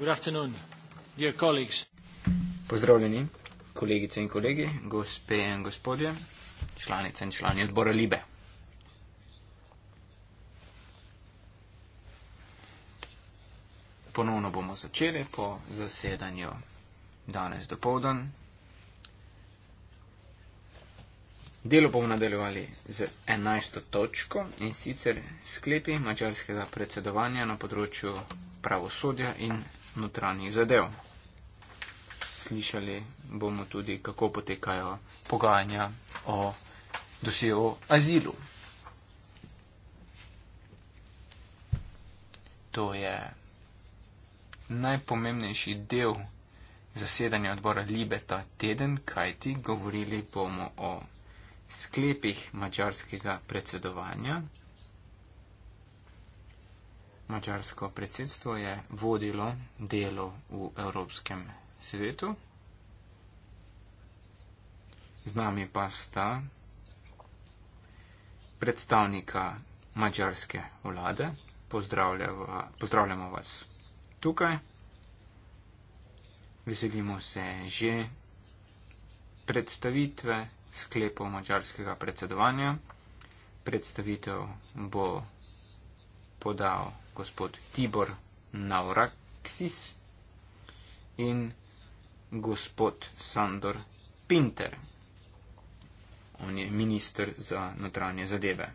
Good afternoon, dear colleagues. Pozdravljeni, kolegice in kolegi, gospe in gospodje, članice in člani odbora Libe. Ponovno bomo začeli po zasedanju danes do povdan. Delo bomo nadaljevali z 11. točko in sicer sklepi mačarskega predsedovanja na področju pravosodja in notranjih zadev. Slišali bomo tudi, kako potekajo pogajanja o dosijo azilu. To je najpomembnejši del zasedanja odbora Libe ta teden, kajti govorili bomo o sklepih mačarskega predsedovanja mačarsko predsedstvo je vodilo delo v Evropskem svetu. Z nami pa sta predstavnika mačarske vlade. Pozdravljamo vas tukaj. Veselimo se že predstavitve sklepov mačarskega predsedovanja. Predstavitev bo podal gospod Tibor Navraksis in gospod Sandor Pinter. On je minister za notranje zadeve.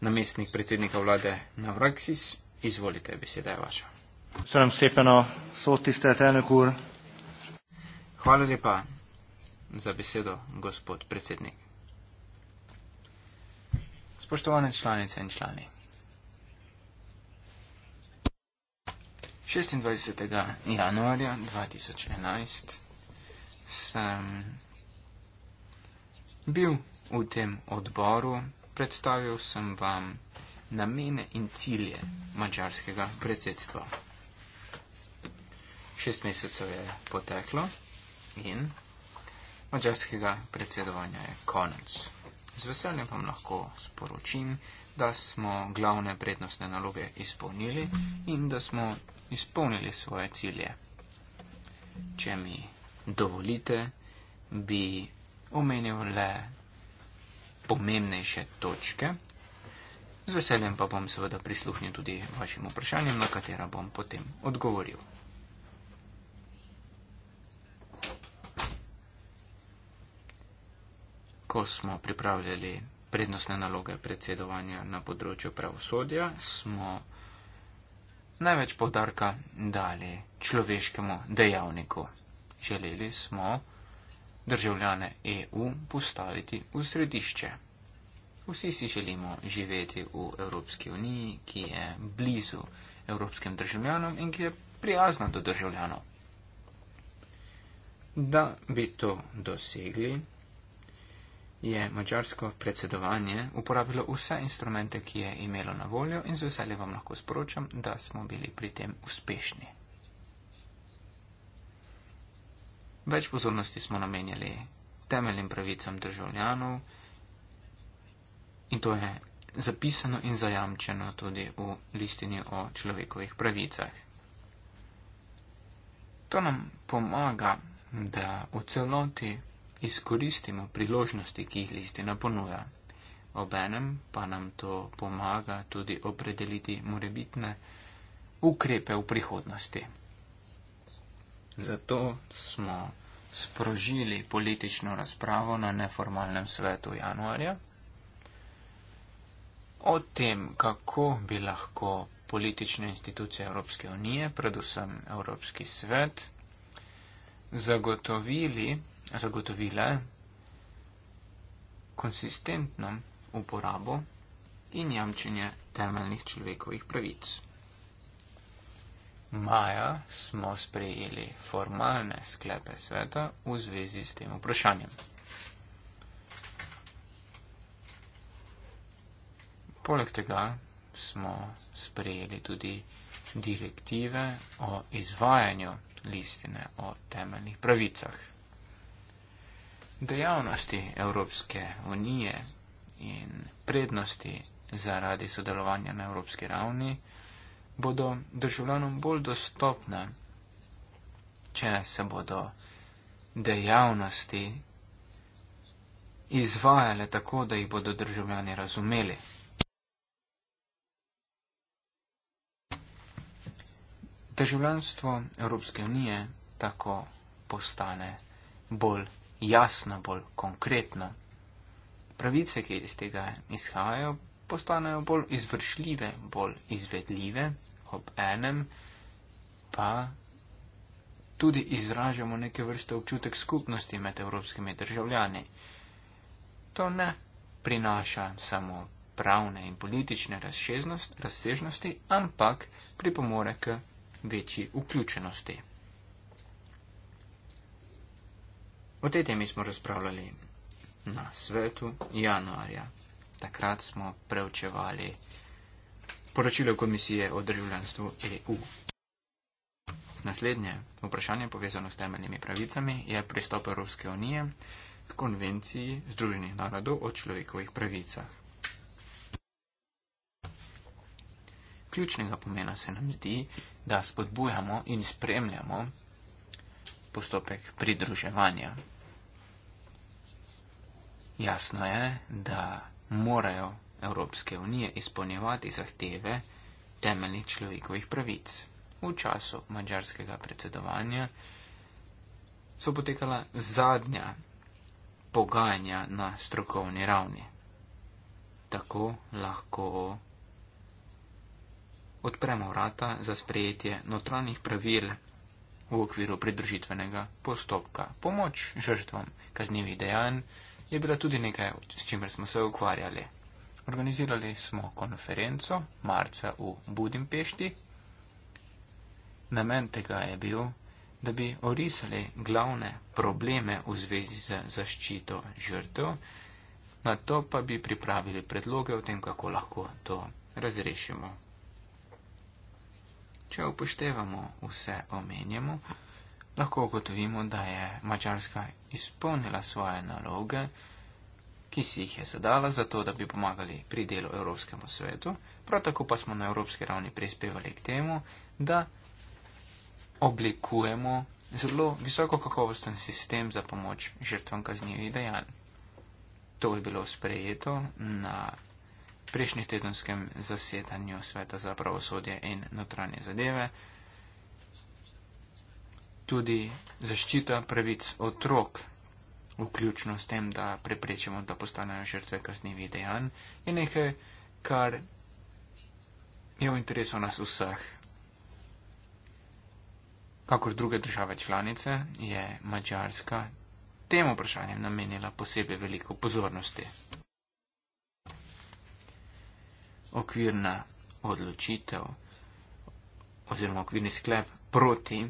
Namestnik predsednika vlade Navraksis, izvolite, beseda je vaša. Sem sepeno, so tiste tenekur. Hvala lepa za besedo, gospod predsednik. Spoštovane članice in člani. 26. januarja 2011 sem bil v tem odboru, predstavil sem vam namene in cilje mačarskega predsedstva. Šest mesecev je poteklo in mačarskega predsedovanja je konec. Z veseljem vam lahko sporočim, da smo glavne prednostne naloge izpolnili in da smo izpolnili svoje cilje. Če mi dovolite, bi omenil le pomembnejše točke. Z veseljem pa bom seveda prisluhnil tudi vašim vprašanjem, na katera bom potem odgovoril. Ko smo pripravljali prednostne naloge predsedovanja na področju pravosodja, smo največ podarka dali človeškemu dejavniku. Želeli smo državljane EU postaviti v središče. Vsi si želimo živeti v Evropski uniji, ki je blizu evropskim državljanom in ki je prijazna do državljanov. Da bi to dosegli, je mačarsko predsedovanje uporabilo vse instrumente, ki je imelo na voljo in z veseljem vam lahko sporočam, da smo bili pri tem uspešni. Več pozornosti smo namenjali temeljnim pravicam državljanov in to je zapisano in zajamčeno tudi v listini o človekovih pravicah. To nam pomaga, da v celoti izkoristimo priložnosti, ki jih listina ponuja. Obenem pa nam to pomaga tudi opredeliti morebitne ukrepe v prihodnosti. Zato smo sprožili politično razpravo na neformalnem svetu januarja o tem, kako bi lahko politične institucije Evropske unije, predvsem Evropski svet, zagotovili zagotovile konsistentno uporabo in jamčenje temeljnih človekovih pravic. Maja smo sprejeli formalne sklepe sveta v zvezi s tem vprašanjem. Poleg tega smo sprejeli tudi direktive o izvajanju listine o temeljnih pravicah dejavnosti Evropske unije in prednosti zaradi sodelovanja na evropski ravni bodo državljanom bolj dostopne, če se bodo dejavnosti izvajale tako, da jih bodo državljani razumeli. Državljanstvo Evropske unije tako postane bolj jasno, bolj konkretno. Pravice, ki iz tega izhajajo, postanejo bolj izvršljive, bolj izvedljive, ob enem pa tudi izražamo neke vrste občutek skupnosti med evropskimi državljani. To ne prinaša samo pravne in politične razsežnosti, ampak pripomore k večji vključenosti. O tej temi smo razpravljali na svetu januarja. Takrat smo preučevali poročilo komisije o državljanstvu EU. Naslednje vprašanje povezano s temeljnimi pravicami je pristop Evropske unije k konvenciji Združenih narodov o človekovih pravicah. Ključnega pomena se nam zdi, da spodbujamo in spremljamo postopek pridruževanja. Jasno je, da morajo Evropske unije izpolnjevati zahteve temeljnih človekovih pravic. V času mađarskega predsedovanja so potekala zadnja pogajanja na strokovni ravni. Tako lahko odpremo vrata za sprejetje notranjih pravil v okviru pridržitvenega postopka. Pomoč žrtvam kaznjivih dejanj je bila tudi nekaj, s čimer smo se ukvarjali. Organizirali smo konferenco marca v Budimpešti. Namen tega je bil, da bi orisali glavne probleme v zvezi z zaščito žrtev, na to pa bi pripravili predloge o tem, kako lahko to razrešimo Če upoštevamo vse omenjamo, lahko ugotovimo, da je Mačarska izpolnila svoje naloge, ki si jih je zadala za to, da bi pomagali pri delu Evropskemu svetu, prav tako pa smo na evropski ravni prispevali k temu, da oblikujemo zelo visoko kakovosten sistem za pomoč žrtvam kaznjivih dejanj. To je bilo sprejeto na prejšnji tedenskem zasedanju Sveta za pravosodje in notranje zadeve. Tudi zaščita pravic otrok, vključno s tem, da preprečimo, da postanejo žrtve kaznjivih dejanj, je nekaj, kar je v interesu nas vseh. Kakor druge države članice, je Mačarska temu vprašanju namenila posebej veliko pozornosti okvirna odločitev oziroma okvirni sklep proti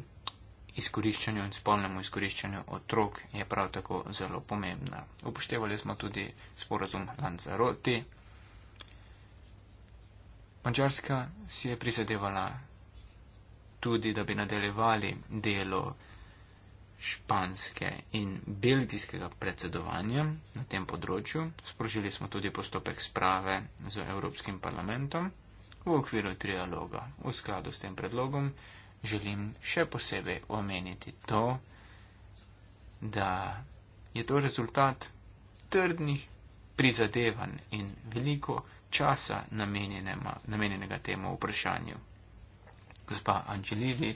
izkoriščanju in spolnemu izkoriščanju otrok je prav tako zelo pomembna. Upoštevali smo tudi sporazum Lanzaroti. Mačarska si je prizadevala tudi, da bi nadaljevali delo španske in belgijskega predsedovanja na tem področju. Sprožili smo tudi postopek sprave z Evropskim parlamentom. V okviru trialoga v skladu s tem predlogom želim še posebej omeniti to, da je to rezultat trdnih prizadevanj in veliko časa namenjenega temu vprašanju. Gospa Angelidi,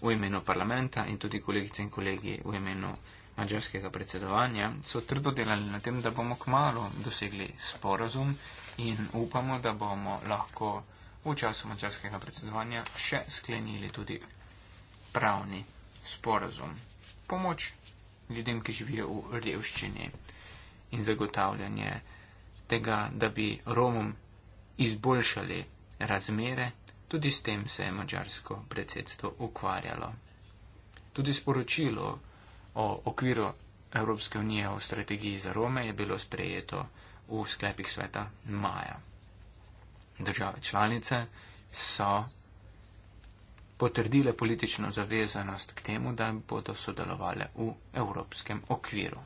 v imenu parlamenta in tudi kolegice in kolegi v imenu mađarskega predsedovanja so trdo delali na tem, da bomo kmalo dosegli sporazum in upamo, da bomo lahko v času mađarskega predsedovanja še sklenili tudi pravni sporazum. Pomoč ljudem, ki živijo v revščini in zagotavljanje tega, da bi Romom izboljšali razmere Tudi s tem se je mačarsko predsedstvo ukvarjalo. Tudi sporočilo o okviru Evropske unije o strategiji za Rome je bilo sprejeto v sklepih sveta maja. Države članice so potrdile politično zavezanost k temu, da bodo sodelovali v evropskem okviru.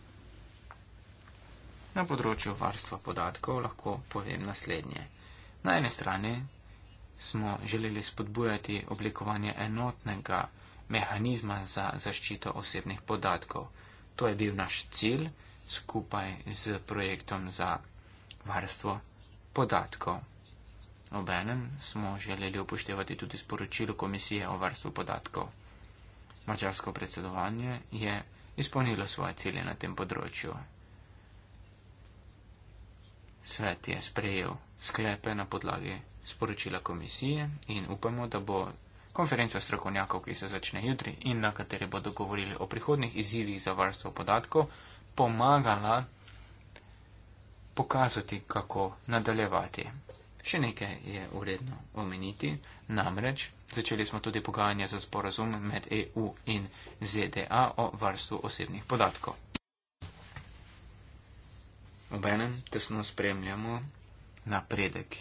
Na področju varstva podatkov lahko povem naslednje. Na eni strani smo želeli spodbujati oblikovanje enotnega mehanizma za zaščito osebnih podatkov. To je bil naš cilj skupaj z projektom za varstvo podatkov. Obenem smo želeli upoštevati tudi sporočilo Komisije o varstvu podatkov. Mačarsko predsedovanje je izpolnilo svoje cilje na tem področju. Svet je sprejel sklepe na podlagi sporočila komisije in upamo, da bo konferenca strokovnjakov, ki se začne jutri in na kateri bodo govorili o prihodnih izzivih za varstvo podatkov, pomagala pokazati, kako nadaljevati. Še nekaj je uredno omeniti, namreč začeli smo tudi pogajanje za sporazum med EU in ZDA o varstvu osebnih podatkov. Obenem tesno spremljamo napredek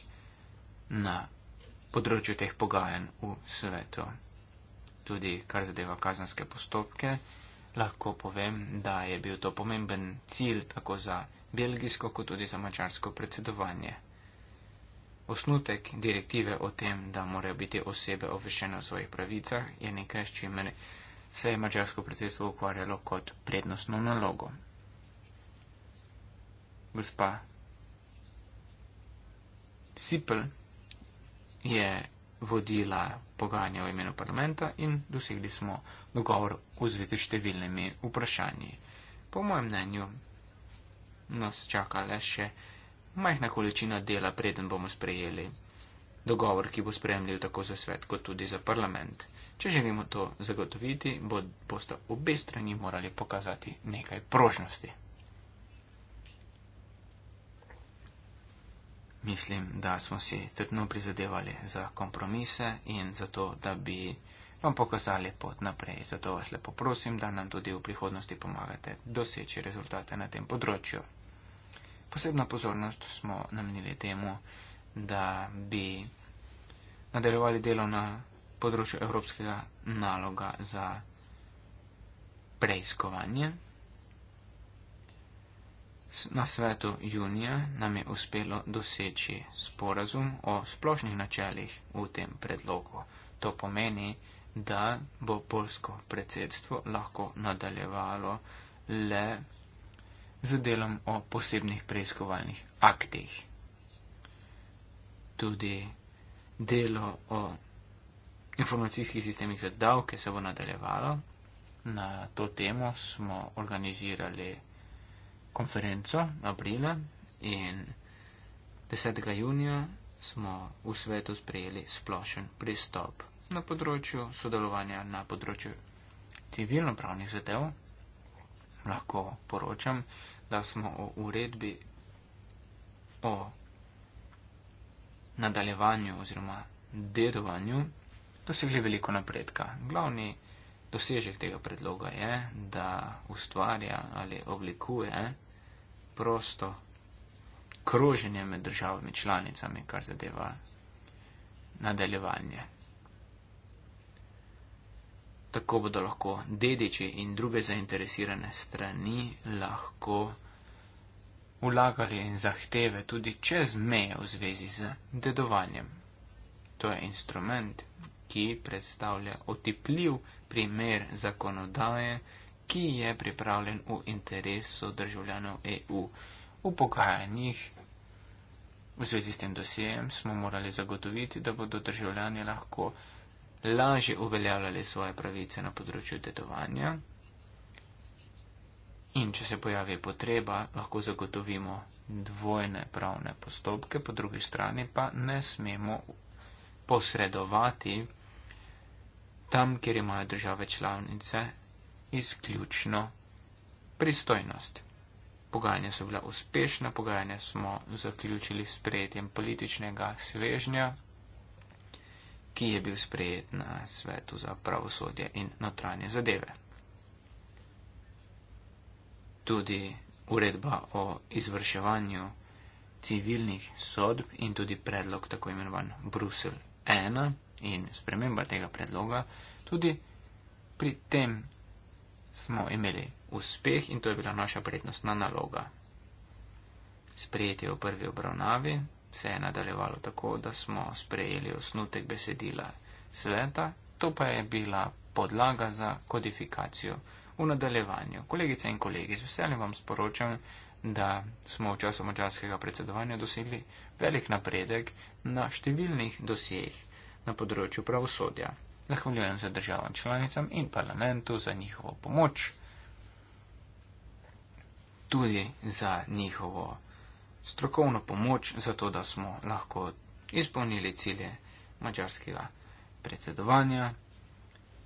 na področju teh pogajanj v svetu. Tudi kar zadeva kazanske postopke, lahko povem, da je bil to pomemben cilj tako za belgijsko, kot tudi za mačarsko predsedovanje. Osnutek direktive o tem, da morajo biti osebe obveščene o svojih pravicah, je nekaj, s čimer se je mačarsko predsedstvo ukvarjalo kot prednostno nalogo. Gospa Sipel je vodila pogajanja v imenu parlamenta in dosegli smo dogovor v zvezi s številnimi vprašanji. Po mojem mnenju nas čaka le še majhna količina dela, preden bomo sprejeli dogovor, ki bo spremljal tako za svet, kot tudi za parlament. Če želimo to zagotoviti, bo, boste obe strani morali pokazati nekaj prožnosti. mislim, da smo si trdno prizadevali za kompromise in za to, da bi vam pokazali pot naprej. Zato vas lepo prosim, da nam tudi v prihodnosti pomagate doseči rezultate na tem področju. Posebno pozornost smo namenili temu, da bi nadaljevali delo na področju evropskega naloga za preiskovanje. Na svetu junija nam je uspelo doseči sporazum o splošnih načelih v tem predlogu. To pomeni, da bo polsko predsedstvo lahko nadaljevalo le z delom o posebnih preiskovalnih aktih. Tudi delo o informacijskih sistemih za davke se bo nadaljevalo. Na to temo smo organizirali konferenco aprila in 10. junija smo v svetu sprejeli splošen pristop na področju sodelovanja na področju civilno-pravnih zadev. Lahko poročam, da smo o uredbi o nadaljevanju oziroma dedovanju dosegli veliko napredka. Glavni dosežek tega predloga je, da ustvarja ali oblikuje prosto kroženje med državami članicami, kar zadeva nadaljevanje. Tako bodo lahko dediči in druge zainteresirane strani lahko vlagali in zahteve tudi čez meje v zvezi z dedovanjem. To je instrument, ki predstavlja otipljiv primer zakonodaje, ki je pripravljen v interesu državljanov EU. V pogajanjih v zvezi s tem dosjejem smo morali zagotoviti, da bodo državljani lahko lažje uveljavljali svoje pravice na področju dedovanja in če se pojavi potreba, lahko zagotovimo dvojne pravne postopke, po drugi strani pa ne smemo posredovati tam, kjer imajo države članice izključno pristojnost. Pogajanja so bila uspešna, pogajanja smo zaključili s prijetjem političnega svežnja, ki je bil sprejet na svetu za pravosodje in notranje zadeve. Tudi uredba o izvrševanju civilnih sodb in tudi predlog tako imenovan Brusel 1 in sprememba tega predloga tudi pri tem smo imeli uspeh in to je bila naša prednostna naloga. Sprejetje v prvi obravnavi se je nadaljevalo tako, da smo sprejeli osnutek besedila sveta, to pa je bila podlaga za kodifikacijo v nadaljevanju. Kolegice in kolegi, z veseljem vam sporočam, da smo v času mačarskega predsedovanja dosegli velik napredek na številnih dosjeh na področju pravosodja. Zahvaljujem se državam članicam in parlamentu za njihovo pomoč, tudi za njihovo strokovno pomoč, zato da smo lahko izpolnili cilje mačarskega predsedovanja.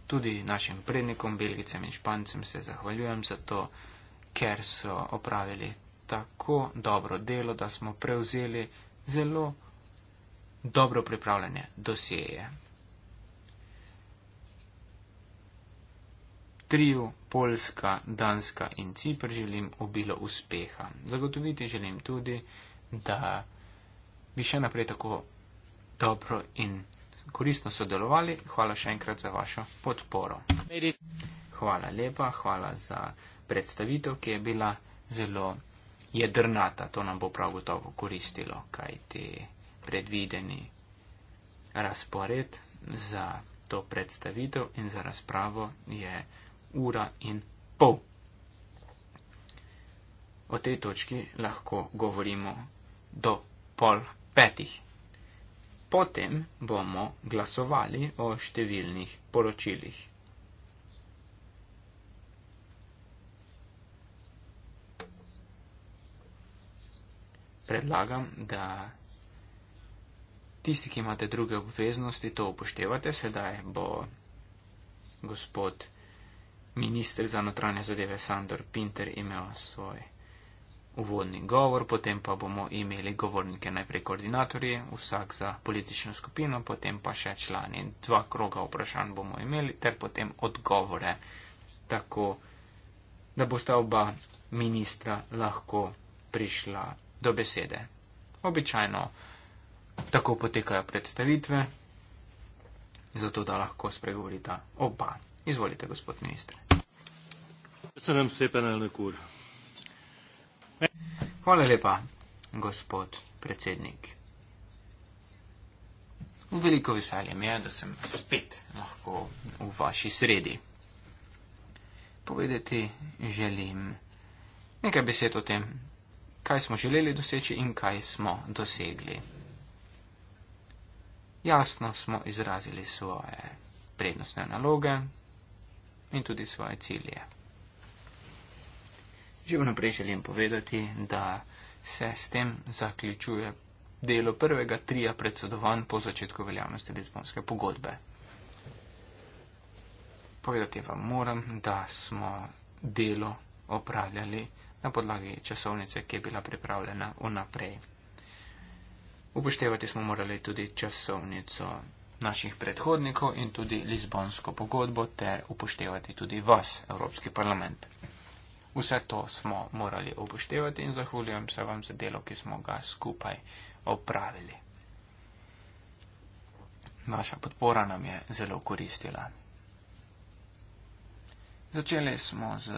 Tudi našim prednikom, Belgicem in Špancem se zahvaljujem za to, ker so opravili tako dobro delo, da smo prevzeli zelo dobro pripravljene dosjeje. triju Poljska, Danska in Cipr želim obilo uspeha. Zagotoviti želim tudi, da bi še naprej tako dobro in koristno sodelovali. Hvala še enkrat za vašo podporo. Hvala lepa, hvala za predstavitev, ki je bila zelo jedrnata. To nam bo prav gotovo koristilo, kaj ti predvideni razpored za to predstavitev in za razpravo je ura in pol. O tej točki lahko govorimo do pol petih. Potem bomo glasovali o številnih poročilih. Predlagam, da tisti, ki imate druge obveznosti, to upoštevate. Sedaj bo gospod ministr za notranje zadeve Sandor Pinter imel svoj uvodni govor, potem pa bomo imeli govornike najprej koordinatorji, vsak za politično skupino, potem pa še člani. Dva kroga vprašanj bomo imeli, ter potem odgovore, tako da bosta oba ministra lahko prišla do besede. Običajno tako potekajo predstavitve, zato da lahko spregovorita oba. Izvolite, gospod ministr. Sem sepen, elnök úr. Hvala lepa, gospod predsednik. V veliko veselje mi je, da sem spet lahko v vaši sredi. Povedati želim nekaj besed o tem, kaj smo želeli doseči in kaj smo dosegli. Jasno smo izrazili svoje prednostne naloge in tudi svoje cilje. Že vnaprej želim povedati, da se s tem zaključuje delo prvega trija predsedovanj po začetku veljavnosti Lizbonske pogodbe. Povedati vam moram, da smo delo opravljali na podlagi časovnice, ki je bila pripravljena vnaprej. Upoštevati smo morali tudi časovnico naših predhodnikov in tudi Lizbonsko pogodbo ter upoštevati tudi vas, Evropski parlament. Vse to smo morali upoštevati in zahvaljujem se vam za delo, ki smo ga skupaj opravili. Naša podpora nam je zelo koristila. Začeli smo z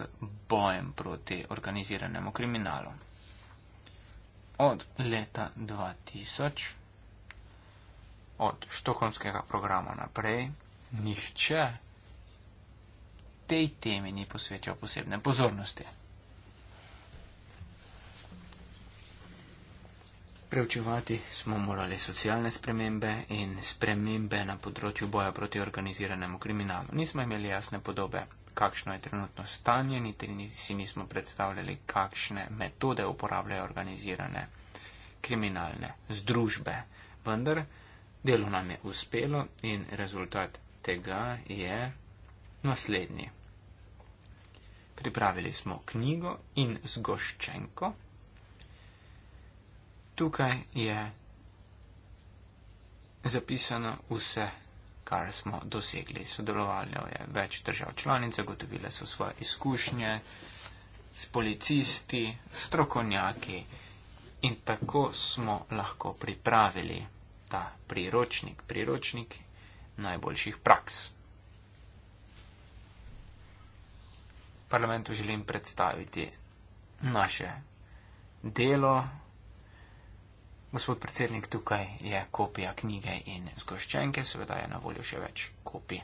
bojem proti organiziranemu kriminalu. Od leta 2000, od štokholmskega programa naprej, nihče tej temi ni posvečal posebne pozornosti. Preučevati smo morali socialne spremembe in spremembe na področju boja proti organiziranemu kriminalu. Nismo imeli jasne podobe, kakšno je trenutno stanje, niti si nismo predstavljali, kakšne metode uporabljajo organizirane kriminalne združbe. Vendar delo nam je uspelo in rezultat tega je naslednji pripravili smo knjigo in zgoščenko. Tukaj je zapisano vse, kar smo dosegli. Sodelovalo je več držav članic, zagotovile so svoje izkušnje s policisti, strokovnjaki in tako smo lahko pripravili ta priročnik, priročnik najboljših praks. parlamentu želim predstaviti naše delo. Gospod predsednik, tukaj je kopija knjige in zgoščenke, seveda je na voljo še več kopij.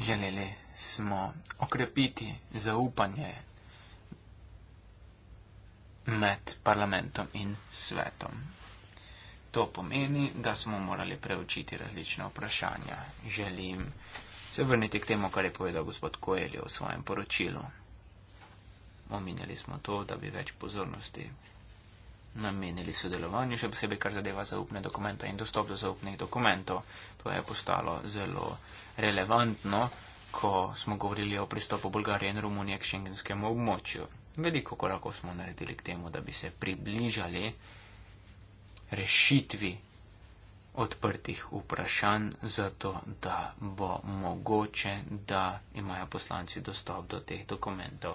Želeli smo okrepiti zaupanje med parlamentom in svetom. To pomeni, da smo morali preučiti različne vprašanja. Želim se vrniti k temu, kar je povedal gospod Koelje v svojem poročilu. Omenjali smo to, da bi več pozornosti namenili sodelovanju, še posebej kar zadeva zaupne dokumente in dostop do zaupnih dokumentov. To je postalo zelo relevantno, ko smo govorili o pristopu Bolgarije in Romunije k šengenskemu območju. Veliko korakov smo naredili k temu, da bi se približali rešitvi odprtih vprašanj, zato da bo mogoče, da imajo poslanci dostop do teh dokumentov.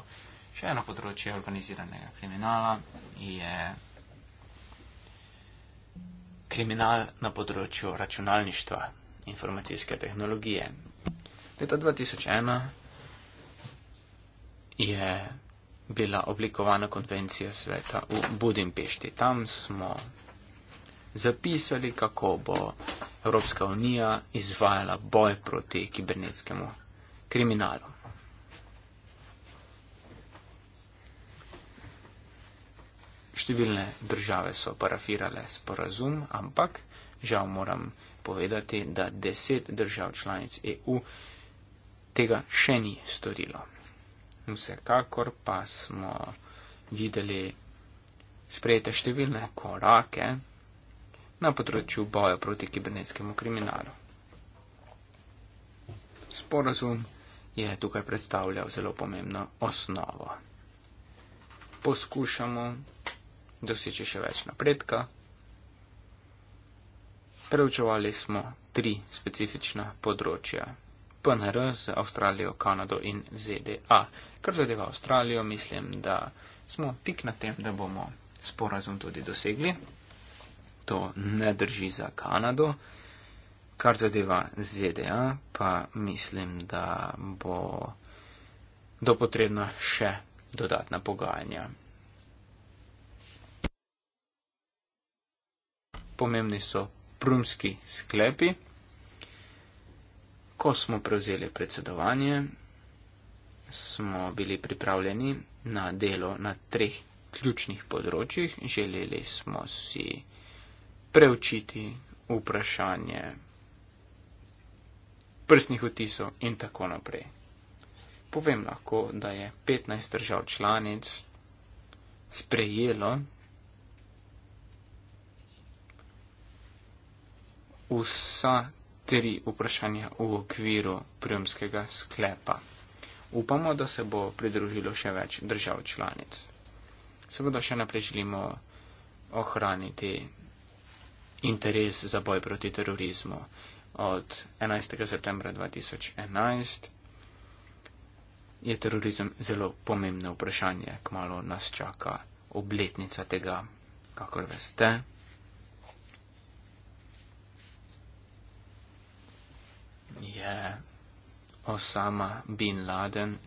Še eno področje organiziranega kriminala je kriminal na področju računalništva informacijske tehnologije. Leta 2001 je bila oblikovana konvencija sveta v Budimpešti. Tam smo zapisali, kako bo Evropska unija izvajala boj proti kibernetskemu kriminalu. Številne države so parafirale sporazum, ampak žal moram povedati, da deset držav članic EU tega še ni storilo. Vsekakor pa smo videli sprejete številne korake na področju boja proti kibernetskemu kriminalu. Sporazum je tukaj predstavljal zelo pomembno osnovo. Poskušamo doseči še več napredka. Preučevali smo tri specifična področja. PNR z Avstralijo, Kanado in ZDA. Kar zadeva Avstralijo, mislim, da smo tik na tem, da bomo sporazum tudi dosegli to ne drži za Kanado. Kar zadeva ZDA, pa mislim, da bo dopotrebna še dodatna pogajanja. Pomembni so prumski sklepi. Ko smo prevzeli predsedovanje, smo bili pripravljeni na delo na treh ključnih področjih. Želeli smo si preučiti vprašanje prstnih otisov in tako naprej. Povem lahko, da je 15 držav članic sprejelo vsa tri vprašanja v okviru prijomskega sklepa. Upamo, da se bo pridružilo še več držav članic. Seveda še naprej želimo ohraniti interes za boj proti terorizmu od 11. septembra 2011. Je terorizem zelo pomembno vprašanje, kmalo nas čaka obletnica tega, kakor veste. Je Osama bin Laden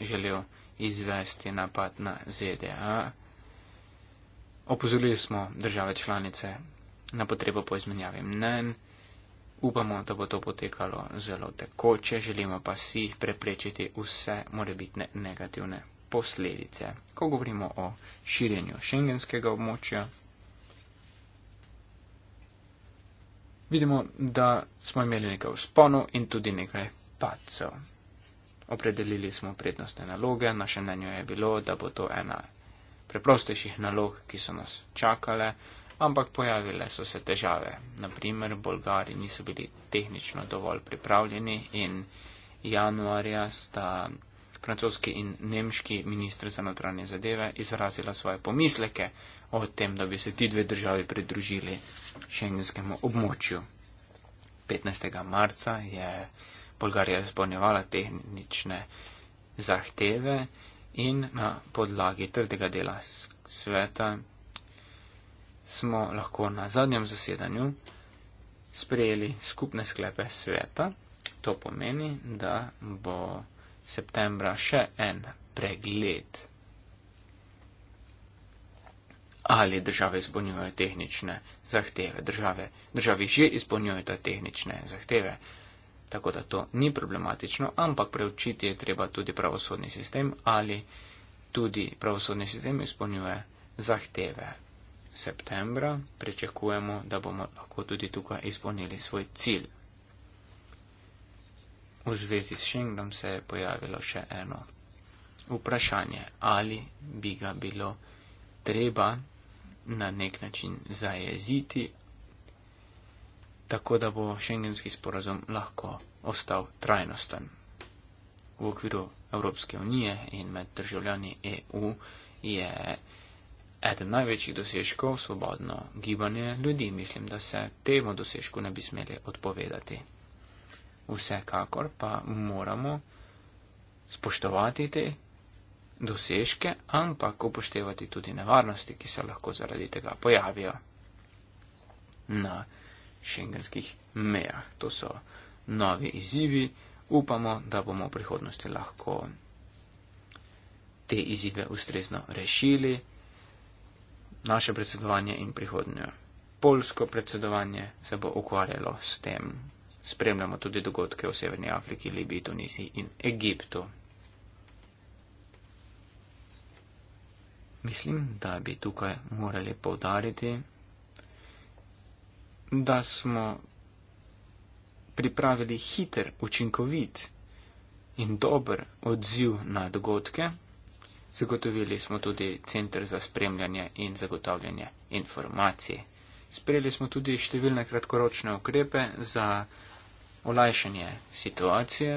želel izvesti napad na ZDA. Opozorili smo države članice, na potrebo po izmenjavi mnen. Upamo, da bo to potekalo zelo tekoče, želimo pa si preprečiti vse morebitne negativne posledice. Ko govorimo o širjenju šengenskega območja, vidimo, da smo imeli nekaj usponov in tudi nekaj pacov. Opredelili smo prednostne naloge, naše mnenje je bilo, da bo to ena preprostejših nalog, ki so nas čakale, ampak pojavile so se težave. Naprimer, Bolgari niso bili tehnično dovolj pripravljeni in januarja sta francoski in nemški ministr za notranje zadeve izrazila svoje pomisleke o tem, da bi se ti dve državi pridružili šengenskemu območju. 15. marca je Bolgarija izpolnjevala tehnične zahteve in na podlagi trdega dela sveta smo lahko na zadnjem zasedanju sprejeli skupne sklepe sveta. To pomeni, da bo septembra še en pregled, ali države izpolnjujejo tehnične zahteve. Države, državi že izpolnjujejo te tehnične zahteve, tako da to ni problematično, ampak preučiti je treba tudi pravosodni sistem, ali tudi pravosodni sistem izpolnjuje zahteve septembra, pričakujemo, da bomo lahko tudi tukaj izpolnili svoj cilj. V zvezi s Šengdom se je pojavilo še eno vprašanje, ali bi ga bilo treba na nek način zajeziti, tako da bo šengenski sporazum lahko ostal trajnosten. V okviru Evropske unije in med državljani EU je Eden največjih dosežkov svobodno gibanje ljudi, mislim, da se temu dosežku ne bi smeli odpovedati. Vsekakor pa moramo spoštovati te dosežke, ampak upoštevati tudi nevarnosti, ki se lahko zaradi tega pojavijo na šengenskih mejah. To so novi izzivi, upamo, da bomo v prihodnosti lahko te izzive ustrezno rešili naše predsedovanje in prihodnjo. Polsko predsedovanje se bo ukvarjalo s tem. Spremljamo tudi dogodke v Severni Afriki, Libiji, Tunisiji in Egiptu. Mislim, da bi tukaj morali povdariti, da smo pripravili hiter, učinkovit in dober odziv na dogodke, Zagotovili smo tudi centr za spremljanje in zagotavljanje informacij. Sprejeli smo tudi številne kratkoročne ukrepe za olajšanje situacije.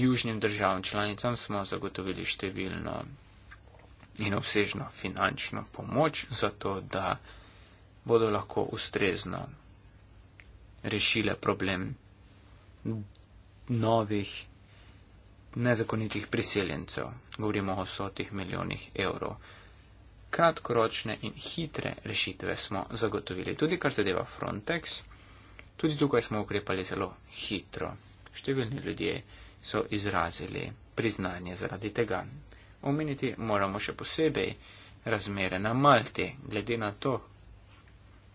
Južnim državam članicam smo zagotovili številno in obsežno finančno pomoč, zato da bodo lahko ustrezno rešile problem novih nezakonitih priseljencev. Govorimo o sotih milijonih evrov. Kratkoročne in hitre rešitve smo zagotovili. Tudi kar zadeva Frontex, tudi tukaj smo ukrepali zelo hitro. Številni ljudje so izrazili priznanje zaradi tega. Omeniti moramo še posebej razmere na Malti. Glede na to,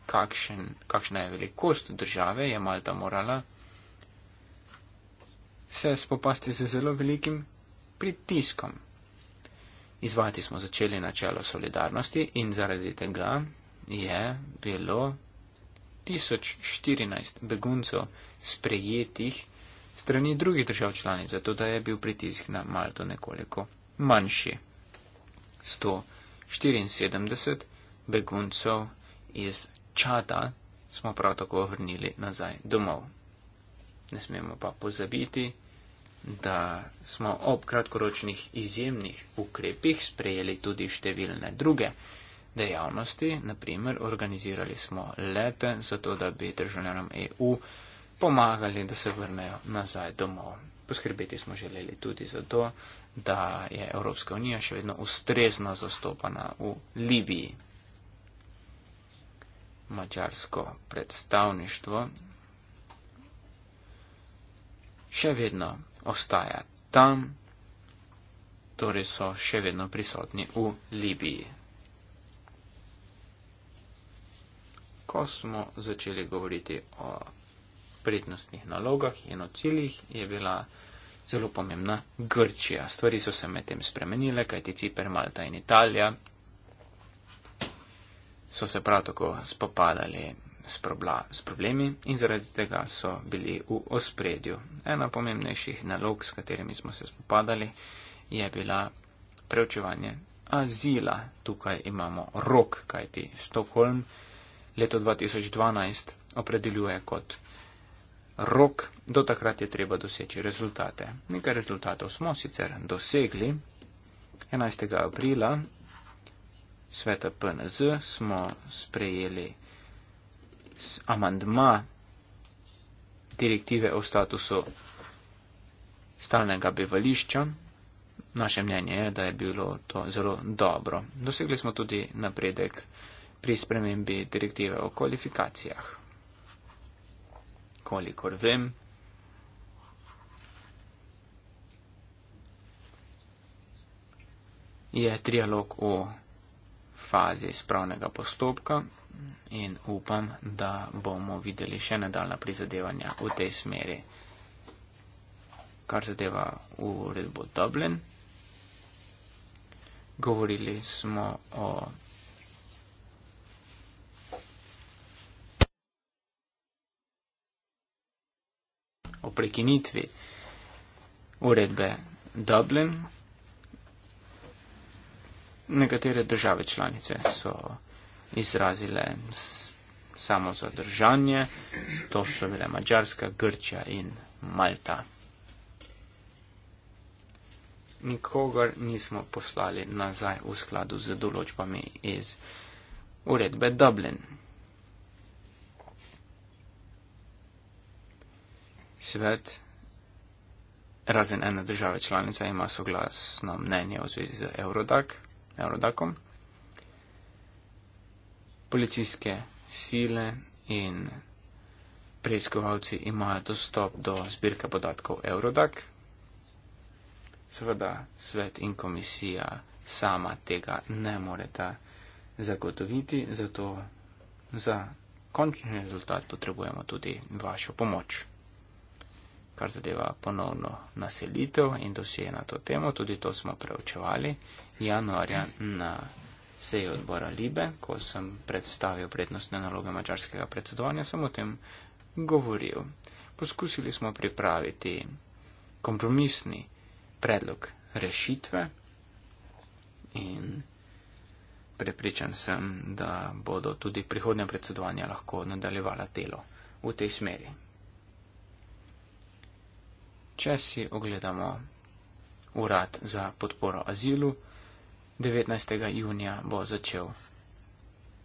kakšen, kakšna je velikost države, je Malta morala se spopasti z zelo velikim pritiskom. Izvati smo začeli načelo solidarnosti in zaradi tega je bilo 1014 beguncev sprejetih strani drugih držav članic, zato da je bil pritisk na Malto nekoliko manjši. 174 beguncev iz Čada smo prav tako vrnili nazaj domov ne smemo pa pozabiti, da smo ob kratkoročnih izjemnih ukrepih sprejeli tudi številne druge dejavnosti, naprimer organizirali smo lete, zato da bi državljanom EU pomagali, da se vrnejo nazaj domov. Poskrbeti smo želeli tudi zato, da je Evropska unija še vedno ustrezno zastopana v Libiji. Mačarsko predstavništvo še vedno ostaja tam, torej so še vedno prisotni v Libiji. Ko smo začeli govoriti o prednostnih nalogah in o ciljih, je bila zelo pomembna Grčija. Stvari so se medtem spremenile, kajti Cipr, Malta in Italija so se prav tako spopadali s, probla, s problemi in zaradi tega so bili v ospredju. Ena pomembnejših nalog, s katerimi smo se spopadali, je bila preučevanje azila. Tukaj imamo rok, kajti Stokholm leto 2012 opredeljuje kot rok, do takrat je treba doseči rezultate. Nekaj rezultatov smo sicer dosegli. 11. aprila sveta PNZ smo sprejeli s amandma direktive o statusu stalnega bivališča. Naše mnenje je, da je bilo to zelo dobro. Dosegli smo tudi napredek pri spremembi direktive o kvalifikacijah. Kolikor vem, je trialog v fazi spravnega postopka, in upam, da bomo videli še nadaljna prizadevanja v tej smeri. Kar zadeva uredbo Dublin, govorili smo o. o prekinitvi uredbe Dublin. Nekatere države članice so izrazile samo zadržanje. To so bile Mačarska, Grčija in Malta. Nikogar nismo poslali nazaj v skladu z določbami iz uredbe Dublin. Svet, razen ena država članica, ima soglasno mnenje v zvezi z Eurodak, Eurodakom policijske sile in preiskovalci imajo dostop do zbirke podatkov Eurodac. Seveda svet in komisija sama tega ne moreta zagotoviti, zato za končni rezultat potrebujemo tudi vašo pomoč. Kar zadeva ponovno naselitev in dosije na to temo, tudi to smo preučevali januarja na sej odbora Libe, ko sem predstavil prednostne naloge mačarskega predsedovanja, sem o tem govoril. Poskusili smo pripraviti kompromisni predlog rešitve in prepričan sem, da bodo tudi prihodnja predsedovanja lahko nadaljevala delo v tej smeri. Če si ogledamo urad za podporo azilu, 19. junija bo začel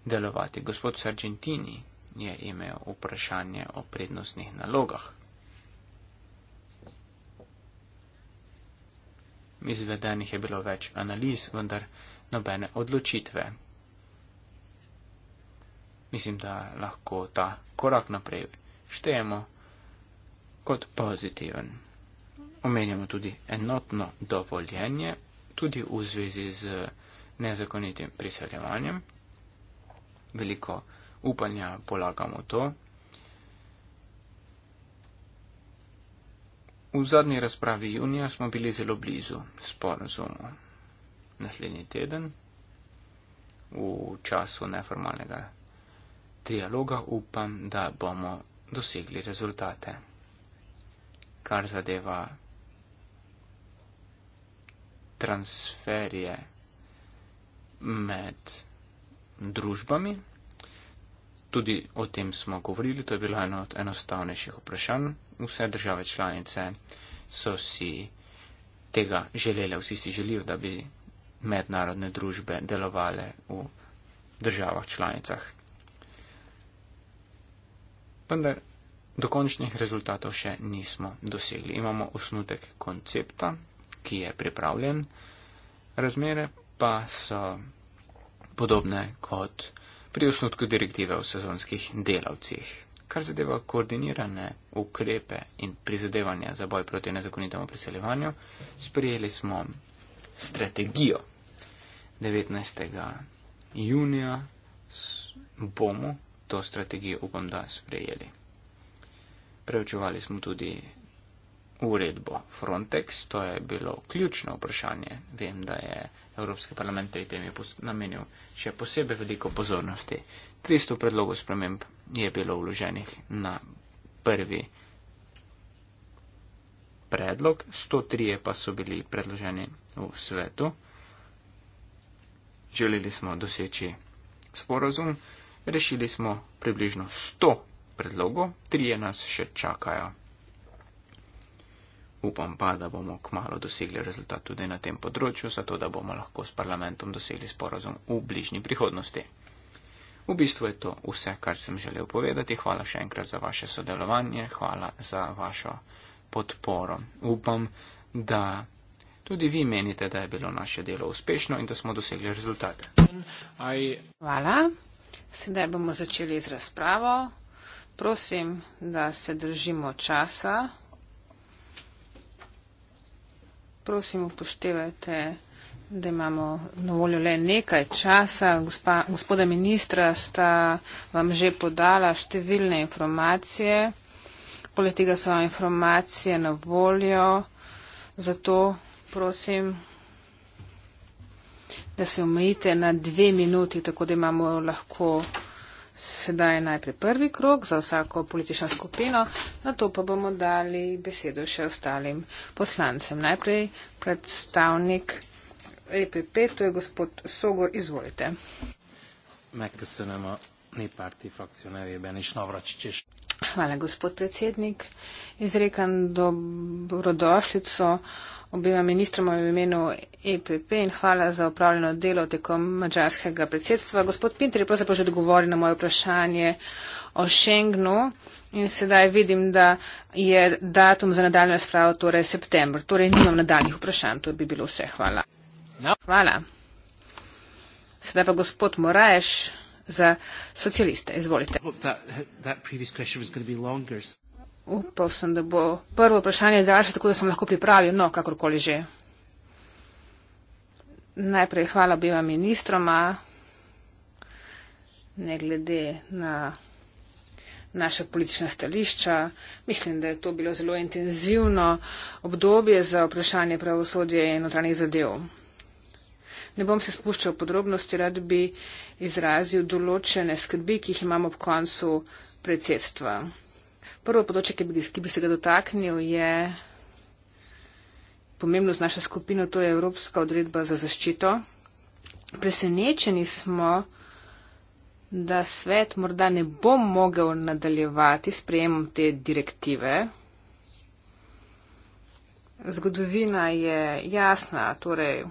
delovati. Gospod Sargentini je imel vprašanje o prednostnih nalogah. Izvedenih je bilo več analiz, vendar nobene odločitve. Mislim, da lahko ta korak naprej štejemo kot pozitiven. Omenjamo tudi enotno dovoljenje tudi v zvezi z nezakonitim priseljevanjem. Veliko upanja polagamo v to. V zadnji razpravi junija smo bili zelo blizu sporazumu. Naslednji teden, v času neformalnega trialoga, upam, da bomo dosegli rezultate. Kar zadeva transferje med družbami. Tudi o tem smo govorili, to je bilo eno od enostavnejših vprašanj. Vse države članice so si tega želele, vsi si želijo, da bi mednarodne družbe delovale v državah članicah. Vendar dokončnih rezultatov še nismo dosegli. Imamo osnutek koncepta, ki je pripravljen. Razmere pa so podobne kot pri osnutku direktive o sezonskih delavcih. Kar zadeva koordinirane ukrepe in prizadevanja za boj proti nezakonitemu priseljevanju, sprijeli smo strategijo. 19. junija bomo to strategijo, upam, da sprejeli. Preučevali smo tudi uredbo Frontex. To je bilo ključno vprašanje. Vem, da je Evropski parlament tej temi namenil še posebej veliko pozornosti. 300 predlogov sprememb je bilo vloženih na prvi predlog, 103 pa so bili predloženi v svetu. Želeli smo doseči sporozum, rešili smo približno 100 predlogov, 3 nas še čakajo. Upam pa, da bomo kmalo dosegli rezultat tudi na tem področju, zato da bomo lahko s parlamentom dosegli sporozum v bližnji prihodnosti. V bistvu je to vse, kar sem želel povedati. Hvala še enkrat za vaše sodelovanje, hvala za vašo podporo. Upam, da tudi vi menite, da je bilo naše delo uspešno in da smo dosegli rezultate. Hvala. Sedaj bomo začeli z razpravo. Prosim, da se držimo časa prosim upoštevajte, da imamo na voljo le nekaj časa. Gospa, gospoda ministra sta vam že podala številne informacije. Poleg tega so vam informacije na voljo. Zato prosim, da se omejite na dve minuti, tako da imamo lahko sedaj najprej prvi krok za vsako politično skupino, na to pa bomo dali besedo še ostalim poslancem. Najprej predstavnik EPP, to je gospod Sogor, izvolite. Hvala, gospod predsednik. Izrekam dobrodošljico. Do obima ministroma v imenu EPP in hvala za upravljeno delo tekom mađarskega predsedstva. Gospod Pinter je pravzaprav že odgovoril na moje vprašanje o Schengnu in sedaj vidim, da je datum za nadaljno razpravo torej september. Torej nimam nadaljnih vprašanj, to bi bilo vse. Hvala. No. Hvala. Sedaj pa gospod Moraješ za socialiste. Izvolite. Upal sem, da bo prvo vprašanje daljše, tako da sem lahko pripravil, no, kakorkoli že. Najprej hvala bi vam ministroma, ne glede na naše politična stališča. Mislim, da je to bilo zelo intenzivno obdobje za vprašanje pravosodje in notranjih zadev. Ne bom se spuščal v podrobnosti, rad bi izrazil določene skrbi, ki jih imamo ob koncu predsedstva prvo področje, ki bi, ki bi se ga dotaknil, je pomembnost naše skupine, to je Evropska odredba za zaščito. Presenečeni smo, da svet morda ne bo mogel nadaljevati s prejemom te direktive. Zgodovina je jasna, torej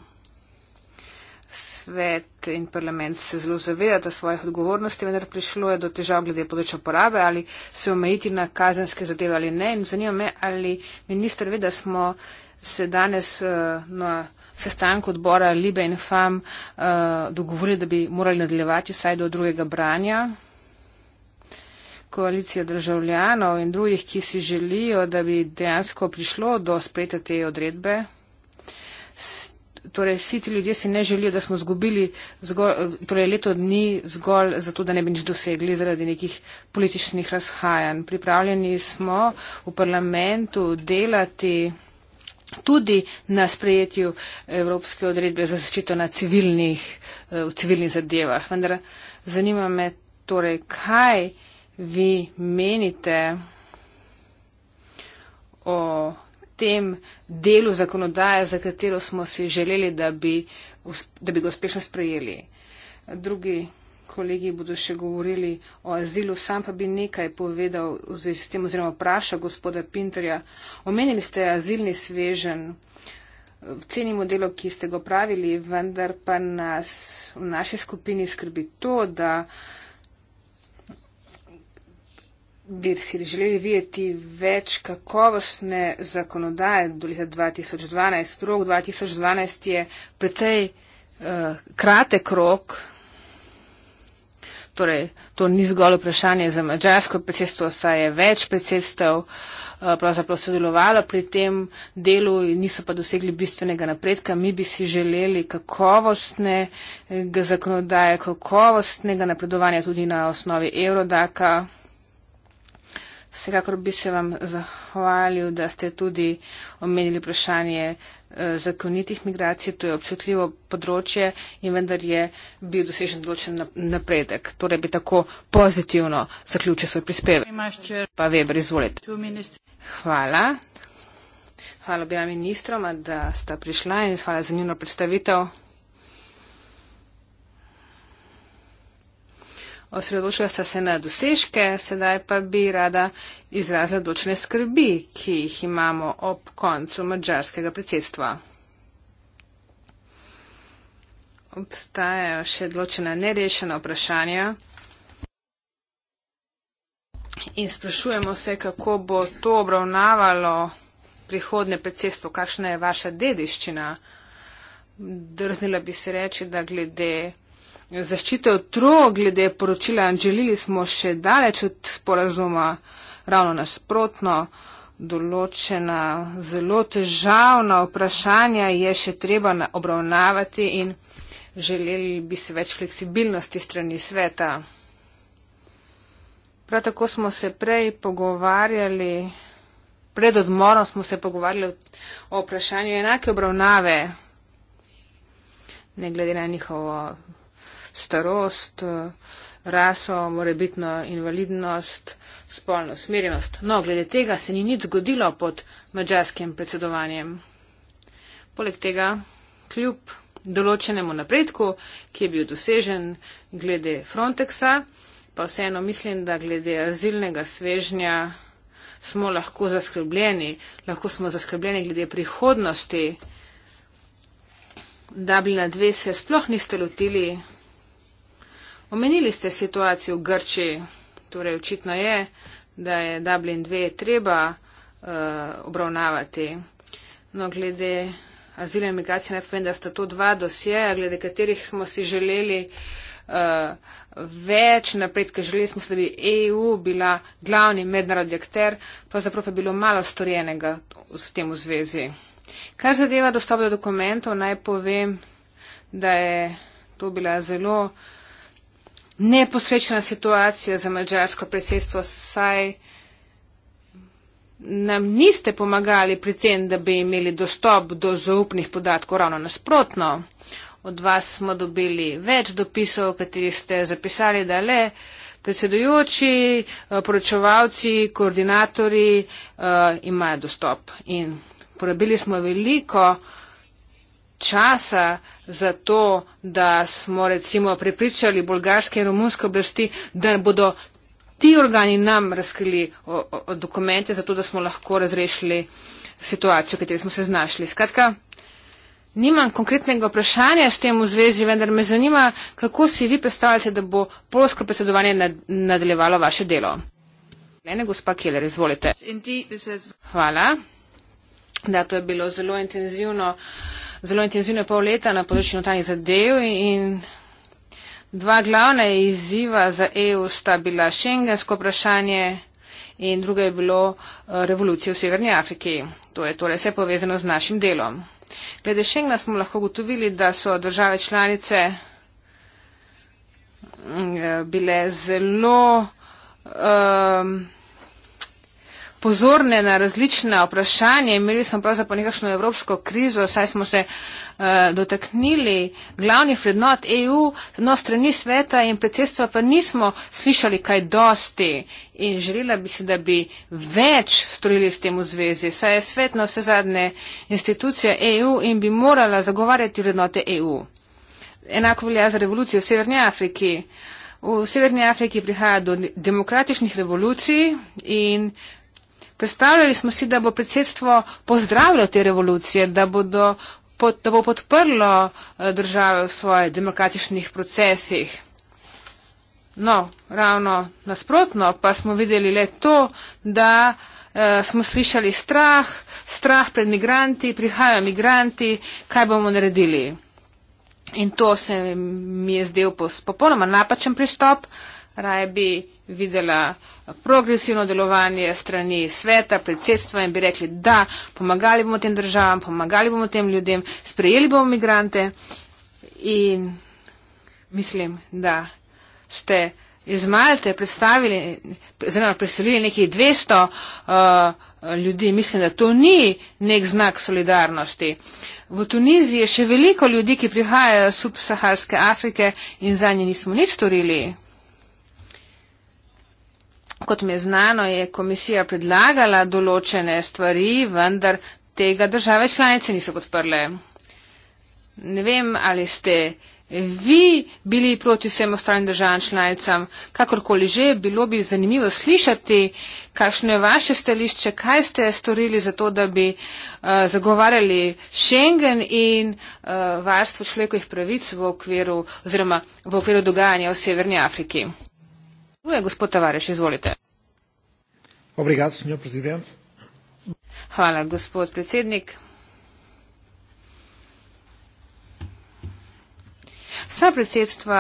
svet in parlament se zelo zavedata svojih odgovornosti, vendar prišlo je do težav glede področja porabe ali se omejiti na kazenske zadeve ali ne. In zanima me, ali minister ve, da smo se danes eh, na sestanku odbora Libe in FAM eh, dogovorili, da bi morali nadaljevati vsaj do drugega branja koalicija državljanov in drugih, ki si želijo, da bi dejansko prišlo do spreta te odredbe torej vsi ti ljudje si ne želijo, da smo zgubili zgolj, torej leto dni zgolj zato, da ne bi nič dosegli zaradi nekih političnih razhajanj. Pripravljeni smo v parlamentu delati tudi na sprejetju Evropske odredbe za zaščito na civilnih, eh, v civilnih zadevah. Vendar zanima me, torej, kaj vi menite o tem delu zakonodaje, za katero smo si želeli, da bi, da bi ga uspešno sprejeli. Drugi kolegi bodo še govorili o azilu, sam pa bi nekaj povedal v zvezi s tem oziroma vprašal gospoda Pinterja. Omenili ste azilni svežen. Cenimo delo, ki ste ga pravili, vendar pa nas v naši skupini skrbi to, da bi si želeli videti več kakovostne zakonodaje do leta 2012. Rok 2012 je precej uh, kratek rok, torej to ni zgolj vprašanje za mađarsko predsedstvo, saj je več predsedstv eh, pravzaprav sodelovalo pri tem delu in niso pa dosegli bistvenega napredka. Mi bi si želeli kakovostnega eh, zakonodaje, kakovostnega napredovanja tudi na osnovi Eurodaka. Vsekakor bi se vam zahvalil, da ste tudi omenili vprašanje eh, zakonitih migracij. To je občutljivo področje in vendar je bil dosežen določen napredek. Torej bi tako pozitivno zaključil svoj prispevek. Pa Weber, izvolite. Hvala. Hvala obema ministroma, da sta prišla in hvala za njeno predstavitev. osredotočila sta se na dosežke, sedaj pa bi rada izrazila dočne skrbi, ki jih imamo ob koncu mađarskega predsedstva. Obstajajo še določena nerešena vprašanja in sprašujemo se, kako bo to obravnavalo prihodne predsedstvo, kakšna je vaša dediščina. Drznila bi se reči, da glede zaščite otrok, glede poročila Anželili smo še daleč od sporazuma, ravno nasprotno, določena zelo težavna vprašanja je še treba obravnavati in želeli bi se več fleksibilnosti strani sveta. Prav tako smo se prej pogovarjali, pred odmorom smo se pogovarjali o vprašanju enake obravnave, ne glede na njihovo starost, eh, raso, morebitno invalidnost, spolno smerjenost. No, glede tega se ni nič zgodilo pod mađarskim predsedovanjem. Poleg tega, kljub določenemu napredku, ki je bil dosežen glede Frontexa, pa vseeno mislim, da glede azilnega svežnja smo lahko zaskrbljeni, lahko smo zaskrbljeni glede prihodnosti. Dublina 2 se sploh niste lotili Omenili ste situacijo v Grči, torej očitno je, da je Dublin 2 treba uh, obravnavati. No, glede azile in migracije, ne povem, da sta to dva dosjeja, glede katerih smo si želeli uh, več napredka, želeli smo, da bi EU bila glavni mednarodni akter, pravzaprav pa je bilo malo storjenega s tem v zvezi. Kar zadeva dostop do dokumentov, naj povem, da je to bila zelo uh, neposrečena situacija za mađarsko predsedstvo, saj nam niste pomagali pri tem, da bi imeli dostop do zaupnih podatkov, ravno nasprotno. Od vas smo dobili več dopisov, kateri ste zapisali, da le predsedujoči, eh, poročevalci, koordinatori uh, eh, imajo dostop. In porabili smo veliko uh, časa za to, da smo recimo prepričali bolgarske in romunske oblasti, da bodo ti organi nam razkrili o, o, dokumente, zato da smo lahko razrešili situacijo, v kateri smo se znašli. Skratka, nimam konkretnega vprašanja s tem v zvezi, vendar me zanima, kako si vi predstavljate, da bo polsko predsedovanje nad, nadaljevalo vaše delo. Ne, gospa Keller, izvolite. Hvala. Da, to je bilo zelo intenzivno. Uh, zelo intenzivne pol leta na področju notranjih zadev in dva glavna izziva za EU sta bila šengensko vprašanje in druga je bilo eh, revolucija v Severni Afriki. To je torej vse povezano z našim delom. Glede šengna smo lahko gotovili, da so države članice mm, eh, bile zelo um, pozorne na različne vprašanje. Imeli smo pravzaprav nekakšno evropsko krizo, saj smo se uh, dotaknili glavnih vrednot EU, no strani sveta in predsedstva pa nismo slišali kaj dosti in želela bi si, da bi več storili s tem v zvezi, saj je svet na vse zadnje institucija EU in bi morala zagovarjati vrednote EU. Enako velja za revolucijo v Severni Afriki. V Severni Afriki prihaja do demokratičnih revolucij in Predstavljali smo si, da bo predsedstvo pozdravilo te revolucije, da, bodo, da bo podprlo eh, države v svojih demokratičnih procesih. No, ravno nasprotno pa smo videli le to, da eh, smo slišali strah, strah pred migranti, prihajajo migranti, kaj bomo naredili. In to se mi je zdel popolnoma napačen pristop. Raje bi videla eh, progresivno delovanje strani sveta, predsedstva in bi rekli, da pomagali bomo tem državam, pomagali bomo tem ljudem, sprejeli bomo migrante in mislim, da ste iz Malte predstavili, oziroma predstavili nekih 200 uh, ljudi. Mislim, da to ni nek znak solidarnosti. V Tuniziji je še veliko ljudi, ki prihajajo iz subsaharske Afrike in za njih nismo nič storili kot mi je znano, je komisija predlagala določene stvari, vendar tega države članice niso podprle. Ne vem, ali ste vi bili proti vsem ostalim državam članicam, kakorkoli že, bilo bi zanimivo slišati, kakšno je vaše stališče, kaj ste storili za to, da bi uh, zagovarjali Schengen in uh, varstvo človekovih pravic v okviru, oziroma v okviru dogajanja v Severni Afriki. Uje, gospod Tavareš, izvolite. Obrigado, senjor prezident. Hvala, gospod predsednik. Vsa predsedstva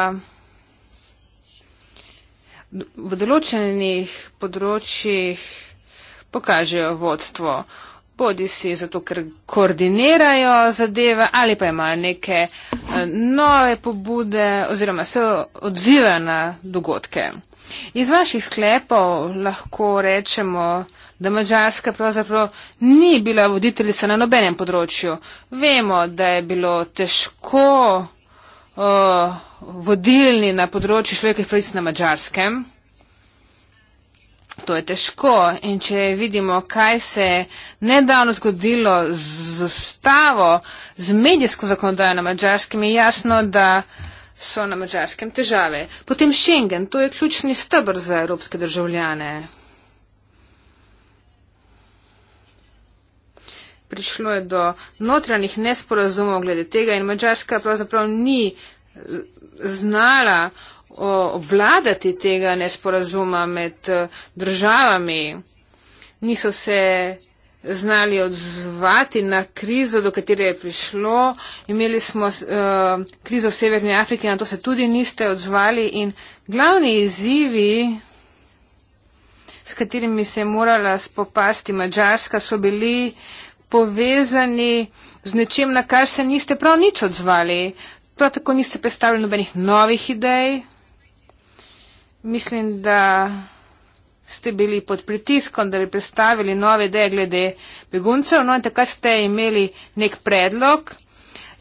v določenih področjih pokažejo vodstvo bodi si zato, ker koordinirajo zadeve ali pa imajo neke eh, nove pobude oziroma se odzivajo na dogodke. Iz vaših sklepov lahko rečemo, da Mačarska pravzaprav ni bila voditeljica na nobenem področju. Vemo, da je bilo težko uh, vodilni na področju človekovih pravic na Mačarskem. To je težko in če vidimo, kaj se je nedavno zgodilo z ustavo, z medijsko zakonodajo na mačarskem, je jasno, da so na mačarskem težave. Potem Schengen, to je ključni stebr za evropske državljane. Prišlo je do notranjih nesporazumov glede tega in mačarska pravzaprav ni eh, znala obvladati tega nesporazuma med eh, državami, niso se znali odzvati na krizo, do katere je prišlo. Imeli smo uh, krizo v Severni Afriki, na to se tudi niste odzvali in glavni izzivi, s katerimi se je morala spopasti Mačarska, so bili povezani z nečem, na kar se niste prav nič odzvali. Prav tako niste predstavili nobenih novih idej, Mislim, da ste bili pod pritiskom, da bi predstavili nove ideje glede beguncev. No in takrat ste imeli nek predlog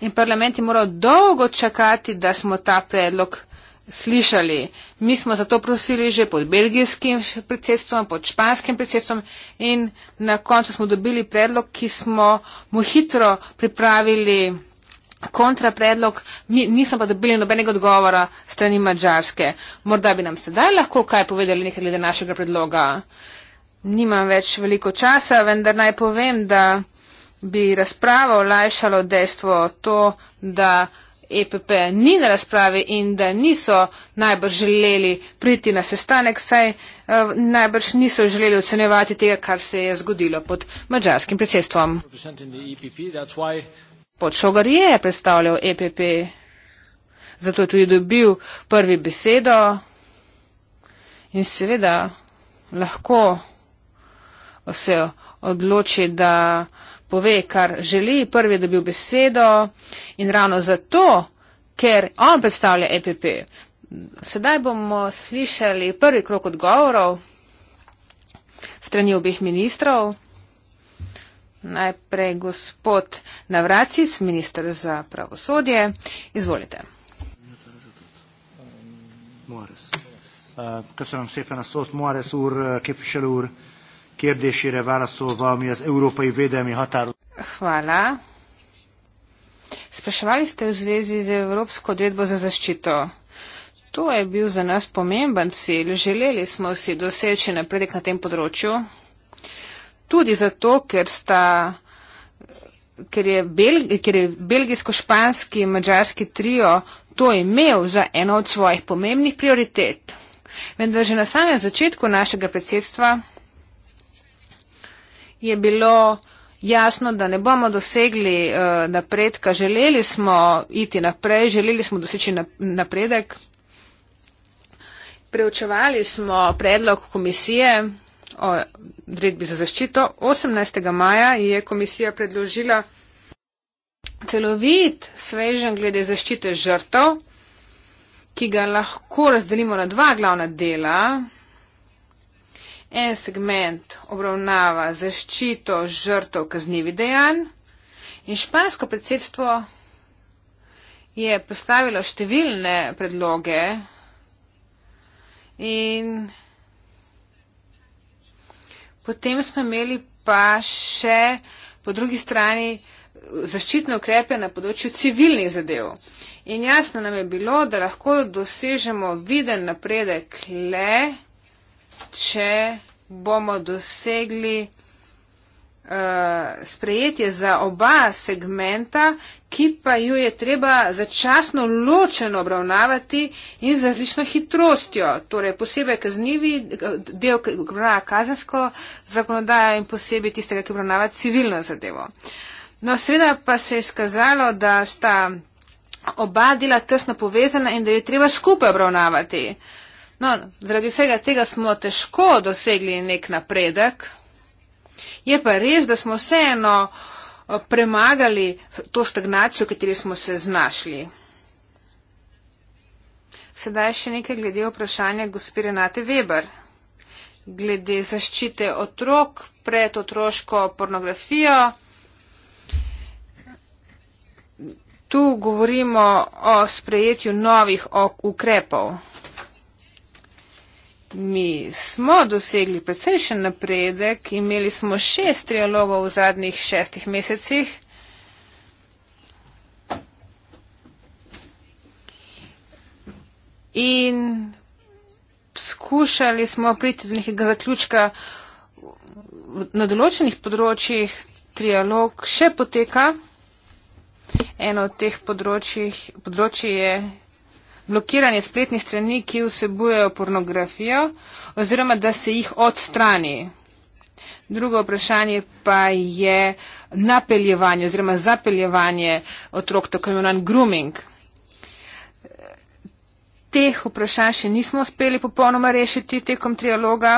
in parlament je moral dolgo čakati, da smo ta predlog slišali. Mi smo zato prosili že pod belgijskim predsedstvom, pod španskim predsedstvom in na koncu smo dobili predlog, ki smo mu hitro pripravili kontrapredlog, nismo pa dobili nobenega odgovora strani Mačarske. Morda bi nam sedaj lahko kaj povedali nekaj glede našega predloga. Nimam več veliko časa, vendar naj povem, da bi razprava olajšalo dejstvo to, da EPP ni na razpravi in da niso najbrž želeli priti na sestanek, saj eh, najbrž niso želeli ocenjevati tega, kar se je zgodilo pod mađarskim predsedstvom. Gospod Šogar je predstavljal EPP, zato je tudi dobil prvi besedo in seveda lahko se odloči, da pove, kar želi. Prvi je dobil besedo in ravno zato, ker on predstavlja EPP. Sedaj bomo slišali prvi krok odgovorov strani obeh ministrov. Najprej gospod Navracis, minister za pravosodje. Izvolite. Eh, köszönöm szépen a szót, Moares úr, eh, képviselő úr. Kérdésére válaszolva, ami az európai védelmi határozat. Hvala. Spraševali ste v zvezi z Evropsko odredbo za zaščito. To je bil za nas pomemben cilj. Želeli smo si doseči napredek na tem področju tudi zato, ker sta. Ker je, Bel, ker je belgijsko-španski in mađarski trio to imel za eno od svojih pomembnih prioritet. Vendar že na samem začetku našega predsedstva je bilo jasno, da ne bomo dosegli uh, napredka. Želeli smo iti naprej, želeli smo doseči napredek. Preučevali smo predlog komisije o vredbi za zaščito. 18. maja je komisija predložila celovit svežen glede zaščite žrtev, ki ga lahko razdelimo na dva glavna dela. En segment obravnava zaščito žrtev kaznjivih dejanj in špansko predsedstvo je postavilo številne predloge in Potem smo imeli pa še po drugi strani zaščitne ukrepe na področju civilnih zadev. In jasno nam je bilo, da lahko dosežemo viden napredek le, če bomo dosegli Eh, sprejetje za oba segmenta, ki pa ju je treba začasno ločeno obravnavati in z različno hitrostjo. Torej posebej kaznivi eh, del, ki obravnava kazensko zakonodajo in posebej tistega, ki obravnava civilno zadevo. No, seveda pa se je skazalo, da sta oba dela tesno povezana in da jo je treba skupaj obravnavati. No, zaradi vsega tega smo težko dosegli nek napredek. Je pa res, da smo vseeno eh, premagali to stagnacijo, v kateri smo se znašli. Sedaj še nekaj glede vprašanja gospire Nate Weber. Glede zaščite otrok pred otroško pornografijo. Tu govorimo o sprejetju novih ok ukrepov. Mi smo dosegli precejšen napredek, imeli smo šest trialogov v zadnjih šestih mesecih. In skušali smo priti do nekega zaključka na določenih področjih. Trialog še poteka. Eno od teh področjih, področji je blokiranje spletnih strani, ki vsebujejo pornografijo, oziroma da se jih odstrani. Drugo vprašanje pa je napeljevanje oziroma zapeljevanje otrok, tako imenovan grooming. Teh vprašanj še nismo uspeli popolnoma rešiti tekom trialoga.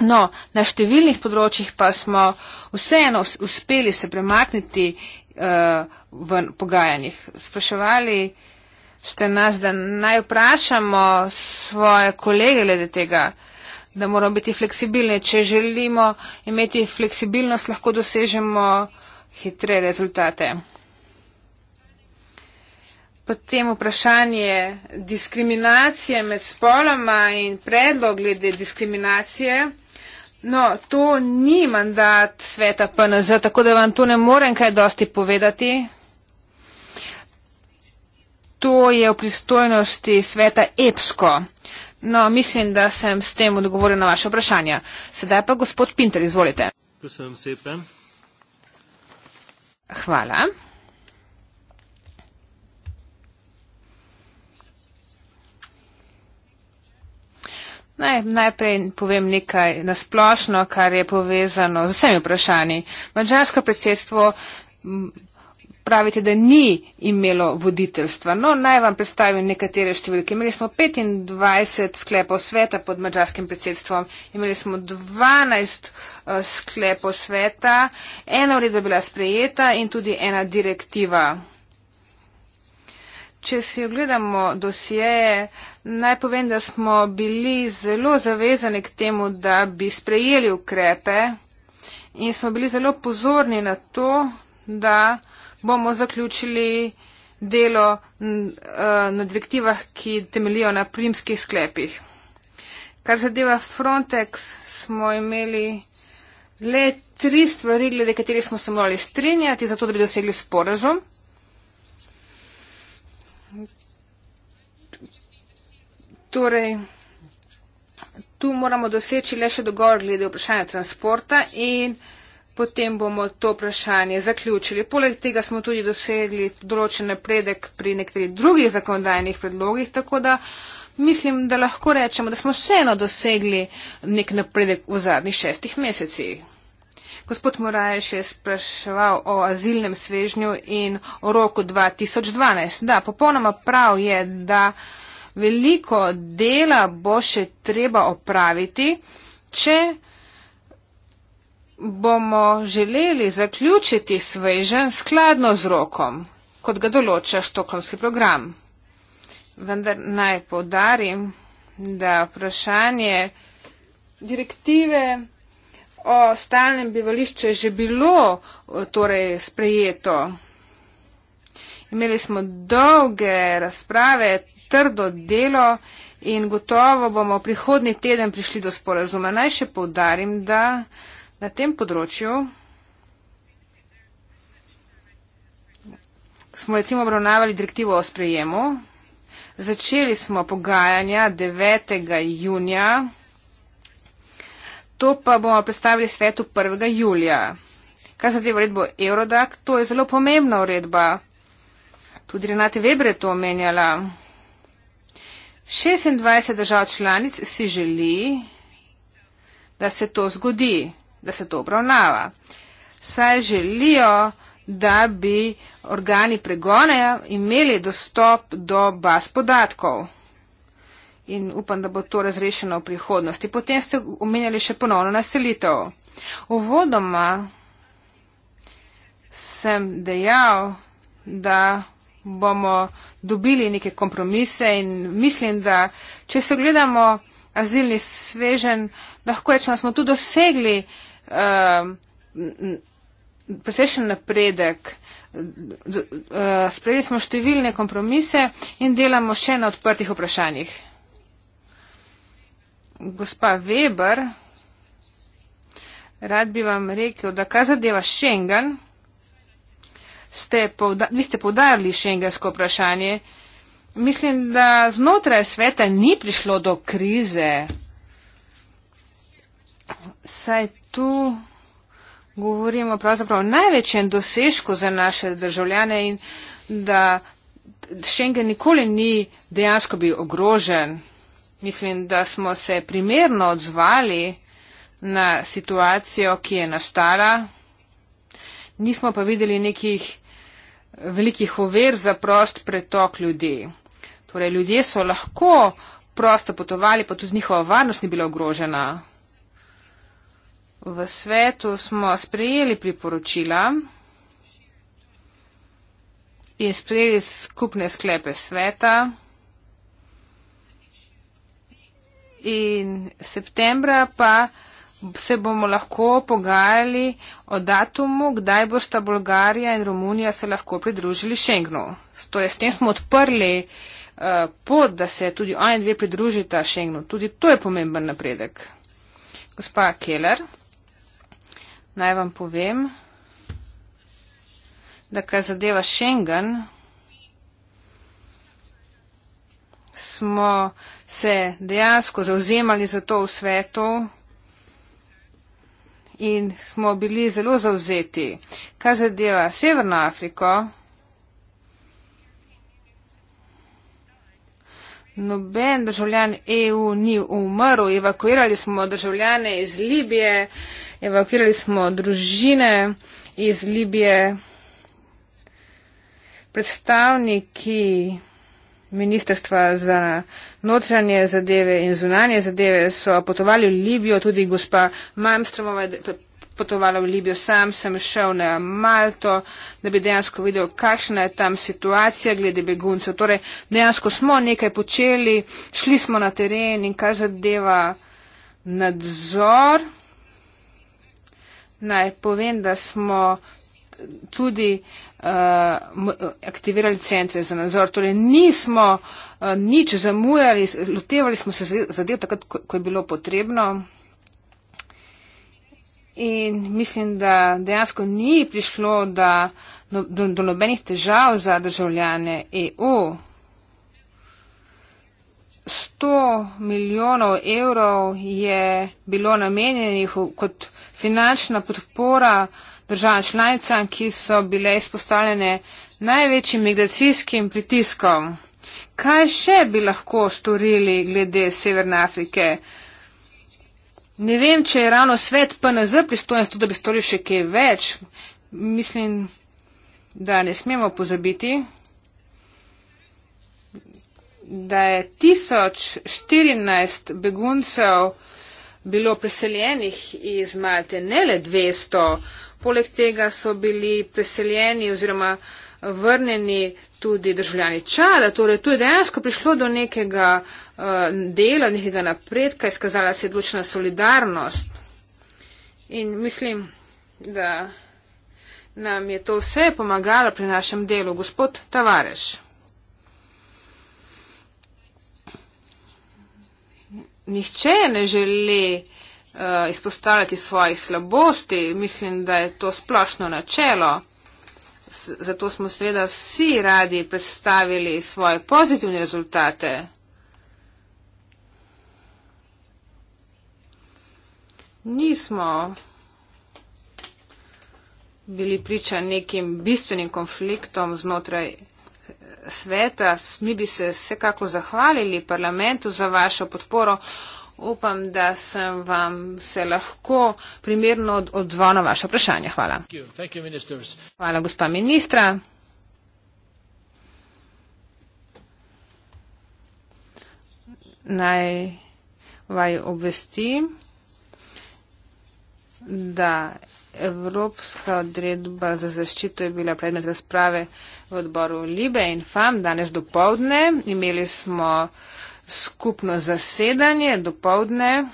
No, na številnih področjih pa smo vseeno uspeli se premakniti uh, v pogajanjih. Spraševali uh, ste nas, da naj vprašamo svoje kolege glede tega, da moramo biti fleksibilni. Če želimo imeti fleksibilnost, lahko dosežemo hitre rezultate. Potem vprašanje diskriminacije med spoloma in predlog glede diskriminacije. No, to ni mandat sveta PNZ, tako da vam tu ne morem kaj dosti povedati, to je v pristojnosti sveta EPSKO. No, mislim, da sem s tem odgovoril na vaše vprašanje. Sedaj pa gospod Pinter, izvolite. Hvala. Naj, najprej povem nekaj nasplošno, kar je povezano z vsemi vprašanji. Mađarsko predsedstvo pravite, da ni imelo voditeljstva. No, naj vam predstavim nekatere številke. Imeli smo 25 sklepov sveta pod mađarskim predsedstvom, imeli smo 12 eh, sklepov sveta, ena uredba je bila sprejeta in tudi ena direktiva. Če si ogledamo dosjeje, naj povem, da smo bili zelo zavezani k temu, da bi sprejeli ukrepe in smo bili zelo pozorni na to, da bomo zaključili delo e, na direktivah, ki temelijo na primskih sklepih. Kar zadeva Frontex, smo imeli le tri stvari, glede katerih smo se morali strinjati, zato da bi dosegli sporazum. Torej, tu moramo doseči le še dogovor glede vprašanja transporta in potem bomo to vprašanje zaključili. Poleg tega smo tudi dosegli določen napredek pri nekaterih drugih zakonodajnih predlogih, tako da mislim, da lahko rečemo, da smo vseeno dosegli nek napredek v zadnjih šestih mesecih. Gospod Morajš je spraševal o azilnem svežnju in o roku 2012. Da, popolnoma prav je, da veliko dela bo še treba opraviti, če bomo želeli zaključiti svežen skladno z rokom, kot ga določa štokholmski program. Vendar naj povdarim, da vprašanje direktive o stalnem bivališču je že bilo torej, sprejeto. Imeli smo dolge razprave, trdo delo in gotovo bomo prihodni teden prišli do sporazuma. Naj še povdarim, da. Na tem področju smo recimo obravnavali direktivo o sprejemu. Začeli smo pogajanja 9. junija. To pa bomo predstavili svetu 1. julija. Kar zadeva uredbo Eurodac, to je zelo pomembna uredba. Tudi Renate Weber je to omenjala. 26 držav članic si želi, da se to zgodi da se to obravnava. Saj želijo, da bi organi pregone imeli dostop do baz podatkov. In upam, da bo to razrešeno v prihodnosti. Potem ste omenjali še ponovno naselitev. Uvodoma sem dejal, da bomo dobili neke kompromise in mislim, da če se gledamo azilni svežen, lahko rečemo, da smo tu dosegli uh, uh, um, presešen napredek. Uh, sprejeli smo številne kompromise in delamo še na odprtih vprašanjih. Gospa Weber, rad bi vam rekel, da kar zadeva Schengen, ste povda, vi ste povdarili šengensko vprašanje. Mislim, da znotraj sveta ni prišlo do krize. Saj tu govorimo pravzaprav o največjem dosežku za naše državljane in da Schengen nikoli ni dejansko bil ogrožen. Mislim, da smo se primerno odzvali na situacijo, ki je nastala. Nismo pa videli nekih velikih ovir za prost pretok ljudi. Torej, ljudje so lahko prosto potovali, pa tudi njihova varnost ni bila ogrožena v svetu smo sprejeli priporočila in sprejeli skupne sklepe sveta. In septembra pa se bomo lahko pogajali o datumu, kdaj bosta Bolgarija in Romunija se lahko pridružili Schengnu. Torej, s tem smo odprli uh, pot, da se tudi oni dve pridružita Schengnu. Tudi to je pomemben napredek. Gospa Keller naj vam povem, da kar zadeva Schengen, smo se dejansko zauzemali za to v svetu in smo bili zelo zauzeti. Kar zadeva Severno Afriko, noben državljan EU ni umrl, evakuirali smo državljane iz Libije, evakuirali smo družine iz Libije, predstavniki Ministrstva za notranje zadeve in zunanje zadeve so potovali v Libijo, tudi gospa Malmstromova je potovala v Libijo, sam sem šel na Malto, da bi dejansko videl, kakšna je tam situacija glede beguncev. Torej, dejansko smo nekaj počeli, šli smo na teren in kar zadeva nadzor naj povem, da smo tudi uh, aktivirali centre za nadzor. Torej nismo uh, nič zamujali, lotevali smo se zadev takrat, ko, ko je bilo potrebno. In mislim, da dejansko ni prišlo da, no, do, do nobenih težav za državljane EU. 100 milijonov evrov je bilo namenjenih kot finančna podpora državam članicam, ki so bile izpostavljene največjim migracijskim pritiskom. Kaj še bi lahko storili glede Severne Afrike? Ne vem, če je ravno svet PNZ pristojen, da bi storil še kaj več. Mislim, da ne smemo pozabiti, da je 1014 beguncev bilo preseljenih iz Malte, ne le 200, poleg tega so bili preseljeni oziroma vrneni tudi državljani Čada, torej tu je dejansko prišlo do nekega uh, dela, nekega napredka, izkazala se je odločna solidarnost. In mislim, da nam je to vse pomagalo pri našem delu. Gospod Tavareš. nihče ne želi uh, izpostavljati svojih slabosti. Mislim, da je to splošno načelo. S zato smo seveda vsi radi predstavili svoje pozitivne rezultate. Nismo bili priča nekim bistvenim konfliktom znotraj sveta. Mi bi se vsekako zahvalili parlamentu za vašo podporo. Upam, da sem vam se lahko primerno odzval na vaše vprašanje. Hvala. Thank you. Thank you, Hvala, gospa ministra. Naj vaj obvestim, da Evropska odredba za zaščito je bila predmet razprave v odboru Libe in FAM danes do povdne. Imeli smo skupno zasedanje do povdne,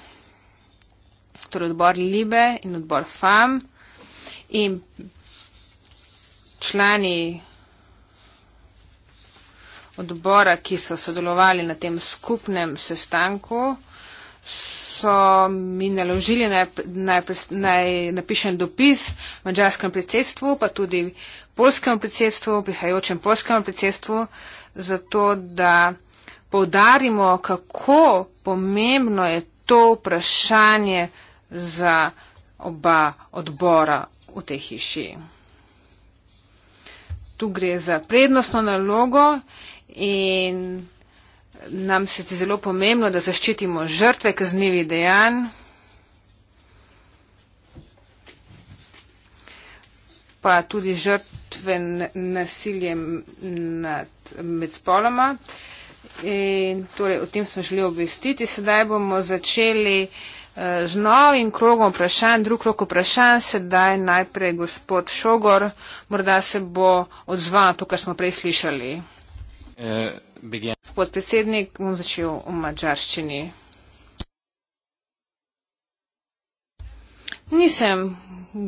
torej odbor Libe in odbor FAM in člani odbora, ki so sodelovali na tem skupnem sestanku, so mi naložili naj, naj, naj napišen dopis mađarskem predsedstvu, pa tudi polskem predsedstvu, prihajajočem polskem predsedstvu, zato da povdarimo, kako pomembno je to vprašanje za oba odbora v tej hiši. Tu gre za prednostno nalogo in Nam se je zelo pomembno, da zaščitimo žrtve kaznjivih dejanj. pa tudi žrtve nasilje nad, med spoloma. In torej, o tem sem želel obvestiti. Sedaj bomo začeli eh, z novim krogom vprašanj, drug krog vprašanj, sedaj najprej gospod Šogor, morda se bo odzval na to, kar smo prej slišali. E Gospod predsednik, bom začel v mačarščini. Nisem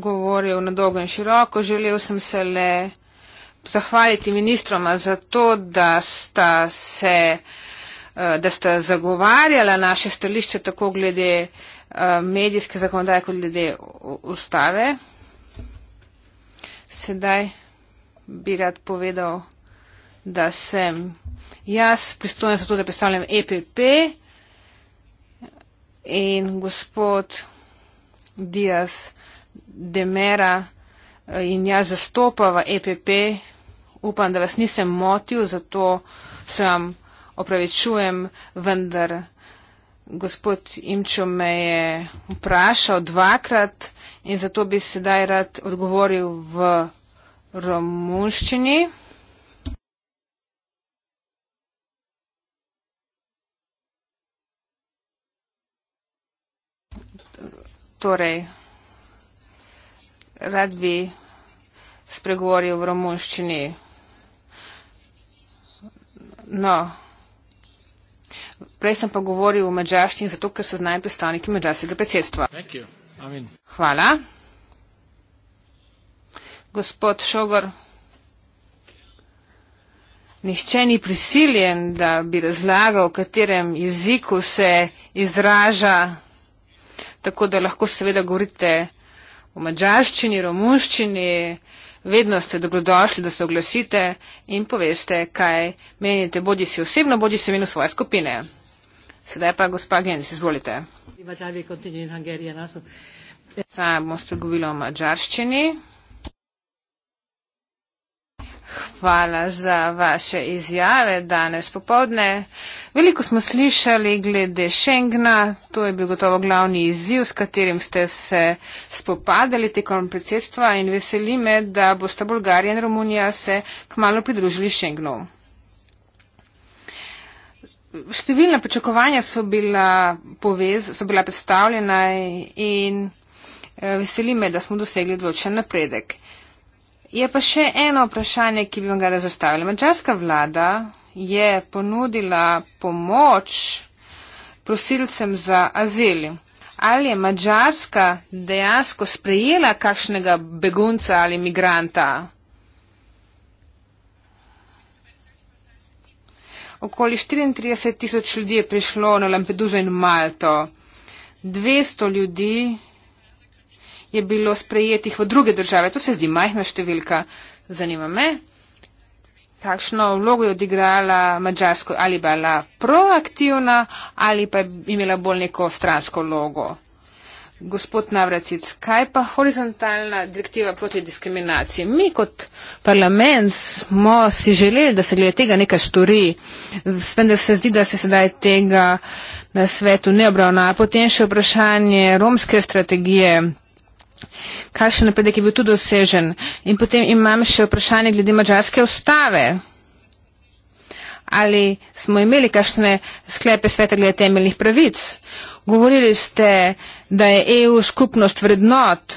govoril na dolgo in široko, želel sem se le zahvaliti ministroma za to, da sta, se, eh, da sta zagovarjala naše stališče tako glede eh, medijske zakonodaje kot glede ustave. Sedaj bi rad povedal, da sem Jaz pristojen za to, da predstavljam EPP in gospod Dias Demera eh, in jaz zastopam v EPP. Upam, da vas nisem motil, zato se vam opravičujem, vendar gospod Imčo me je vprašal dvakrat in zato bi sedaj rad odgovoril v romunščini. Torej, rad bi spregovoril v romunščini. No, prej sem pa govoril v mađarščini, zato ker so znani predstavniki mađarskega predsedstva. Hvala. Gospod Šogor, nihče ni prisiljen, da bi razlagal, v katerem jeziku se izraža tako da lahko seveda govorite v mačarščini, romunščini. Vedno ste dobrodošli, da se oglasite in poveste, kaj menite, bodi si osebno, bodi si imenu svoje skupine. Sedaj pa, gospa Genis, izvolite. Sama bom spregovila o mačarščini. Hvala za vaše izjave danes popovdne. Veliko smo slišali glede Schengna, to je bil gotovo glavni izziv, s katerim ste se spopadali tekom predsedstva in veseli me, da boste Bolgarija in Romunija se kmalo pridružili Schengnu. Številna pričakovanja so bila, povez, so bila predstavljena in eh, veseli me, da smo dosegli odločen napredek. Je pa še eno vprašanje, ki bi vam ga rada zastavila. Mačarska vlada je ponudila pomoč prosilcem za azil. Ali je Mačarska dejansko sprejela kakšnega begunca ali migranta? Okoli 34 tisoč ljudi je prišlo na Lampeduzo in Malto. 200 ljudi je bilo sprejetih v druge države. To se zdi majhna številka. Zanima me, kakšno vlogo je odigrala Mačarsko, ali pa je bila proaktivna ali pa je imela bolj neko stransko vlogo. Gospod Navracic, kaj pa horizontalna direktiva proti diskriminaciji? Mi kot parlament smo si želeli, da se glede tega nekaj stori, vendar se zdi, da se sedaj tega na svetu ne obravna. Potem še vprašanje romske strategije kakšen napredek je bil tu dosežen. In potem imam še vprašanje glede mađarske ustave. Ali smo imeli kakšne sklepe sveta glede temeljnih pravic? Govorili ste, da je EU skupnost vrednot.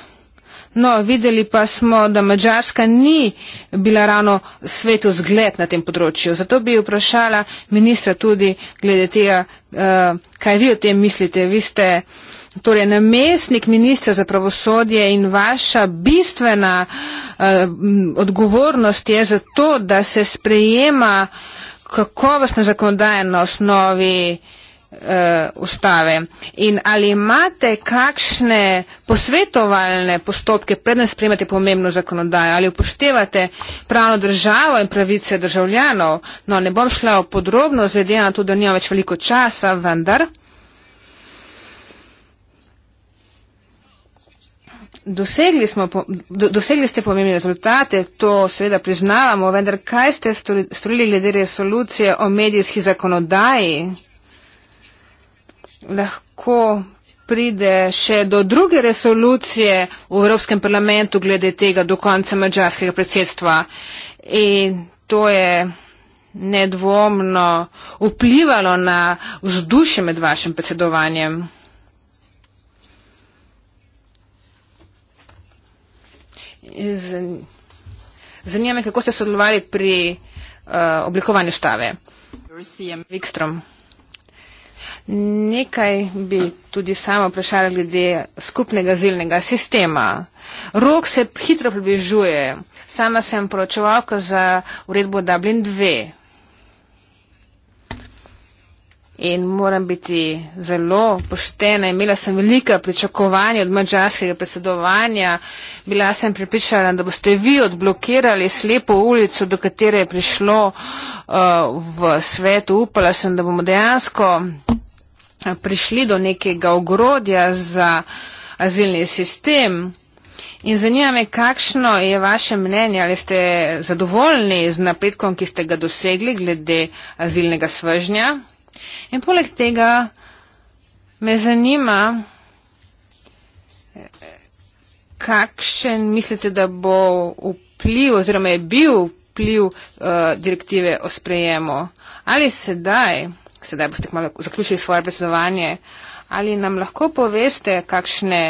No, videli pa smo, da Mačarska ni bila ravno svetu zgled na tem področju. Zato bi vprašala ministra tudi glede tega, eh, kaj vi o tem mislite. Vi ste uh, Torej, namestnik ministra za pravosodje in vaša bistvena uh, odgovornost je za to, da se sprejema kakovostna zakonodaja na osnovi uh, ustave. In ali imate kakšne posvetovalne postopke, predem sprejemate pomembno zakonodajo, ali upoštevate pravno državo in pravice državljanov? No, ne bom šla v podrobnost, glede na to, da nima več veliko časa, vendar. dosegli, smo, do, dosegli ste pomembne rezultate, to seveda priznavamo, vendar kaj ste storili glede resolucije o medijski zakonodaji? Lahko pride še do druge resolucije v Evropskem parlamentu glede tega do konca mađarskega predsedstva. In to je nedvomno vplivalo na vzdušje med vašim predsedovanjem. Zanima me, kako ste sodelovali pri uh, oblikovanju štave. Vikstrom. Nekaj bi tudi sama vprašala glede skupnega zilnega sistema. Rok se hitro približuje. Sama sem poročevalka za uredbo Dublin 2. In moram biti zelo poštena. Imela sem velika pričakovanja od mađarskega predsedovanja. Bila sem pripričana, da boste vi odblokirali slepo ulico, do katere je prišlo uh, v svetu. Upala sem, da bomo dejansko uh, prišli do nekega ogrodja za azilni sistem. In zanima me, kakšno je vaše mnenje, ali ste zadovoljni z napredkom, ki ste ga dosegli glede azilnega svežnja? In poleg tega me zanima, kakšen mislite, da bo vpliv oziroma je bil vpliv uh, direktive o sprejemu. Ali sedaj, sedaj boste malo zaključili svoje predsedovanje, ali nam lahko poveste, kakšne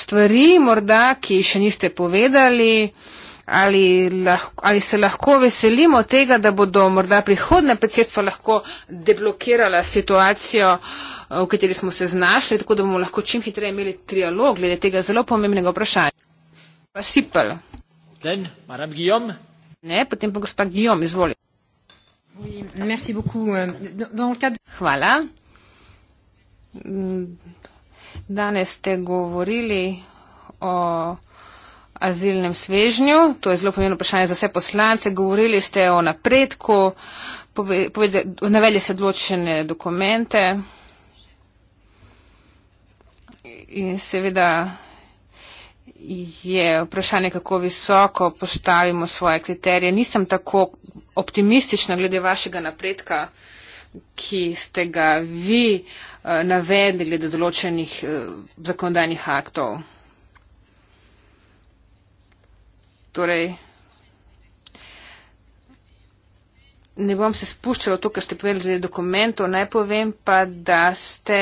stvari morda, ki še niste povedali, uh, ali, lahko, ali se lahko veselimo tega, da bodo morda prihodne predsedstva lahko deblokirala situacijo, eh, v kateri smo se znašli, tako da bomo lahko čim hitreje imeli trialog glede tega zelo pomembnega vprašanja. Pa Sipel. Then, Madame Guillaume. Ne, potem pa gospod Guillaume, izvoli. Merci beaucoup. Euh, dans le cadre... Hvala. Mm, danes ste govorili o azilnem svežnju. To je zelo pomembno vprašanje za vse poslance. Govorili ste o napredku, navedli ste odločene dokumente. In seveda je vprašanje, kako visoko postavimo svoje kriterije. Nisem tako optimistična glede vašega napredka, ki ste ga vi uh, navedli glede določenih uh, zakonodajnih aktov. Torej, ne bom se spuščala v to, kar ste povedali glede dokumentov, naj povem pa, da ste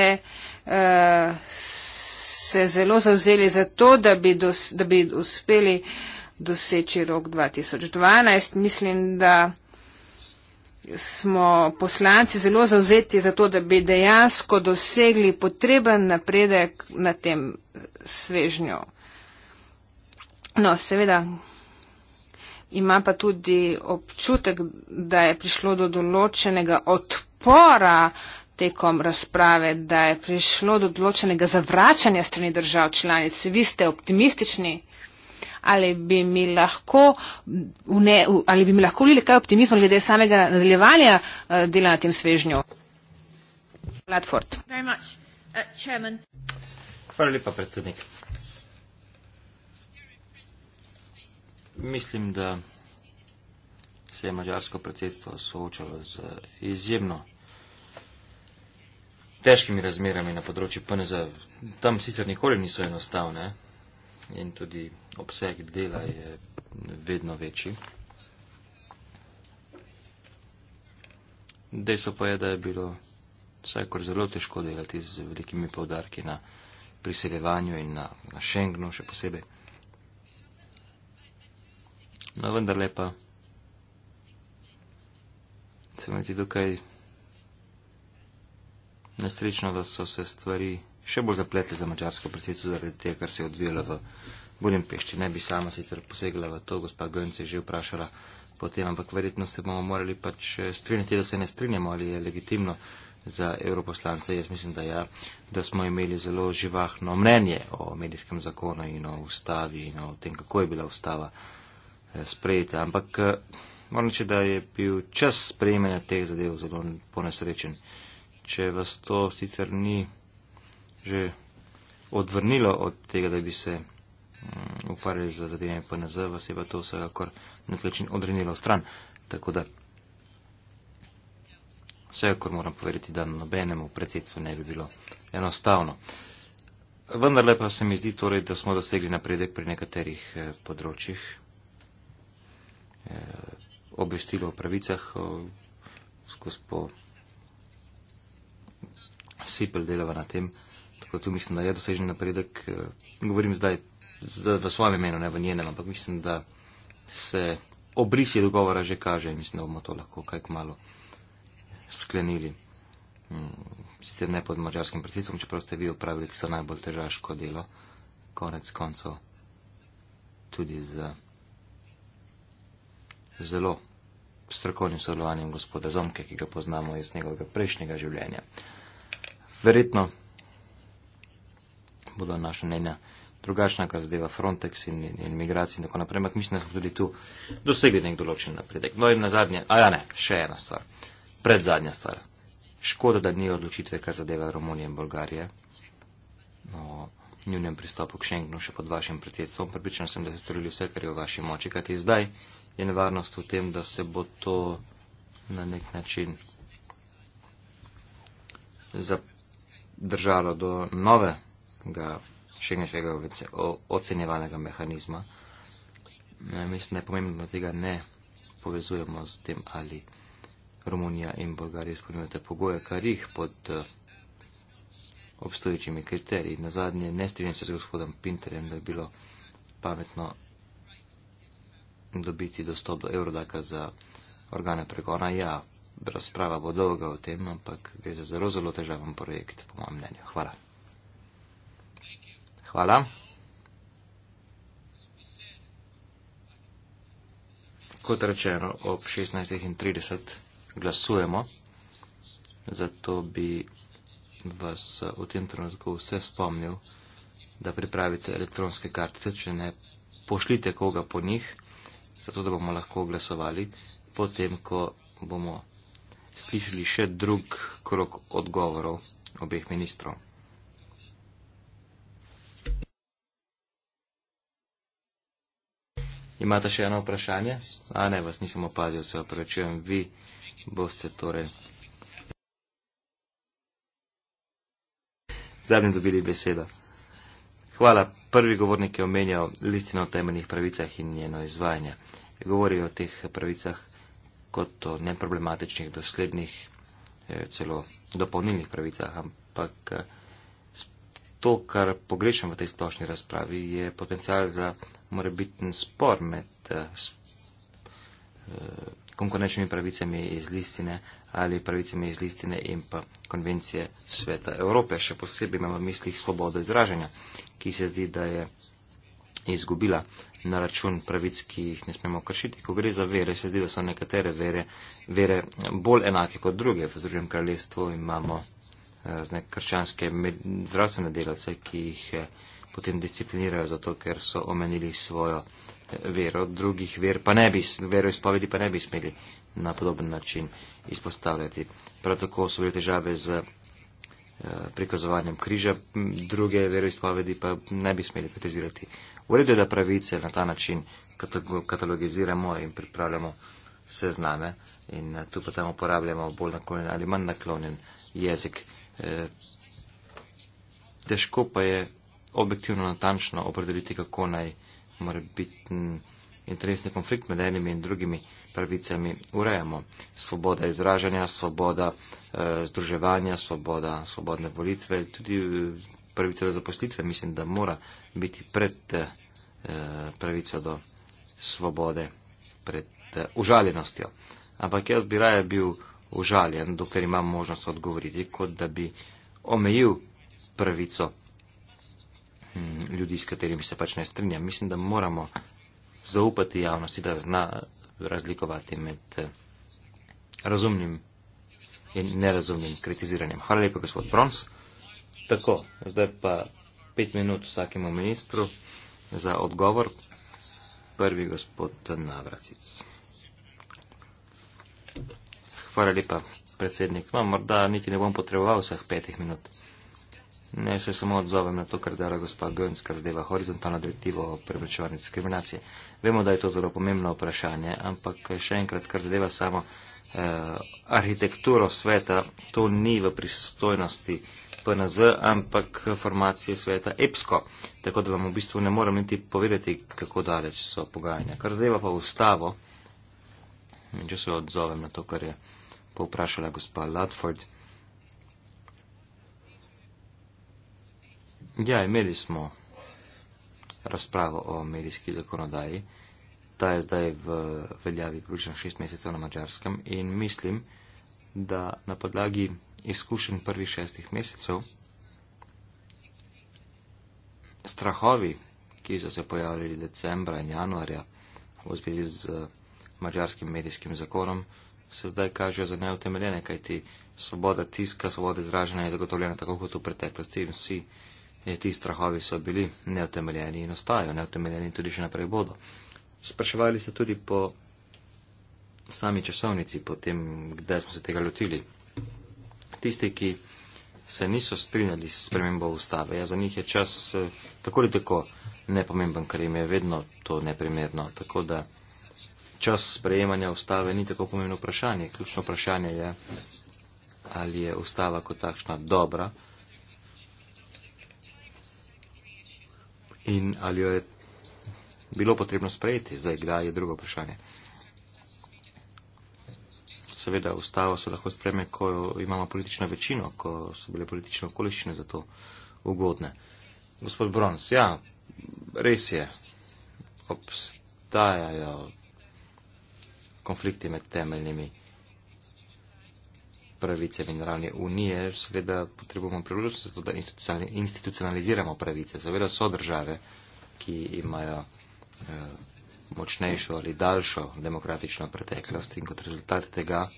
uh, se zelo zavzeli za to, da bi, dos, da bi uspeli doseči rok 2012. Mislim, da smo poslanci zelo zauzeti za to, da bi dejansko dosegli potreben napredek na tem svežnju. No, seveda ima pa tudi občutek, da je prišlo do določenega odpora tekom razprave, da je prišlo do določenega zavračanja strani držav članic. Vi ste optimistični? Ali bi mi lahko, ne, ali bi mi lahko bili kaj optimizma glede samega nadaljevanja eh, dela na tem svežnju? Platford. Uh, Hvala lepa, predsednik. Mislim, da se je mađarsko predsedstvo soočalo z izjemno težkimi razmerami na področju PNZ. Tam sicer nikoli niso enostavne in tudi obseg dela je vedno večji. Dejstvo pa je, da je bilo vsaj kar zelo težko delati z velikimi povdarki na priseljevanju in na, na Schengenu še posebej no vendar lepa. Se mi zdi dokaj nestrično, da so se stvari še bolj zapletli za mačarsko predsedstvo zaradi tega, kar se je odvijalo v Budimpešti. Ne bi sama sicer posegla v to, gospa Gönc je že vprašala potem, ampak verjetno se bomo morali pač eh, strinjati, da se ne strinjamo, ali je legitimno za europoslance. Jaz mislim, da ja, da smo imeli zelo živahno mnenje o medijskem zakonu in o ustavi in o tem, kako je bila ustava sprejete. Ampak eh, moram reči, da je bil čas sprejemanja teh zadev zelo ponesrečen. Če vas to sicer ni že odvrnilo od tega, da bi se mm, ukvarjali z zadevami PNZ, vas je pa to vsekakor na klečin odrinilo stran. Tako da vsekakor moram povedati, da nobenemu predsedstvu ne bi bilo enostavno. Vendar lepa se mi zdi torej, da smo dosegli napredek pri nekaterih eh, področjih, Eh, obvestilo o pravicah, skozi po vsi predelava na tem, tako tu mislim, da je dosežen napredek. Eh, govorim zdaj v svojem imenu, ne v njenem, ampak mislim, da se obrisje dogovora že kaže in mislim, da bomo to lahko kajk malo sklenili. Mm, sicer ne pod mačarskim predsednikom, čeprav ste vi upravili tisto najbolj težaško delo, konec koncev tudi za. Z zelo strokovnim sodelovanjem gospoda Zomke, ki ga poznamo iz njegovega prejšnjega življenja. Verjetno bodo naša mnenja drugačna, kar zadeva Frontex in, in, in migracij in tako naprej, ampak mislim, da smo tudi tu dosegli nek določen napredek. No in na zadnje, a ja ne, še ena stvar, predzadnja stvar. Škoda, da ni odločitve, kar zadeva Romunije in Bolgarije o no, njunem pristopu k Schengenu še pod vašim predsedstvom. Pripričan sem, da ste storili vse, kar je v vaši moči, kajti zdaj je nevarnost v tem, da se bo to na nek način zadržalo do novega šengenskega ocenjevanega mehanizma. Mislim, da je pomembno, da tega ne povezujemo z tem, ali Romunija in Bolgarija izpolnjujete pogoje, kar jih pod eh, obstoječimi kriteriji. Na zadnje, ne strinjam se z gospodom Pinterjem, da je bilo pametno dobiti dostop do Eurodaka za organe pregona. Ja, razprava bo dolga o tem, ampak gre za zelo, zelo težaven projekt, po mojem mnenju. Hvala. Hvala. Kot rečeno, ob 16.30 glasujemo, zato bi vas v tem trenutku vse spomnil, da pripravite elektronske kartice, če ne pošljite koga po njih zato da bomo lahko glasovali, potem ko bomo slišali še drug krok odgovorov obeh ministrov. Imate še eno vprašanje? A ne, vas nisem opazil, se opravičujem. Vi boste torej. Zadnji dobili besedo. Hvala. Prvi govornik je omenjal listino o temeljnih pravicah in njeno izvajanje. Govori o teh pravicah kot o neproblematičnih, doslednih, eh, celo dopolnilnih pravicah, ampak eh, to, kar pogrešam v tej splošni razpravi, je potencial za morebitni spor med eh, konkurenčnimi pravicami iz listine ali pravicami iz listine in pa konvencije sveta Evrope. Še posebej imamo v mislih svobodo izražanja, ki se zdi, da je izgubila na račun pravic, ki jih ne smemo kršiti. Ko gre za vere, se zdi, da so nekatere vere, vere bolj enake kot druge. V Združenem kraljestvu imamo razne eh, krščanske med, zdravstvene delavce, ki jih eh, potem disciplinirajo zato, ker so omenili svojo eh, vero. Drugih ver pa ne bi, vero izpovedi pa ne bi smeli na podoben način izpostavljati. Prav tako so bile težave z eh, prikazovanjem križa, druge veroizpovedi pa ne bi smeli kritizirati. V redu je, da pravice na ta način katalogiziramo in pripravljamo vse zname in eh, tu pa tam uporabljamo bolj naklonjen ali manj naklonjen jezik. Eh, težko pa je objektivno natančno opredeliti, kako naj mora biti interesni konflikt med enimi in drugimi pravicami urejamo. Svoboda izražanja, svoboda eh, združevanja, svoboda svobodne volitve, tudi eh, pravica do zaposlitve mislim, da mora biti pred eh, pravico do svobode, pred eh, užaljenostjo. Ampak jaz bi raje bil užaljen, dokler imam možnost odgovoriti, kot da bi omejil pravico hm, ljudi, s katerimi se pač ne strinjam. Mislim, da moramo zaupati javnosti, da zna, razlikovati med eh, razumnim in nerazumnim kritiziranjem. Hvala lepa, gospod Brons. Tako, zdaj pa pet minut vsakemu ministru za odgovor. Prvi gospod Navracic. Hvala lepa, predsednik. No, morda niti ne bom potreboval vseh petih minut. Ne, se samo odzovem na to, kar dela gospa Gönc, kar zadeva horizontalno direktivo o preprečevanju diskriminacije. Vemo, da je to zelo pomembno vprašanje, ampak še enkrat, kar zadeva samo eh, arhitekturo sveta, to ni v pristojnosti PNZ, ampak formacije sveta EPSCO. Tako da vam v bistvu ne morem niti povedati, kako daleč so pogajanja. Kar zadeva pa ustavo, in če se odzovem na to, kar je povprašala gospa Ladford. Ja, imeli smo razpravo o medijski zakonodaji. Ta je zdaj v veljavi približno šest mesecev na mačarskem in mislim, da na podlagi izkušenj prvih šestih mesecev strahovi, ki so se pojavili decembra in januarja v zvezi z mačarskim medijskim zakonom, se zdaj kažejo za neutemeljene, kajti svoboda tiska, svoboda izražanja je zagotovljena tako kot v preteklosti in vsi je, ti strahovi so bili neotemeljeni in ostajajo neotemeljeni in tudi še naprej bodo. Spraševali ste tudi po sami časovnici, po tem, kdaj smo se tega lotili. Tisti, ki se niso strinjali s premembo ustave, ja, za njih je čas e, tako ali tako nepomemben, ker jim je vedno to neprimerno. Tako da čas sprejemanja ustave ni tako pomembno vprašanje. Ključno vprašanje je, ali je ustava kot takšna dobra. in ali jo je bilo potrebno sprejeti, zdaj kdaj je drugo vprašanje. Seveda ustavo se lahko spreme, ko imamo politično večino, ko so bile politične okoliščine za to ugodne. Gospod Brons, ja, res je, obstajajo konflikti med temeljnimi pravice v naravni unije, seveda potrebujemo priložnost za to, da institucionaliziramo pravice. Seveda so države, ki imajo eh, močnejšo ali daljšo demokratično preteklost in kot rezultat tega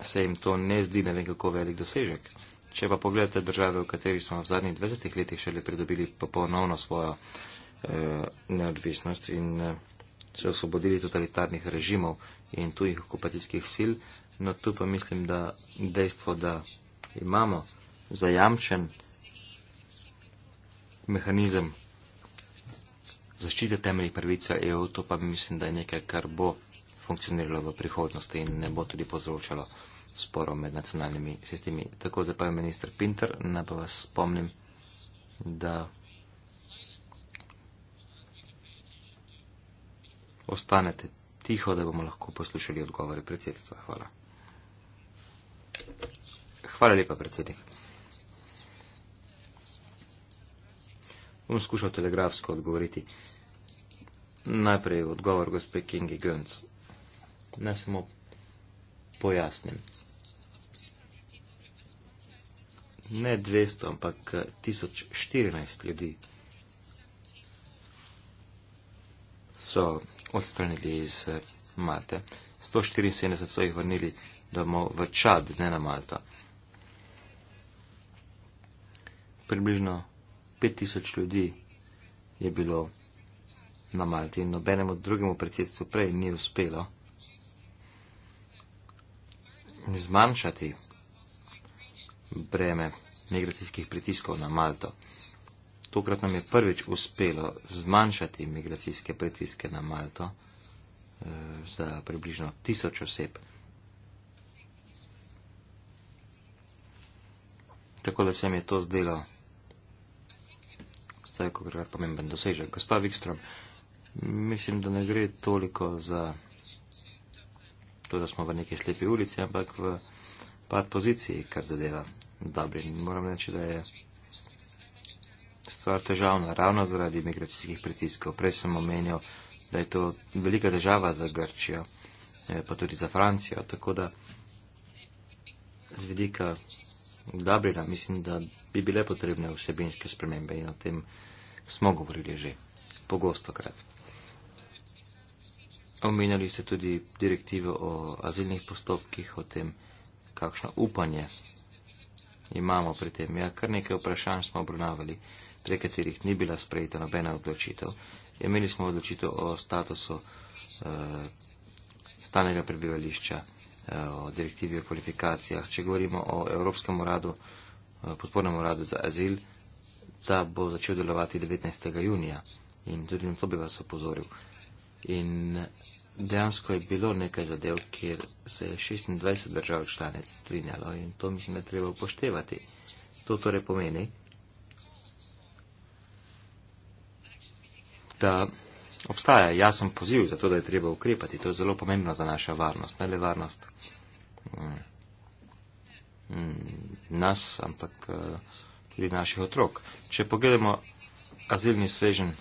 se jim to ne zdi ne vem kako velik dosežek. Če pa pogledate države, v katerih smo v zadnjih 20 letih šele pridobili popolnoma svojo eh, neodvisnost in eh, se osvobodili totalitarnih režimov in tujih okupacijskih sil, No tu pa mislim, da dejstvo, da imamo zajamčen mehanizem zaščite temeljih prvica EU, to pa mislim, da je nekaj, kar bo funkcioniralo v prihodnosti in ne bo tudi povzročalo sporov med nacionalnimi sistemi. Tako da pa je minister Pinter, naj pa vas spomnim, da ostanete tiho, da bomo lahko poslušali odgovore predsedstva. Hvala. Hvala lepa, predsednik. Bom skušal telegrafsko odgovoriti. Najprej odgovor gospe Kingi Gönc. Ne samo pojasnim. Ne 200, ampak 1014 ljudi so odstranili iz eh, Malte. 174 so jih vrnili domov v Čad, ne na Malto. približno 5000 ljudi je bilo na Malti in nobenemu drugemu predsedstvu prej ni uspelo zmanjšati breme migracijskih pritiskov na Malto. Tokrat nam je prvič uspelo zmanjšati migracijske pritiske na Malto eh, za približno tisoč oseb. Tako da se mi je to zdelo to je kot kar pomemben dosežek. Gospa Vikstrom, mislim, da ne gre toliko za to, da smo v neki slepi ulici, ampak v pad poziciji, kar zadeva Dublin. Moram reči, da je stvar težavna, ravno zaradi migracijskih pritiskov. Prej sem omenil, da je to velika težava za Grčijo, eh, pa tudi za Francijo, tako da z vidika Dublina mislim, da bi bile potrebne vsebinske spremembe in o tem smo govorili že, pogosto krat. Omenjali ste tudi direktivo o azilnih postopkih, o tem, kakšno upanje imamo pri tem. Ja, kar nekaj vprašanj smo obravnavali, pri katerih ni bila sprejeta nobena odločitev. Imeli smo odločitev o statusu eh, stanega prebivališča, eh, o direktivi o kvalifikacijah. Če govorimo o Evropskem uradu, eh, podpornem uradu za azil, ta bo začel delovati 19. junija in tudi na to bi vas opozoril. In dejansko je bilo nekaj zadev, kjer se je 26 držav članec strinjalo in to mislim, da treba upoštevati. To torej pomeni, da obstaja jasen poziv za to, da je treba ukrepati. To je zelo pomembno za našo varnost. Ne le varnost mm, mm, nas, ampak. Uh, tudi naših otrok. Če pogledamo azilni svežen,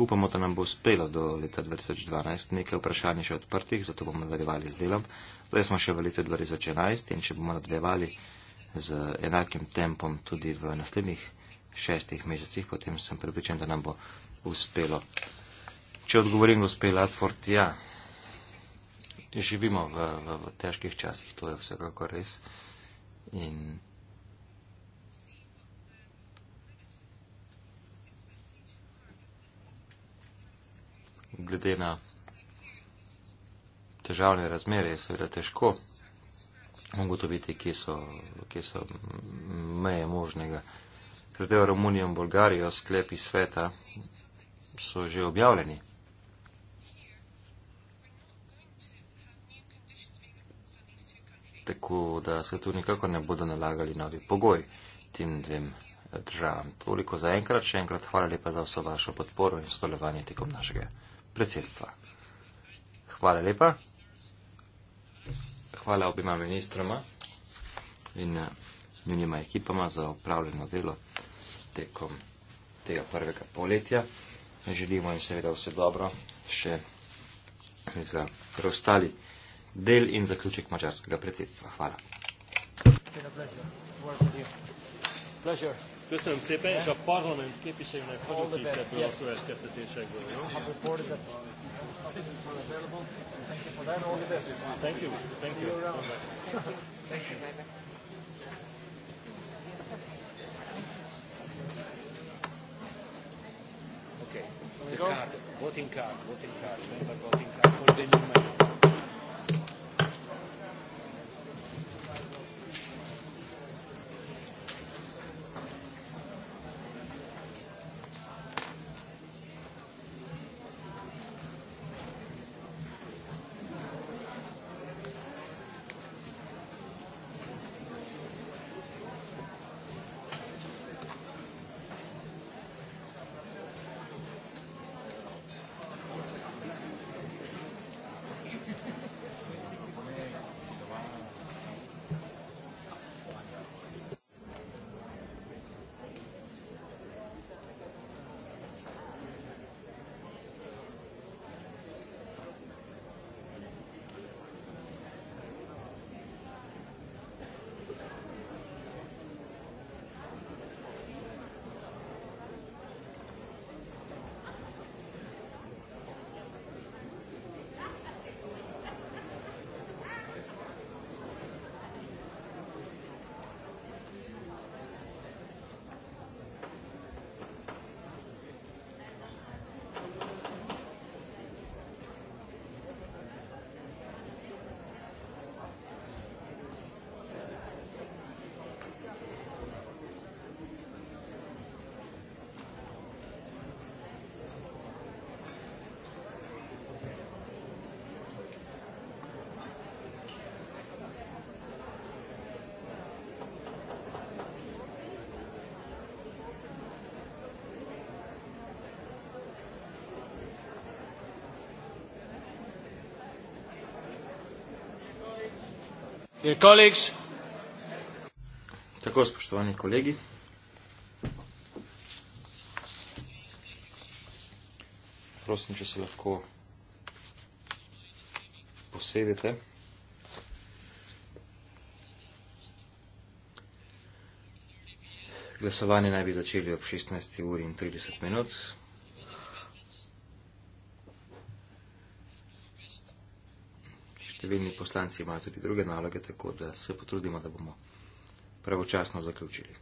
upamo, da nam bo uspelo do leta 2012, nekaj vprašanj je še odprtih, zato bomo nadaljevali z delom. Zdaj smo še v letu 2011 in če bomo nadaljevali z enakim tempom tudi v naslednjih šestih mesecih, potem sem pripričan, da nam bo uspelo. Če odgovorim gospe Latford, ja, živimo v, v, v težkih časih, to je vsekakor res. In glede na težavne razmere je seveda težko ugotoviti, kje so, kje so meje možnega. Zadeva Romunijo in Bolgarijo, sklepi sveta so že objavljeni. Tako da se tu nikako ne bodo nalagali novi pogoj tem dvem državam. Toliko za enkrat, še enkrat hvala lepa za vso vašo podporo in sodelovanje tekom našega predsedstva. Hvala lepa. Hvala obima ministroma in eh, njenima ekipama za upravljeno delo tekom tega prvega poletja. Želimo jim seveda vse dobro še za preostali del in zaključek mačarskega predsedstva. Hvala. Pleasure. Köszönöm szépen, és a parlament képviselőnek hagyok ebből a következtetésekből. Jó? Thank you. Thank you. Okay. The card. Voting card. Voting card. Remember voting card. For the new member. Tako, spoštovani kolegi. Prosim, če se lahko posedete. Glasovanje naj bi začeli ob 16.30 minut. številni poslanci imajo tudi druge naloge, tako da se potrudimo, da bomo pravočasno zaključili.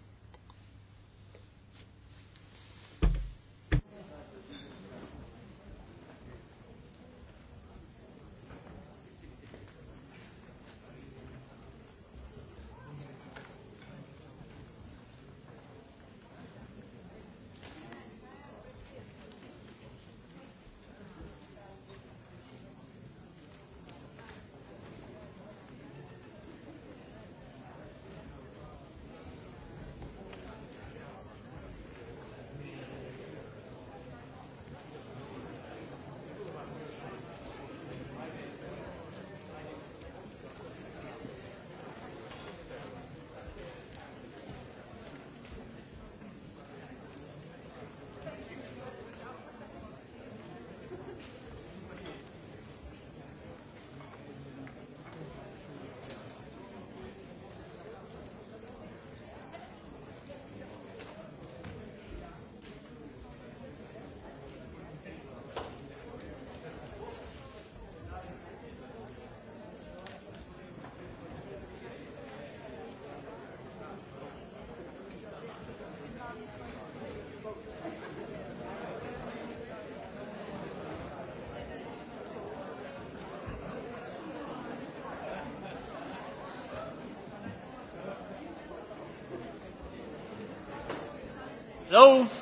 Hello? This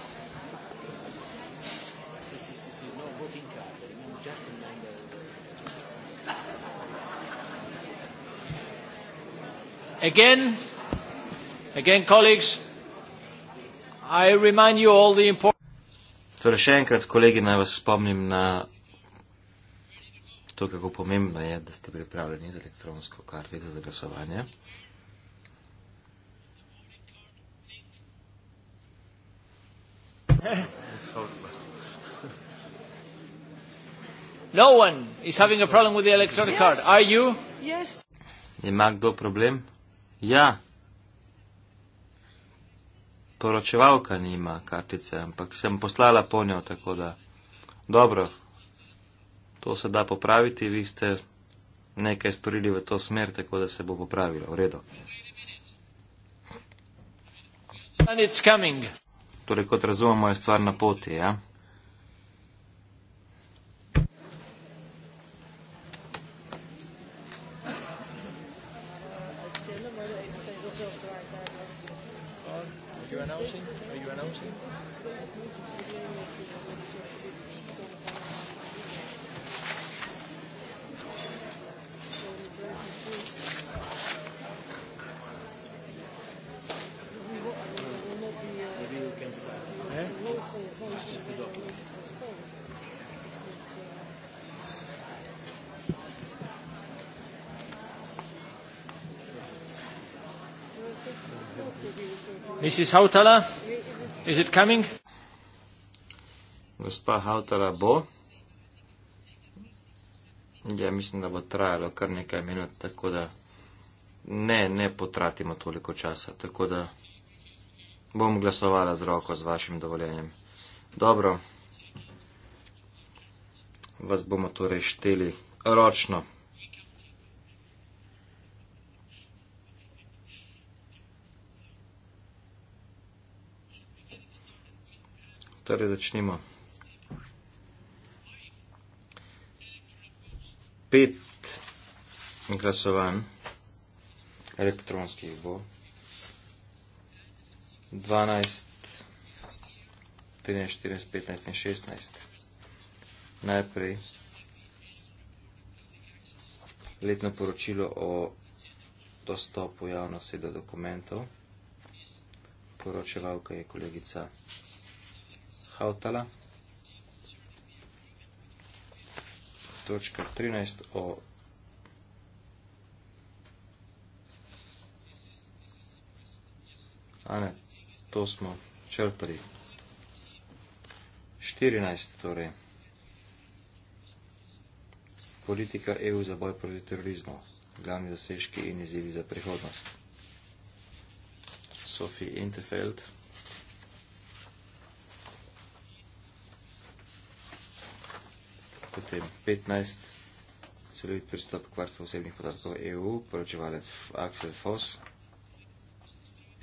is, this is not a booking card, but it means just a mango. Again, again, colleagues, I remind you all the important. Torej še enkrat, kolegi, naj vas spomnim na to, kako pomembno je, da ste pripravljeni za elektronsko kartico za glasovanje. No one is having a problem with the electronic yes. card. Are you? Yes. Ima kdo problem? Ja. Poročevalka nima kartice, ampak sem poslala po njo, tako da. Dobro. To se da popraviti, vi ste nekaj storili v to smer, tako da se bo popravilo. V redu. Torej, kot razumemo, je stvar na poti, ja? Mrs. Hautala, is it coming? Gospa Hautala bo. Ja, mislim, da bo trajalo kar nekaj minut, tako da ne, ne potratimo toliko časa. Tako da bom glasovala z roko, z vašim dovoljenjem. Dobro, vas bomo torej šteli ročno. Torej začnimo. Pet glasovanj elektronskih bo. 12, 13, 14, 15 in 16. Najprej letno poročilo o dostopu javnosti do dokumentov. Poročevalka je kolegica Хаутала. Точка 13 о А не, то смо črpali. 14, torej. Politika EU za boj proti terorizmu. Glavni dosežki in izzivi za prihodnost. Sophie Interfeld. potem 15, celovit pristop k varstvu osebnih podatkov EU, poročevalec Axel Foss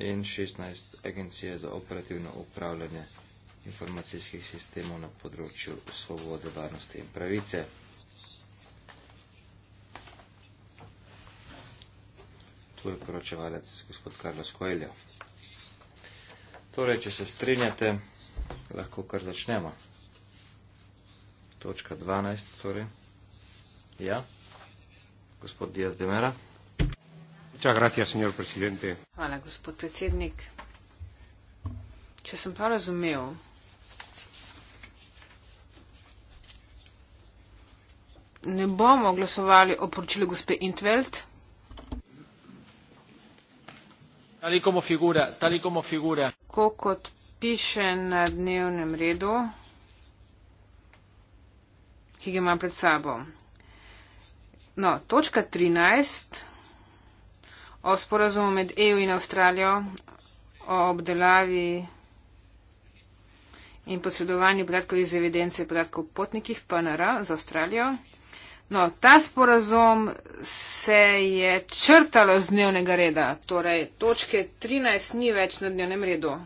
in 16, agencije za operativno upravljanje informacijskih sistemov na področju svobode, varnosti in pravice. Tu je poročevalec gospod Carlos Coelho. Torej, če se strinjate, lahko kar začnemo točka 12, torej. Ja, gospod Diaz de Mera. Gracias, Hvala, gospod predsednik. Če sem prav razumel, ne bomo glasovali o poročilu gospe Intveld. Tako kot piše na dnevnem redu, ki ga imam pred sabo. No, točka 13 o sporazumu med EU in Avstralijo o obdelavi in posredovanju podatkov iz evidence podatkov potnikih PNR za Avstralijo. No, ta sporazum se je črtalo z dnevnega reda, torej točke 13 ni več na dnevnem redu.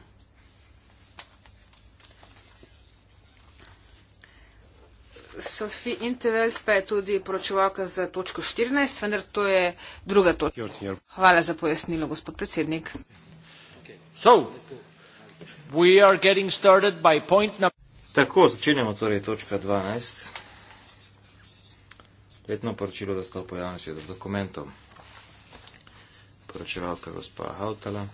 Sofi Intervelt pa je tudi poročevalka za točko 14, vendar to je druga točka. Hvala za pojasnilo, gospod predsednik. Okay. So, na... Tako, začenjamo torej točka 12. Letno poročilo za stopo javnosti do dokumentov. Poročevalka gospa Hautala.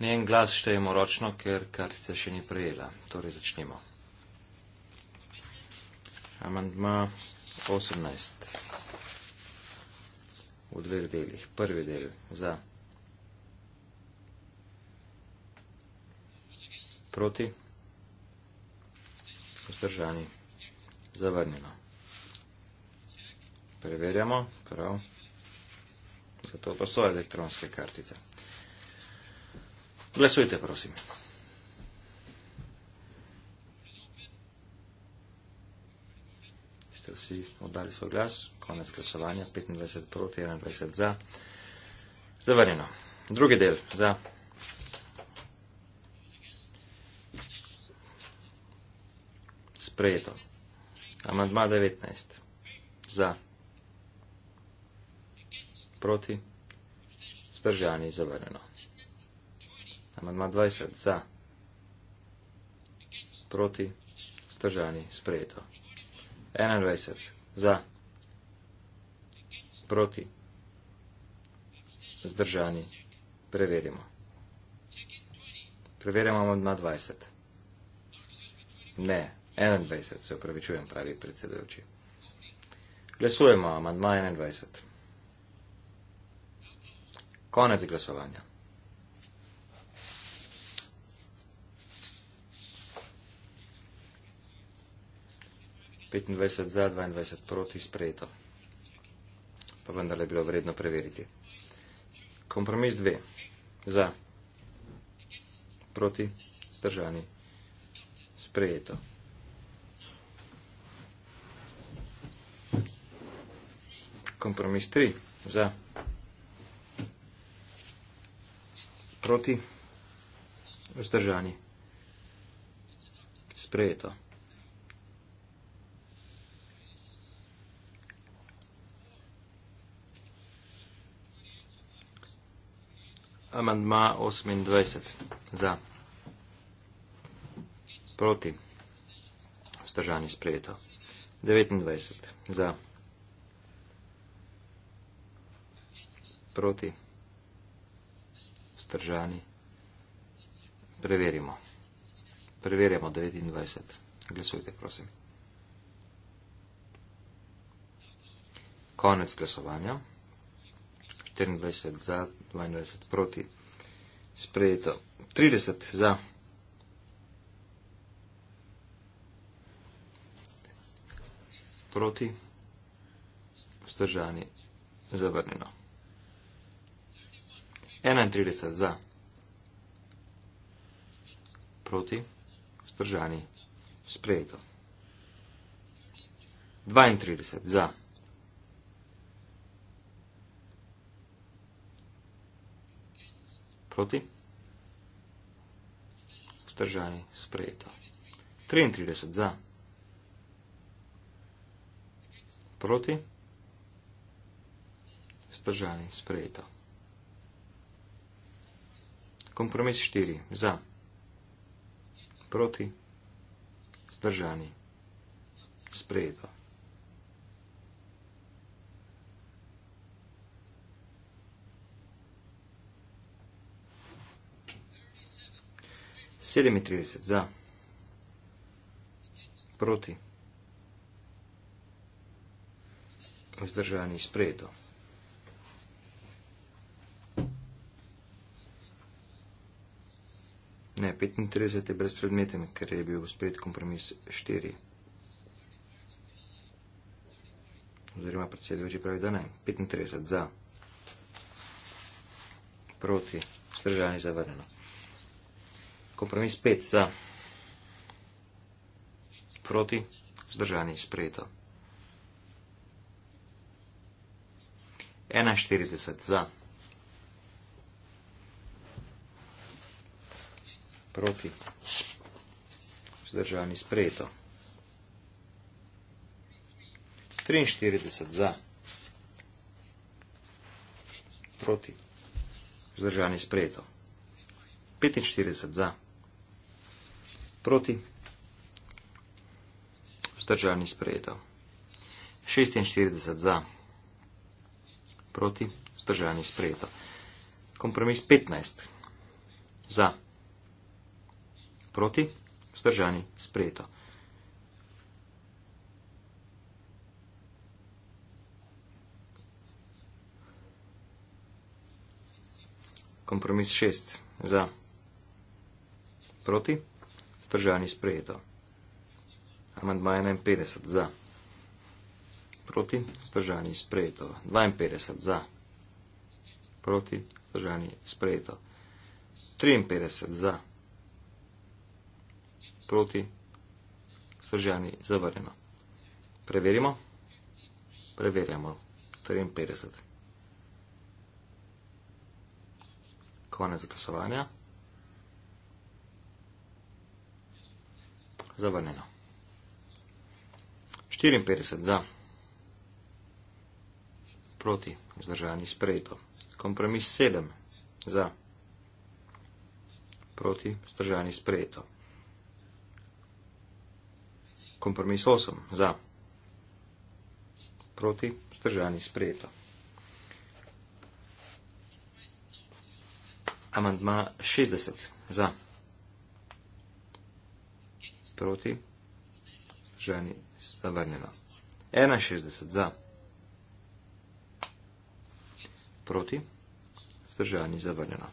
Njen glas štejemo ročno, ker kartica še ni prejela. Torej začnimo. Amandma 18. V dveh delih. Prvi del za. Proti. Vzdržani. Zavrnjeno. Preverjamo. Prav. Zato pa so elektronske kartice. Glasujte, prosim. Ste vsi oddali svoj glas? Konec glasovanja. 25 proti, 21 za. Zavrnjeno. Drugi del za. Sprejeto. Amandma 19. Za. Proti. Zdržani. Zavrnjeno. Amandma 20 za. Proti. Stržani. Sprejeto. 21 za. Proti. Zdržani. Preverimo. Preverjamo amandma 20. Ne. 21 se upravičujem, pravi predsedujoči. Glasujemo amandma 21. Konec glasovanja. 25 za, 22 proti, sprejeto. Pa vendar je bilo vredno preveriti. Kompromis 2. Za. Proti. Zdržani. Sprejeto. Kompromis 3. Za. Proti. Zdržani. Sprejeto. amandma 28. Za. Proti. Vzdržanje sprejeto. 29. Za. Proti. Vzdržani. Preverimo. Preverjamo 29. Glasujte, prosim. Konec glasovanja. 24 za, 22 proti. Sprejeto. 30 za. Proti. Vzdržani. Zavrnjeno. 31 za. Proti. Vzdržani. Sprejeto. 32 za. proti, vzdržani, sprejeto. 33 za, proti, vzdržani, sprejeto. Kompromis 4 za, proti, vzdržani, sprejeto. 37 za. Proti. Vzdržani spredo. Ne, 35 je brezpredmeten, ker je bil spred kompromis 4. Oziroma predsedujoči pravi, da ne. 35 za. Proti. Vzdržani zavrneno. Kompromis 5 za. Proti. Zdržanje sprejeto. 41 za. Proti. Zdržanje sprejeto. 43 za. Proti. Zdržanje sprejeto. 45 za proti, vzdržani sprejeto, 46 za, proti, vzdržani sprejeto, kompromis 15 za, proti, vzdržani sprejeto. Kompromis 6 za, proti. Vzdržani sprejeto. Amandma 51 za. Proti. Vzdržani sprejeto. 52 za. Proti. Vzdržani sprejeto. 53 za. Proti. Vzdržani zavrjeno. Preverimo. Preverjamo. 53. Konec glasovanja. zavrnjeno. 54 za, proti, vzdržani, sprejeto. Kompromis 7 za, proti, vzdržani, sprejeto. Kompromis 8 za, proti, vzdržani, sprejeto. Amandma 60 za, proti, vzdržani, sprejeto proti, ženi zavrnjeno. 61 za, proti, vzdržani zavrnjeno.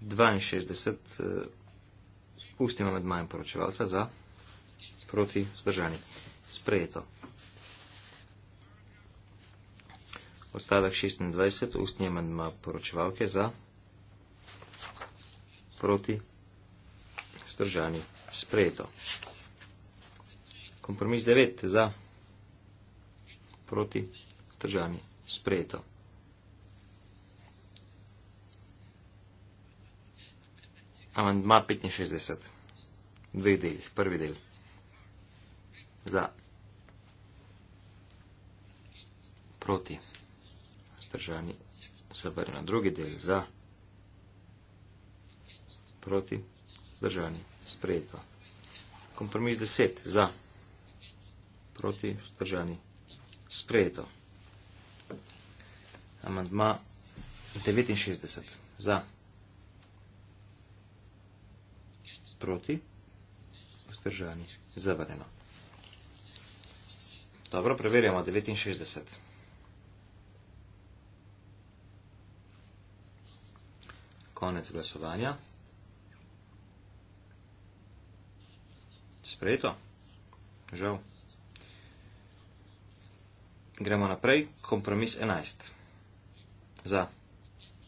62, pustimo med majem poročevalca, za, proti, vzdržani. Sprejeto. Odstavek 26, ustni amandma poročevalke za, proti, vzdržani sprejeto. Kompromis 9 za proti vzdržani sprejeto. Amandma 65. Dve deli. Prvi del. Za. Proti. Zdržani. Zavrnjeno. Drugi del. Za. Proti. Zdržani sprejeto. Kompromis 10 za proti vzdržani sprejeto. Amandma 69 za proti vzdržani zavrneno. Dobro, preverjamo 69. Konec glasovanja. sprejeto, žal. Gremo naprej, kompromis 11. Za,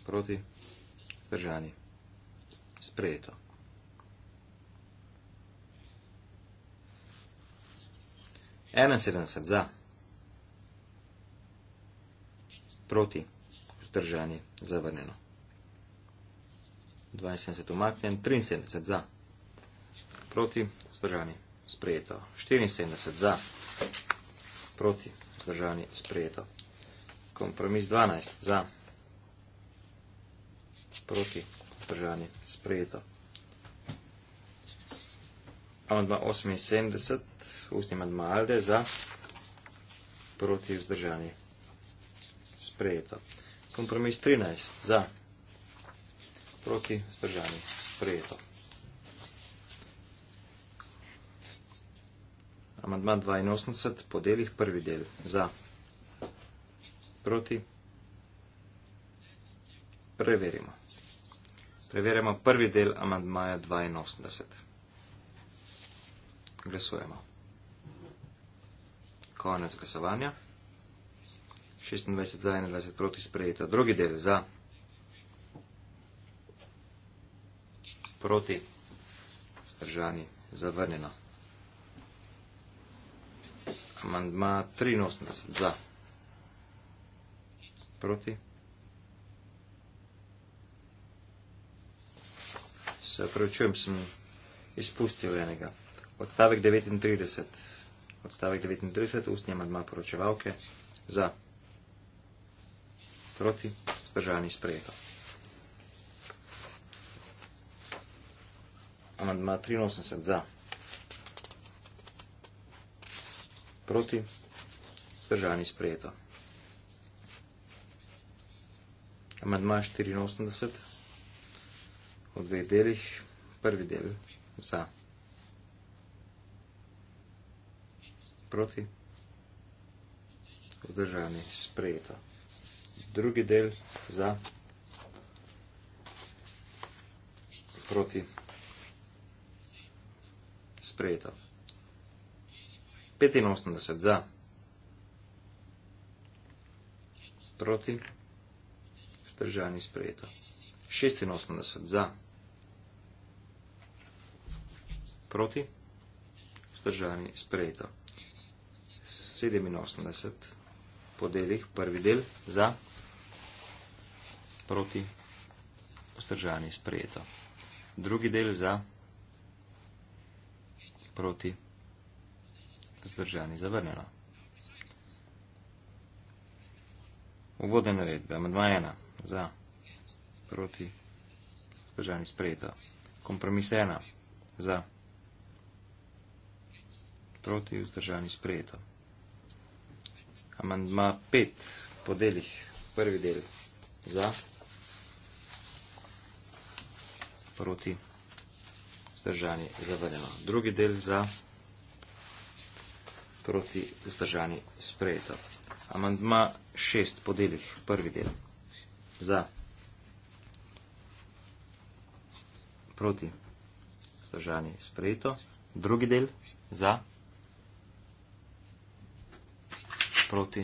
proti, zdržani, sprejeto. Enajstdeset za, proti, zdržani, zavrnjeno. Dvajset umaknjen, triinsedemdeset za, proti, Zdržani, sprejeto. 74 za, proti, zdržani, sprejeto. Kompromis 12 za, proti, zdržani, sprejeto. Amandma 78, ustni amandma Alde, za, proti, vzdržani, sprejeto. Kompromis 13, za, proti, vzdržani, sprejeto. Amandma 82, po delih prvi del. Za. Proti. Preverimo. Preverimo prvi del amandmaja 82. Glasujemo. Konec glasovanja. 26 za 21 proti sprejeta. Drugi del za. Proti. Zdržani. Zavrnjeno. Amandma 83 za. Proti. Se opravičujem, sem izpustil enega. Odstavek 39. Odstavek 39, ustni amandma poročevalke. Za. Proti. Zdržani sprejeto. Amandma 83 za. proti, zdržani sprejeto. Amandma 84 v dveh delih, prvi del za, proti, vzdržani, sprejeto. Drugi del za, proti, sprejeto. 85 za, proti, vzdržani sprejeto, 86 za, proti, vzdržani sprejeto, 87 po delih, prvi del, za, proti, vzdržani sprejeto, drugi del za, proti, vzdržani sprejeto zdržani zavrnjeno. Uvodne navedbe. Amadma ena. Za. Proti. Zdržani sprejeto. Kompromis ena. Za. Proti. Zdržani sprejeto. Amandma pet. Po delih. Prvi del. Za. Proti. Zdržani zavrnjeno. Drugi del. Za. Za proti vzdržani sprejeto. Amandma šest podelih, prvi del. Za. Proti vzdržani sprejeto. Drugi del. Za. Proti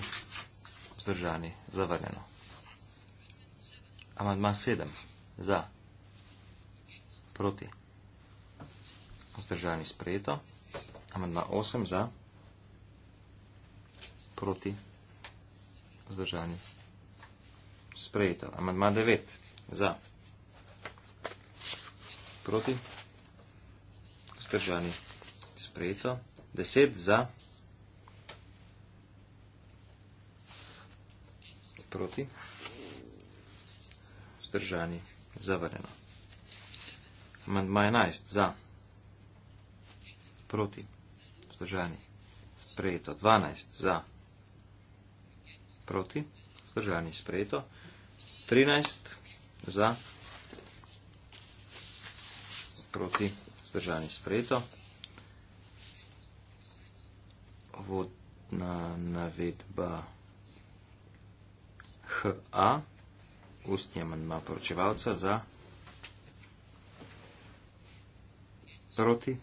vzdržani zavrnjeno. Amandma sedem. Za. Proti vzdržani sprejeto. Amandma osem. Za. Proti vzdržani sprejeto proti vzdržanju. Sprejeto. Amadma 9. Za. Proti. Vzdržanju. Sprejeto. 10. Za. Proti. Vzdržanju. Zavrnjeno. Amadma 11. Za. Proti. Vzdržanju. Sprejeto. 12. Za. Proti proti, vzdržani sprejeto, 13 za, proti, vzdržani sprejeto, vodna navedba HA, ustnje manjma poročevalca za, proti,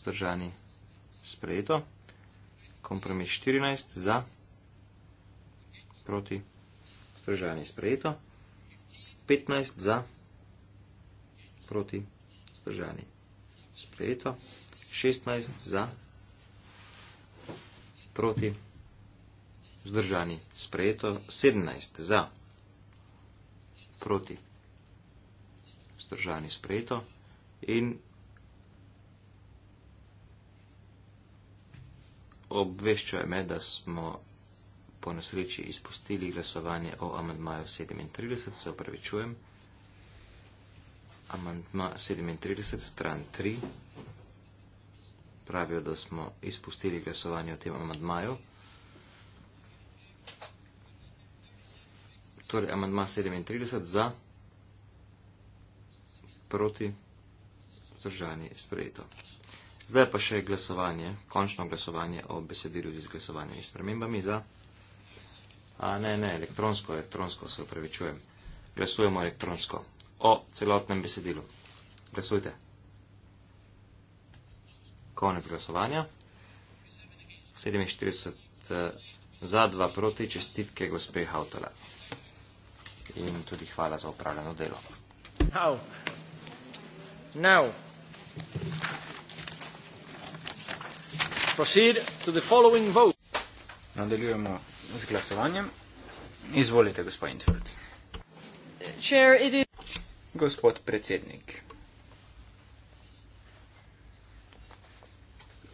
vzdržani sprejeto, kompromis 14 za, proti, proti, vzdržanje sprejeto, 15 za, proti, vzdržanje sprejeto, 16 za, proti, vzdržanje sprejeto, 17 za, proti, vzdržanje sprejeto in obveščujeme, da smo vzdržanje po nesreči izpustili glasovanje o amantmaju 37, se opravičujem. Amantma 37, stran 3, pravijo, da smo izpustili glasovanje o tem amantmaju. Torej, amantma 37 za, proti, zdržani, sprejeto. Zdaj pa še glasovanje, končno glasovanje o besedilju z glasovanjem in spremembami za. A ne, ne, elektronsko, elektronsko, se upravičujem. Glasujemo elektronsko. O celotnem besedilu. Glasujte. Konec glasovanja. 47 eh, za, 2 proti, čestitke gospe Hautala. In tudi hvala za upravljeno delo. Now. Now. Proceed to the following vote. Nadaljujemo z glasovanjem. Izvolite, gospod Intvrd. Gospod predsednik.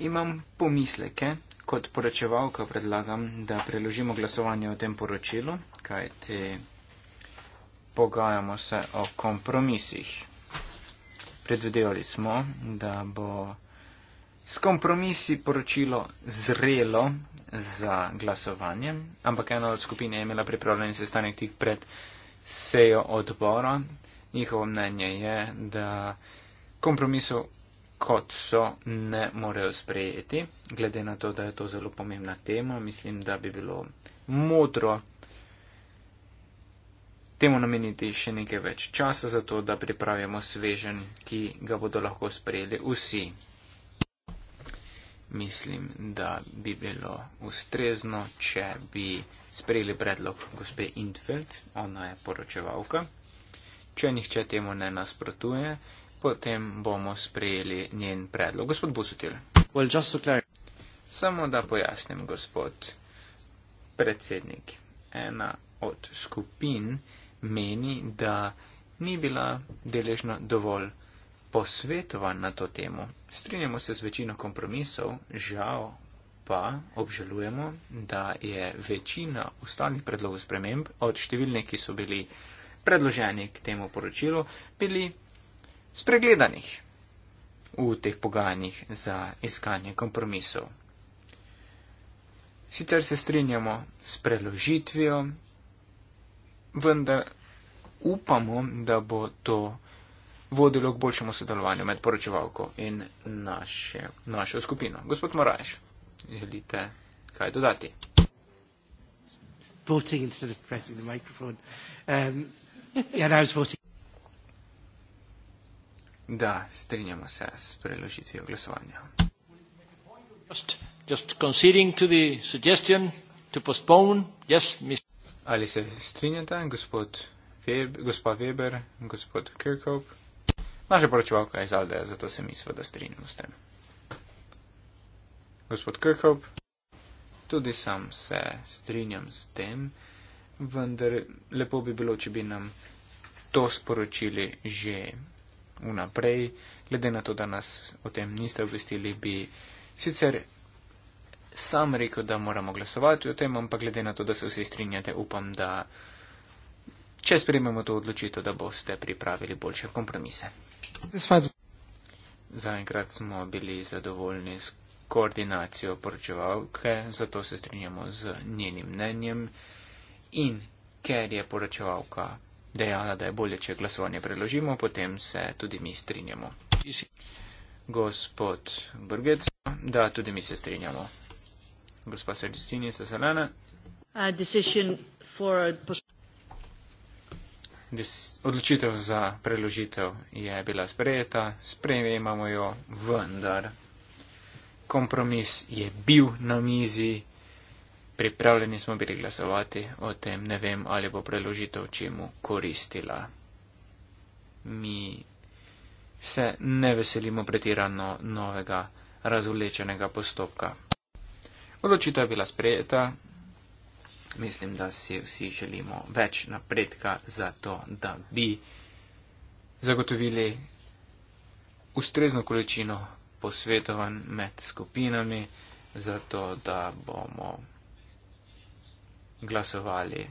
Imam pomisleke, kot poročevalka predlagam, da preložimo glasovanje o tem poročilu, kajti pogajamo se o kompromisih. Predvidevali smo, da bo S kompromisi poročilo zrelo za glasovanje, ampak ena od skupine je imela pripravljen sestanek tik pred sejo odbora. Njihovo mnenje je, da kompromisov kot so ne morejo sprejeti, glede na to, da je to zelo pomembna tema. Mislim, da bi bilo modro temu nameniti še nekaj več časa, zato da pripravimo svežen, ki ga bodo lahko sprejeli vsi mislim, da bi bilo ustrezno, če bi sprejeli predlog gospe Intfeld, ona je poročevalka. Če nihče temu ne nasprotuje, potem bomo sprejeli njen predlog. Gospod Busutil. Well, Samo da pojasnim, gospod predsednik. Ena od skupin meni, da ni bila deležna dovolj posvetovanj na to temo. Strinjamo se z večino kompromisov, žal pa obžalujemo, da je večina ostalih predlogov sprememb, od številnih, ki so bili predloženi k temu poročilu, bili spregledanih v teh pogajanjih za iskanje kompromisov. Sicer se strinjamo s preložitvijo, vendar upamo, da bo to vodilo k boljšemu sodelovanju med poročevalko in naše, našo skupino. Gospod Moraš, želite kaj dodati? Um, da, strinjamo se s preložitvijo glasovanja. Ali se strinjate, gospod Weber, gospod Kirkhope? Naša poročevalka iz Aldeja, zato se mi seveda strinjamo s tem. Gospod Kirchhoff, tudi sam se strinjam s tem, vendar lepo bi bilo, če bi nam to sporočili že vnaprej, glede na to, da nas o tem niste obvestili, bi sicer sam rekel, da moramo glasovati o tem, ampak glede na to, da se vsi strinjate, upam, da če sprememo to odločitev, da boste pripravili boljše kompromise. Zaenkrat smo bili zadovoljni s koordinacijo poročevalke, zato se strinjamo z njenim mnenjem in ker je poročevalka dejala, da je bolje, če glasovanje predložimo, potem se tudi mi strinjamo. Gospod Brgec, da, tudi mi se strinjamo. Gospa Sredicini, se salana. Uh, odločitev za preložitev je bila sprejeta, sprejemamo jo vendar. Kompromis je bil na mizi, pripravljeni smo bili glasovati o tem, ne vem, ali bo preložitev čemu koristila. Mi se ne veselimo pretirano novega razulečenega postopka. Odločitev je bila sprejeta, Mislim, da si vsi želimo več napredka za to, da bi zagotovili ustrezno količino posvetovanj med skupinami, zato da bomo glasovali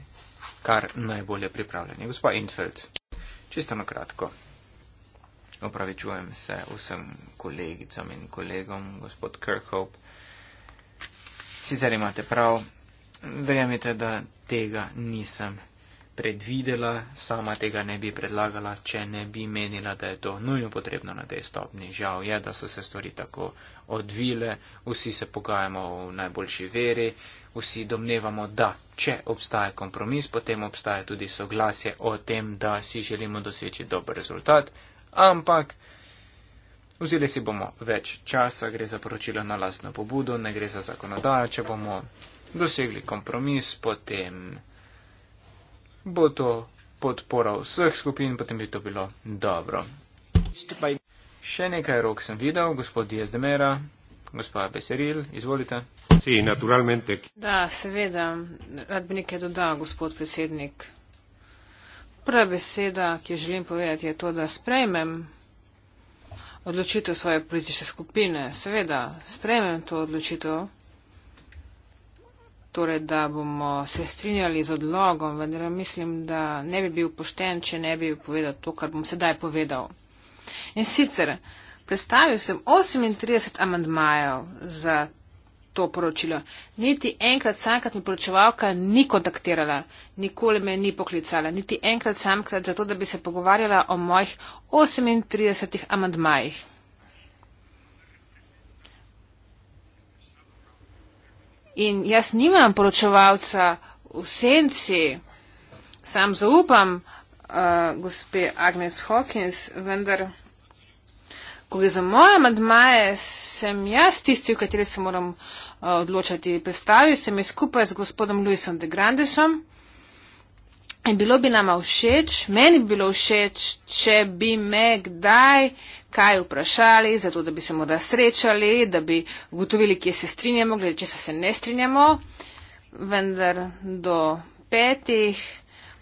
kar najbolje pripravljeni. Gospa Infeld, čisto na kratko. Opravičujem se vsem kolegicam in kolegom, gospod Kirkhope. Sicer imate prav verjamete, da tega nisem predvidela, sama tega ne bi predlagala, če ne bi menila, da je to nujno potrebno na tej stopni. Žal je, da so se stvari tako odvile, vsi se pogajamo v najboljši veri, vsi domnevamo, da če obstaja kompromis, potem obstaja tudi soglasje o tem, da si želimo doseči dober rezultat, ampak vzeli si bomo več časa, gre za poročilo na lastno pobudo, ne gre za zakonodajo, če bomo dosegli kompromis, potem bo to podpora vseh skupin, potem bi to bilo dobro. Še nekaj rok sem videl, gospod Diaz de Mera, gospa Beseril, izvolite. Si, naturalmente. Da, seveda, rad bi nekaj dodal, gospod predsednik. Prva beseda, ki jo želim povedati, je to, da sprejmem odločitev svoje politične skupine. Seveda, sprejmem to odločitev torej, da bomo se strinjali z odlogom, vendar mislim, da ne bi bil pošten, če ne bi povedal to, kar bom sedaj povedal. In sicer, predstavil sem 38 amandmajev za to poročilo. Niti enkrat samkrat mi poročevalka ni kontaktirala, nikoli me ni poklicala, niti enkrat samkrat zato, da bi se pogovarjala o mojih 38 amandmajih. in jaz nimam poročevalca v senci, sam zaupam uh, gospe Agnes Hawkins, vendar, ko gre za moje madmaje, sem jaz tisti, v kateri se moram uh, odločati. Predstavil sem jih skupaj z gospodom Luisom de Grandesom, In bilo bi nama všeč, meni bi bilo všeč, če bi me kdaj kaj vprašali, zato da bi se morda srečali, da bi ugotovili, kje se strinjamo, glede če se ne strinjamo. Vendar do petih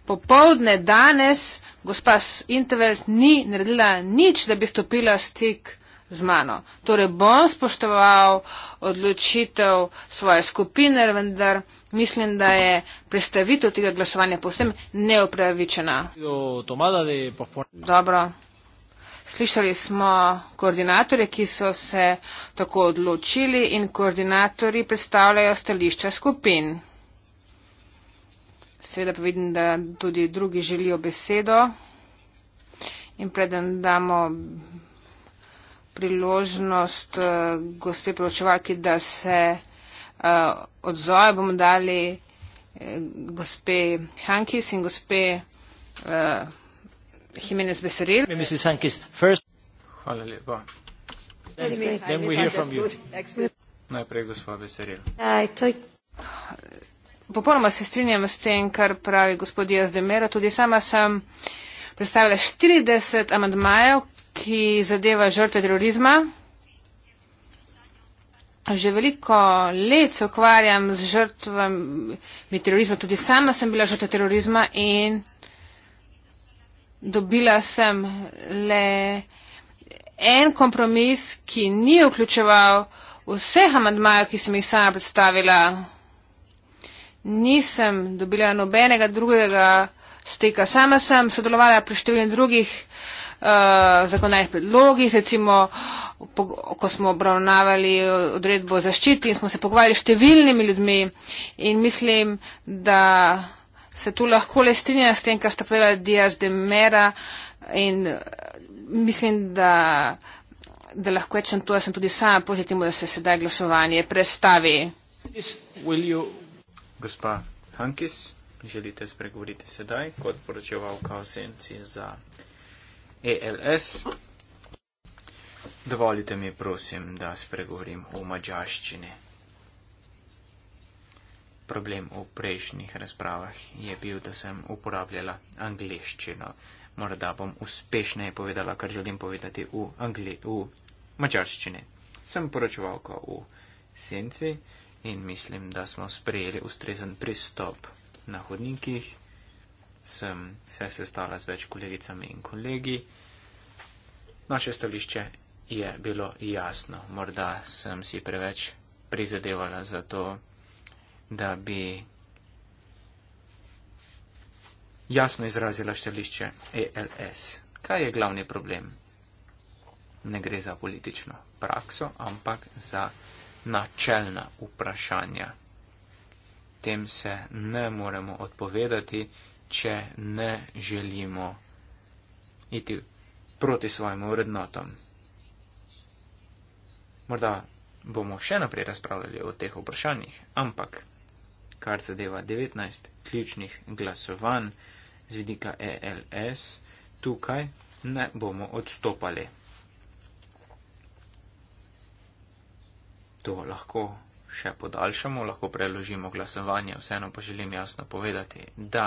popovdne danes gospa Intervelt ni naredila nič, da bi stopila stik z mano. Torej bom spoštoval odločitev svoje skupine, vendar mislim, da je predstavitev tega glasovanja povsem neopravičena. Dobro. Slišali smo koordinatorje, ki so se tako odločili in koordinatori predstavljajo stališča skupin. Seveda pa vidim, da tudi drugi želijo besedo in preden damo priložnost eh, gospe poročevalki, da se uh, eh, odzove bomo dali eh, gospe Hankis in gospe uh, Jimenez Beseril. Hvala lepa. Najprej gospod Beseril. Uh, Popolnoma se strinjam s tem, kar pravi gospod Jaz Demera. Tudi sama sem predstavila 40 amadmajev, ki zadeva žrtve terorizma že veliko let se ukvarjam z žrtvami terorizma. Tudi sama sem bila žrtva terorizma in dobila sem le en kompromis, ki ni vključeval vseh amadmajev, ki sem jih sama predstavila. Nisem dobila nobenega drugega steka. Sama sem sodelovala pri številnih drugih uh, eh, zakonajnih predlogih, recimo ko smo obravnavali odredbo o zaščiti in smo se pogovarjali s številnimi ljudmi in mislim, da se tu lahko le strinjam s tem, kar sta povedala Diaz de Mera in eh, mislim, da, da lahko rečem to, da sem tudi sama proti temu, da se sedaj glasovanje prestavi. Gospa Hankis, želite spregovoriti sedaj kot poročevalka o senci za ALS? E Dovolite mi, prosim, da spregovorim o mađarščini. Problem v prejšnjih razpravah je bil, da sem uporabljala angliščino. Morda bom uspešneje povedala, kar želim povedati v, angli v mađarščini. Sem poročevalka v senci in mislim, da smo sprejeli ustrezen pristop na hodnikih. Sem se sestala z več kolegicami in kolegi. Naše stališče je bilo jasno. Morda sem si preveč prizadevala za to, da bi jasno izrazila štališče ELS. Kaj je glavni problem? Ne gre za politično prakso, ampak za načelna vprašanja. Tem se ne moremo odpovedati, če ne želimo iti proti svojim vrednotam. Morda bomo še naprej razpravljali o teh vprašanjih, ampak kar zadeva 19 ključnih glasovanj z vidika ELS, tukaj ne bomo odstopali. To lahko še podaljšamo, lahko preložimo glasovanje, vseeno pa želim jasno povedati, da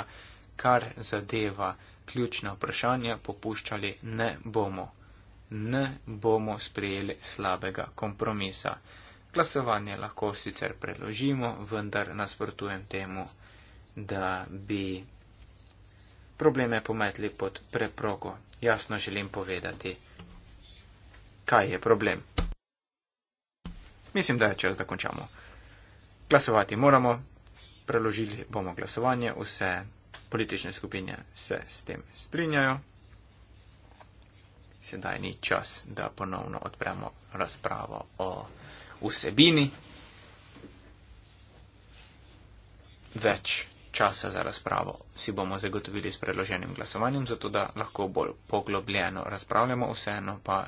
kar zadeva ključna vprašanja, popuščali ne bomo ne bomo sprejeli slabega kompromisa. Glasovanje lahko sicer preložimo, vendar nasprotujem temu, da bi probleme pometli pod preprogo. Jasno želim povedati, kaj je problem. Mislim, da je čas, da končamo. Glasovati moramo, preložili bomo glasovanje, vse politične skupine se s tem strinjajo sedaj ni čas, da ponovno odpremo razpravo o vsebini. Več časa za razpravo si bomo zagotovili s predloženim glasovanjem, zato da lahko bolj poglobljeno razpravljamo vseeno, pa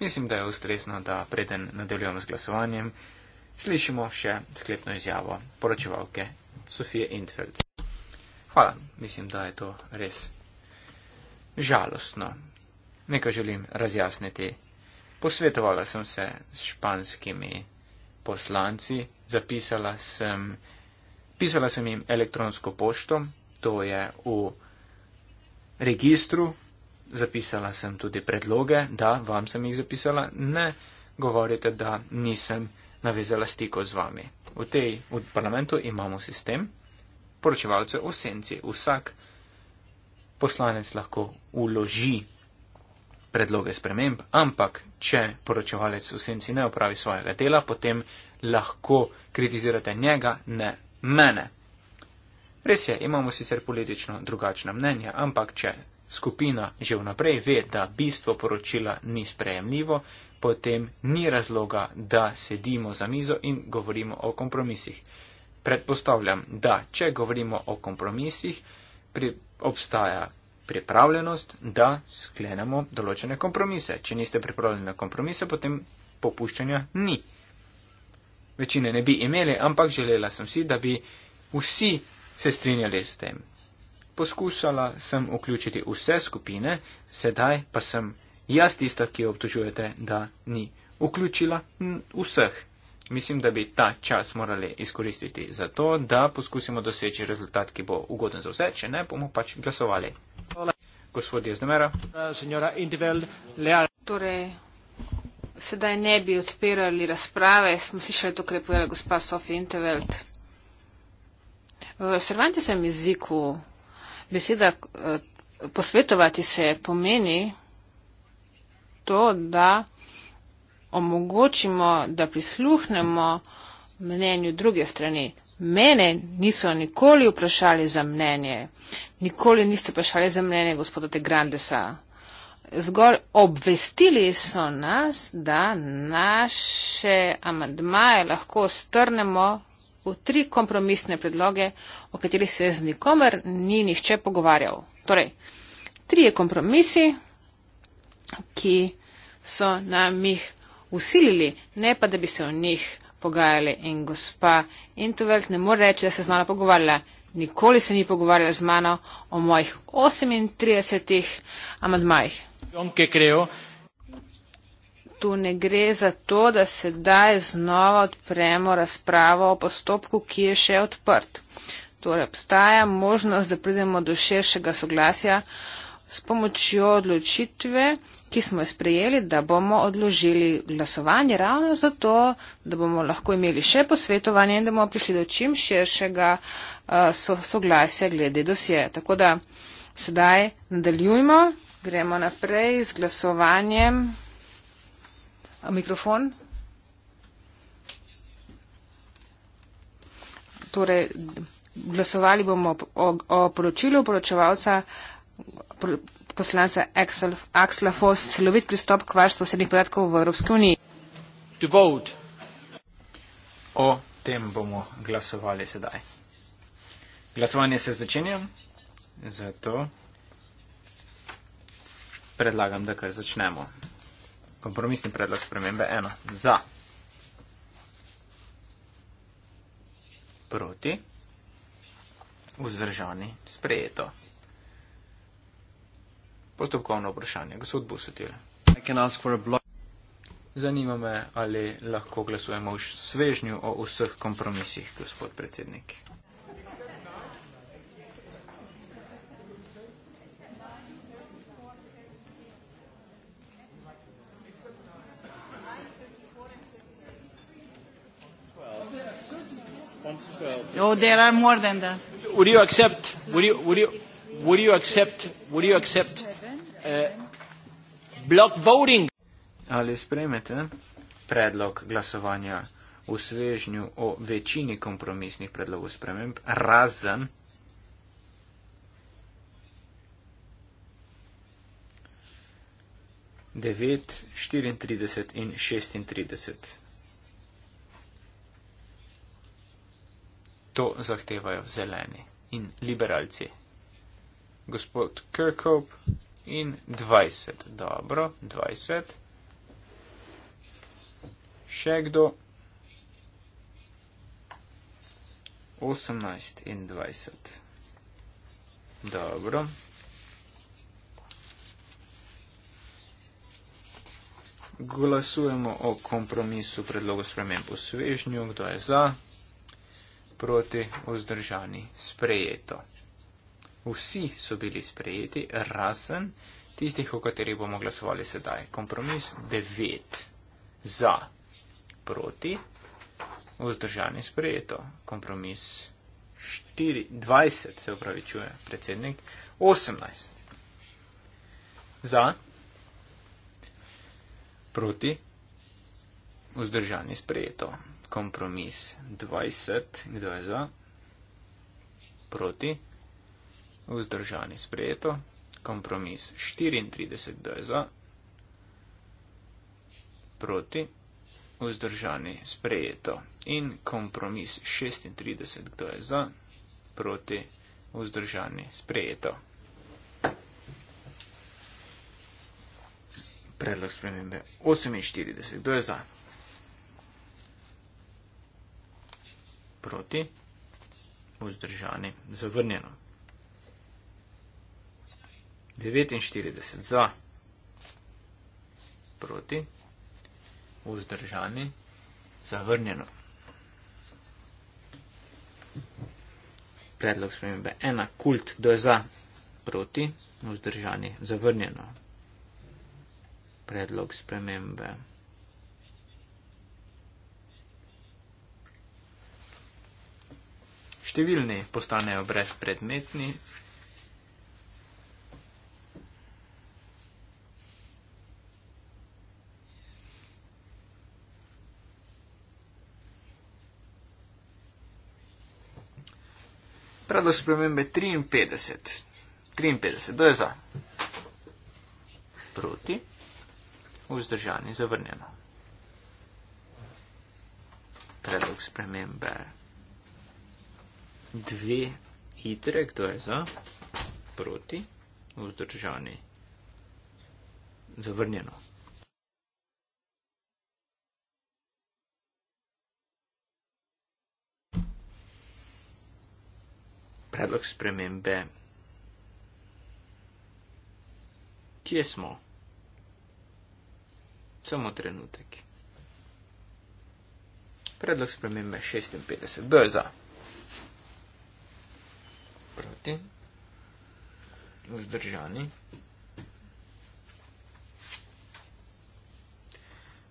mislim, da je ustrezno, da preden nadaljujemo z glasovanjem, slišimo še sklepno izjavo poročevalke Sofije Intfeld. Hvala, mislim, da je to res žalostno nekaj želim razjasniti. Posvetovala sem se s španskimi poslanci, zapisala sem, pisala sem jim elektronsko pošto, to je v registru, zapisala sem tudi predloge, da vam sem jih zapisala, ne govorite, da nisem navezala stiko z vami. V tej, v parlamentu imamo sistem, poročevalce v senci, vsak poslanec lahko uloži predloge sprememb, ampak če poročevalec v senci ne opravi svojega dela, potem lahko kritizirate njega, ne mene. Res je, imamo sicer politično drugačna mnenja, ampak če skupina že vnaprej ve, da bistvo poročila ni sprejemljivo, potem ni razloga, da sedimo za mizo in govorimo o kompromisih. Predpostavljam, da če govorimo o kompromisih, pri, obstaja pripravljenost, da sklenemo določene kompromise. Če niste pripravljeni na kompromise, potem popuščanja ni. Večine ne bi imeli, ampak želela sem si, da bi vsi se strinjali s tem. Poskušala sem vključiti vse skupine, sedaj pa sem jaz tista, ki obtožujete, da ni vključila vseh. Mislim, da bi ta čas morali izkoristiti za to, da poskusimo doseči rezultat, ki bo ugoden za vse, če ne, bomo pač glasovali. Torej, sedaj ne bi odpirali razprave, smo slišali to, kar je povedala gospa Sofi Intervelt. V srvantisem jeziku beseda eh, posvetovati se pomeni to, da omogočimo, da prisluhnemo mnenju druge strani, Mene niso nikoli vprašali za mnenje. Nikoli niste vprašali za mnenje gospoda Te Grandesa. Zgolj obvestili so nas, da naše amadmaje lahko strnemo v tri kompromisne predloge, o katerih se z nikomer ni nihče pogovarjal. Torej, tri je kompromisi, ki so nam jih usilili, ne pa da bi se v njih pogajali in gospa Intuvelt ne more reči, da se je z mano pogovarjala. Nikoli se ni pogovarjala z mano o mojih 38 amadmajih. Tu ne gre za to, da se daj znova odpremo razpravo o postopku, ki je še odprt. Torej obstaja možnost, da pridemo do širšega soglasja s pomočjo odločitve, ki smo jo sprejeli, da bomo odložili glasovanje ravno zato, da bomo lahko imeli še posvetovanje in da bomo prišli do čim širšega uh, soglasja glede dosje. Tako da sedaj nadaljujmo, gremo naprej z glasovanjem. Mikrofon. Torej, glasovali bomo o, o poročilu poročevalca poslanca Aksla Fos, celovit pristop k varstvu osebnih podatkov v Evropski uniji. O tem bomo glasovali sedaj. Glasovanje se začenja, zato predlagam, da kar začnemo. Kompromisni predlog spremembe 1. Za. Proti. Vzdržani. Sprejeto postopkovno vprašanje. Gospod Busetil. Zanima me, ali lahko glasujemo v svežnju o vseh kompromisih, gospod predsednik. Oh, there are more than that. Would you accept? Would you, would you, would you accept? Would you accept? Eh, Blok voting. Ali sprejmete predlog glasovanja v svežnju o večini kompromisnih predlogov sprememb, razen devet, štiriintrideset in šestintrideset. To zahtevajo zeleni in liberalci. Gospod Kirkhope in 20. Dobro, 20. Še kdo? 18 in 20. Dobro. Glasujemo o kompromisu predlogu sprememb v svežnju. Kdo je za? Proti, vzdržani, sprejeto. Vsi so bili sprejeti, razen tistih, o katerih bomo glasovali sedaj. Kompromis 9 za, proti, vzdržani sprejeto. Kompromis 4, 20 se upravičuje, predsednik 18 za, proti, vzdržani sprejeto. Kompromis 20, kdo je za, proti vzdržani sprejeto, kompromis 34 do je za, proti, vzdržani sprejeto in kompromis 36 do je za, proti, vzdržani sprejeto. Predlog spremembe 48, kdo je za? Proti, vzdržani, zavrnjeno. 49 za, proti, vzdržani, zavrnjeno. Predlog spremembe ena, kult, kdo je za, proti, vzdržani, zavrnjeno. Predlog spremembe. Številni postanejo brezpredmetni, Predlog spremembe 53. 53. Kdo je za? Proti. Vzdržani. Zavrnjeno. Predlog spremembe 2. Hitre. Kdo je za? Proti. Vzdržani. Zavrnjeno. predlog spremembe. Kje smo? Samo trenutek. Predlog spremembe 56. Kdo je za? Proti. Vzdržani.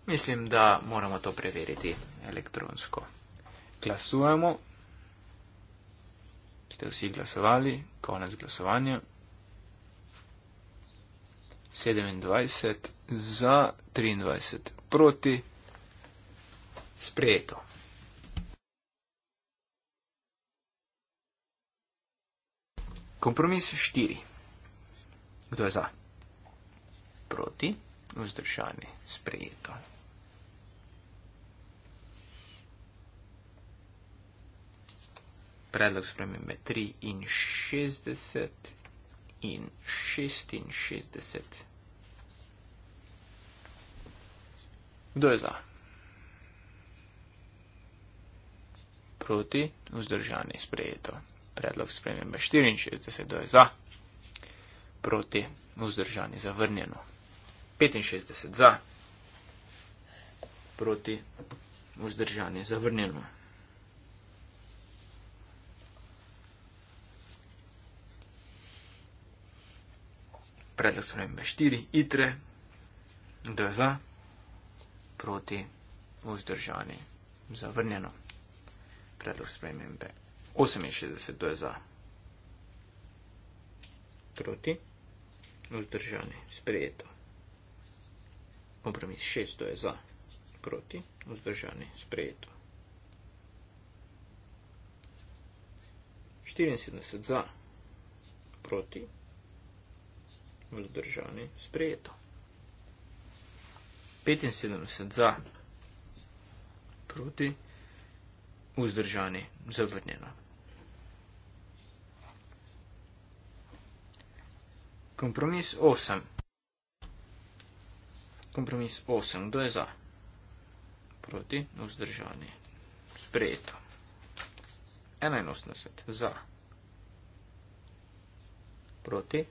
Mislim, da moramo to preveriti elektronsko. Glasujemo ste vsi glasovali, konec glasovanja. 27 za 23 proti sprejeto. Kompromis 4. Kdo je za? Proti, vzdržani, sprejeto. predlog spremembe 63 in 66. Kdo je za? Proti, vzdržani, sprejeto. Predlog spremembe 64, kdo je za? Proti, vzdržani, zavrnjeno. 65 za, proti, vzdržani, zavrnjeno. predlog so nam štiri, itre, dv, proti, vzdržani, zavrnjeno. Predlog spremembe 68, dv, proti, vzdržani, sprejeto. Kompromis 6 je za, proti, vzdržani, sprejeto. 74 za, proti, vzdržani, sprejeto. 75 za, proti, vzdržani, zavrnjeno. Kompromis 8. Kompromis 8. Kdo je za? Proti, vzdržani, sprejeto. 81 za, proti,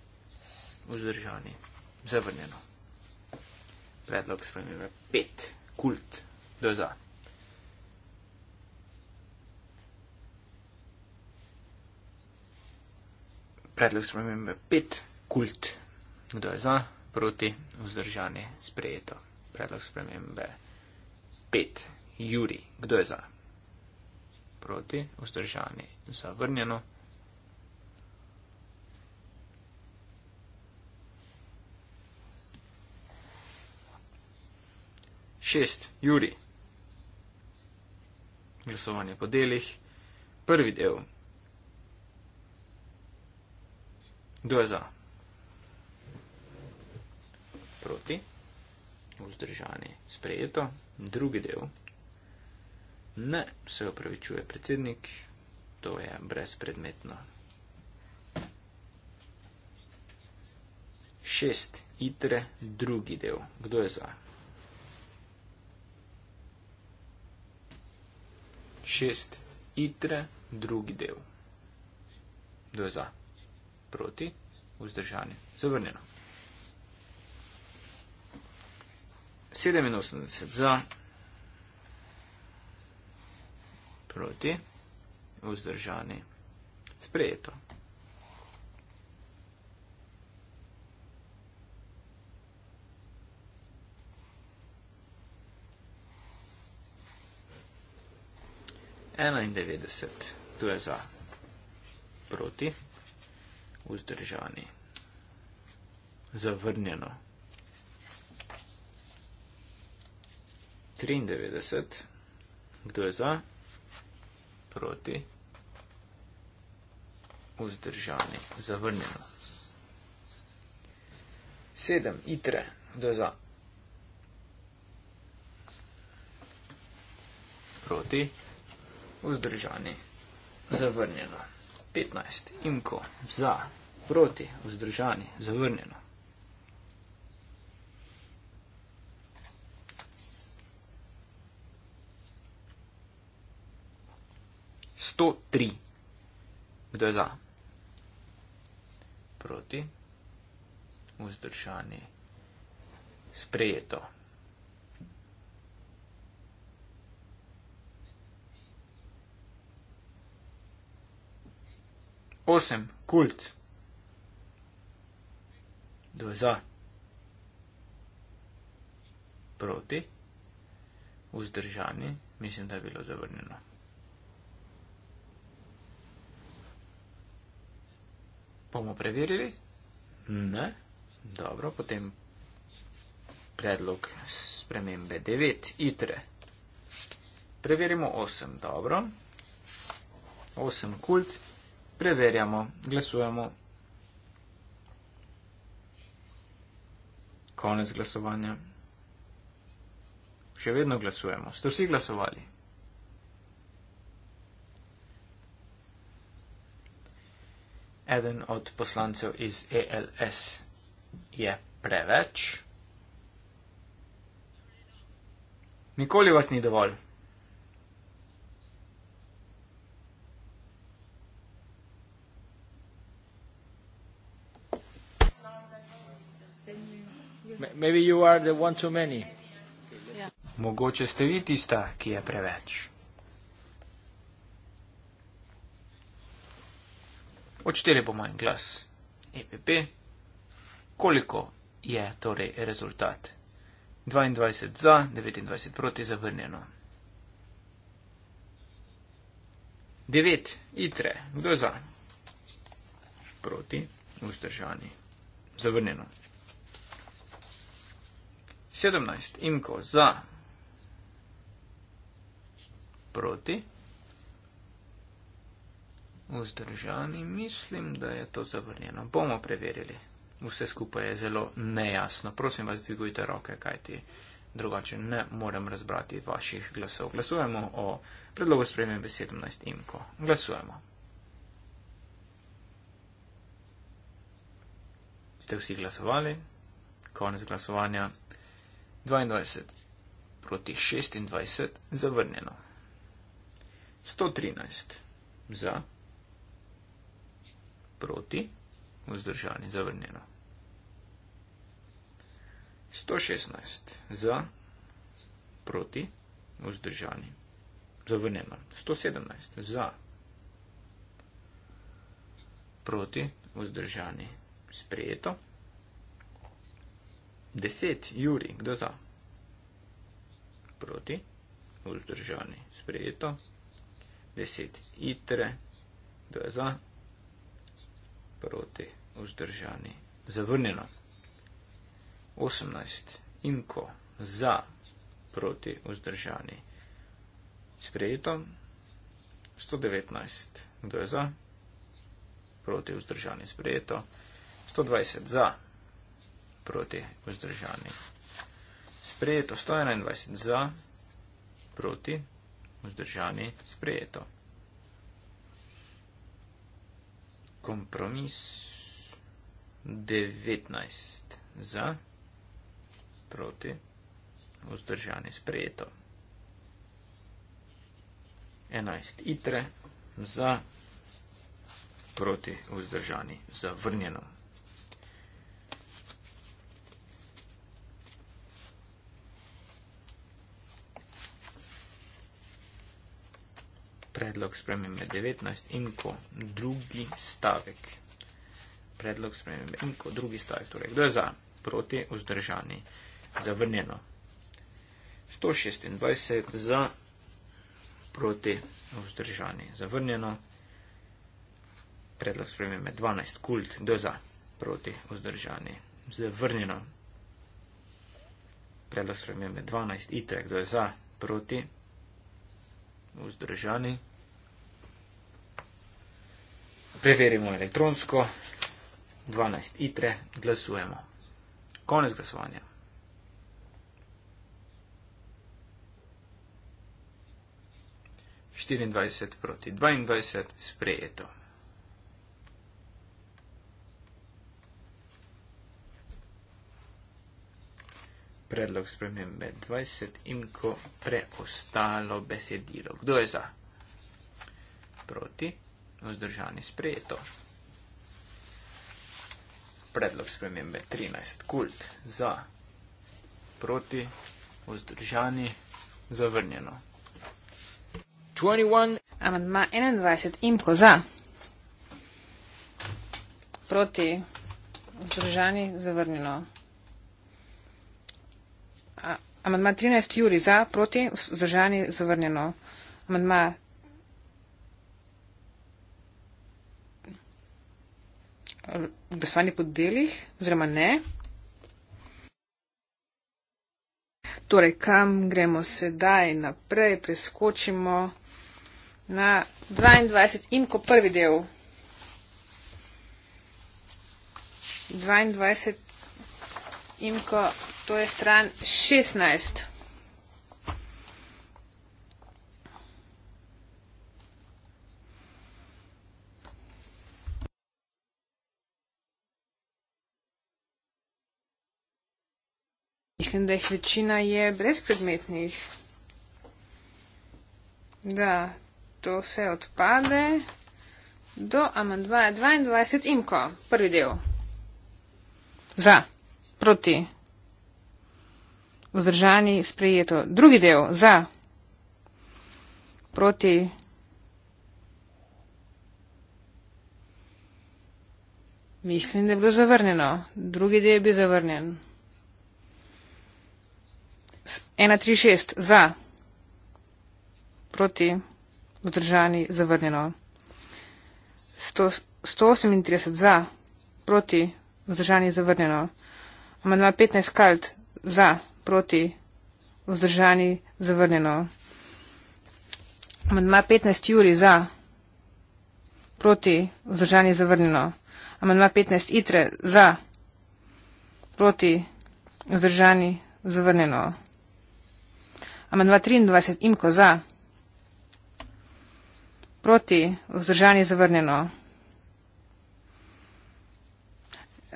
vzdržani. Zavrnjeno. Predlog spremembe 5. Kult do za. Predlog spremembe 5. Kult do za. Proti vzdržani. Sprejeto. Predlog spremembe 5. Juri. Kdo je za? Proti vzdržani. Zavrnjeno. 6. Juri. Glasovanje po delih. Prvi del. Kdo je za? Proti. Vzdržani. Sprejeto. Drugi del. Ne, se opravičuje predsednik. To je brezpredmetno. 6. Itre, drugi del. Kdo je za? 6. Itre, drugi del. 2 za, proti, vzdržanje, zavrnjeno. 87 za, proti, vzdržanje, sprejeto. 91, tu je za proti, vzdržani, zavrnjeno. 93, kdo je za, proti, vzdržani, zavrnjeno. 7, itre, kdo je za, proti, vzdržani vzdržani, zavrnjeno. 15. Imko za, proti, vzdržani, zavrnjeno. Sto tri. Kdo je za? Proti. Vzdržani. Sprejeto. 8. Kult. Kdo je za? Proti? Vzdržani? Mislim, da je bilo zavrnjeno. Bomo preverili? Ne. Dobro, potem predlog spremembe 9. ITRE. Preverimo 8. Dobro. 8. Kult. Preverjamo. Glasujemo. Konec glasovanja. Še vedno glasujemo. Ste vsi glasovali? Eden od poslancev iz ELS je preveč. Nikoli vas ni dovolj. Maybe you are the one too many. Mogoče ste vi tista, ki je preveč. Odštiri bomo en glas. EPP. Koliko je torej rezultat? 22 za, 29 proti zavrnjeno. 9. ITRE. Kdo je za? Proti. Vzdržani. Zavrnjeno. 17, Imko za. Proti. Vzdržani, mislim, da je to zavrnjeno. Bomo preverili. Vse skupaj je zelo nejasno. Prosim vas, dvigujte roke, kajti drugače ne morem razbrati vaših glasov. Glasujemo o predlogu spremembe 17 imko. Glasujemo. Ste vsi glasovali? Konec glasovanja. 22 proti 26 zavrnjeno. 113 za proti vzdržani zavrnjeno. 116 za proti vzdržani zavrnjeno. 117 za proti vzdržani sprejeto. 10, Juri, kdo za? Proti, vzdržani, sprejeto. 10, Itre, kdo je za? Proti, vzdržani, zavrnjeno. 18, Inko, za, proti, vzdržani, sprejeto. 119, kdo je za? Proti, vzdržani, sprejeto. 120, za proti vzdržani. Sprejeto 121 za, proti vzdržani, sprejeto. Kompromis 19 za, proti vzdržani, sprejeto. 11 itre za, proti vzdržani, zavrnjeno. predlog spremembe 19 in ko drugi stavek. Predlog spremembe in ko drugi stavek. Torej, kdo je za? Proti, vzdržani, zavrnjeno. 126 za, proti, vzdržani, zavrnjeno. Predlog spremembe 12, kult, kdo je za? Proti, vzdržani, zavrnjeno. Predlog spremembe 12, itre, kdo je za? Proti, vzdržani. Preverimo elektronsko. 12 itre, glasujemo. Konec glasovanja. Štiriindvajset proti dvaindvajset, sprejeto. predlog spremembe 20 in ko preostalo besedilo. Kdo je za? Proti, vzdržani sprejeto. Predlog spremembe 13. Kult za, proti, vzdržani, zavrnjeno. 21. Amandma 21. Imko za, proti, vzdržani, zavrnjeno. Amandma 13, Juri za, proti, vzdržani, zavrnjeno. Amandma 13, glasovanje po delih, oziroma ne. Torej, kam gremo sedaj naprej, preskočimo na 22 in ko prvi del. 22 in ko to je stran 16. Mislim, da jih večina je brezpredmetnih. Da, to vse odpade do amandvaja 22 imko, prvi del. Za, proti vzdržani sprejeto. Drugi del za proti mislim, da je bilo zavrnjeno. Drugi del je bil zavrnjen. 1, 3, 6 za proti vzdržani zavrnjeno. 138 za proti vzdržani zavrnjeno. Amandma 15 kalt za proti proti vzdržani zavrnjeno. Amandma 15 juri za, proti vzdržani zavrnjeno. Amandma 15 itre za, proti vzdržani zavrnjeno. Amandma 23 imko za, proti vzdržani zavrnjeno.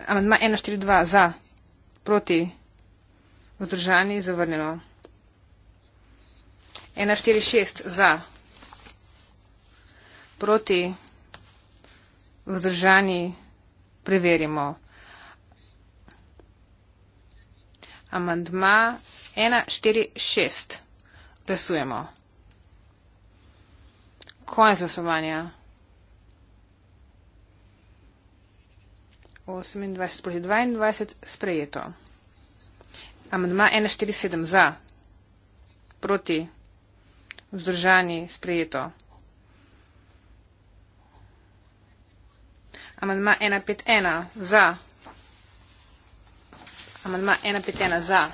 Amandma 142 za, proti vzdržani zavrnjeno. Vzdržani je zavrnjeno. 1,46 za. Proti. Vzdržani preverimo. Amandma 1,46. Glasujemo. Konec glasovanja. 28 proti 22 sprejeto. Amandma 147 za, proti, vzdržani, sprejeto. Amandma 151 za. Amandma 151 za.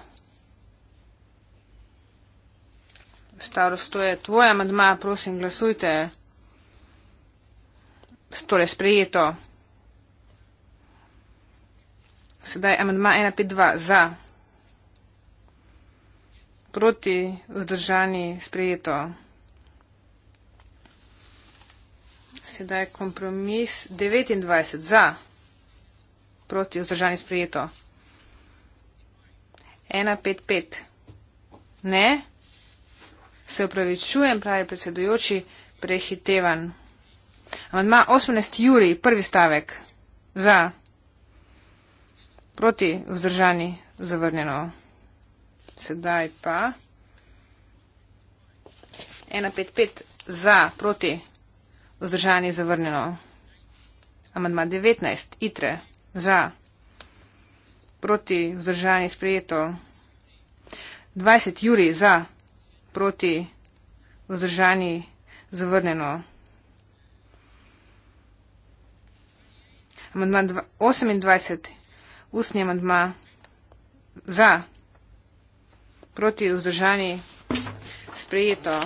Starost, to je tvoj amandma, prosim, glasujte. Stole sprejeto. Sedaj amandma 152 za proti vzdržani sprejeto. Sedaj kompromis 29 za proti vzdržani sprejeto. 155. Ne. Se upravičujem, pravi predsedujoči, prehitevan. Amadma 18. Juri, prvi stavek. Za. Proti vzdržani zavrnjeno sedaj pa 1,55 za proti vzdržanje zavrnjeno. Amandma 19, itre za proti vzdržanje sprejeto. 20, juri za proti vzdržanje zavrnjeno. Amandma 28, usni amandma za proti vzdržanje zavrnjeno. Proti vzdržani sprejeto.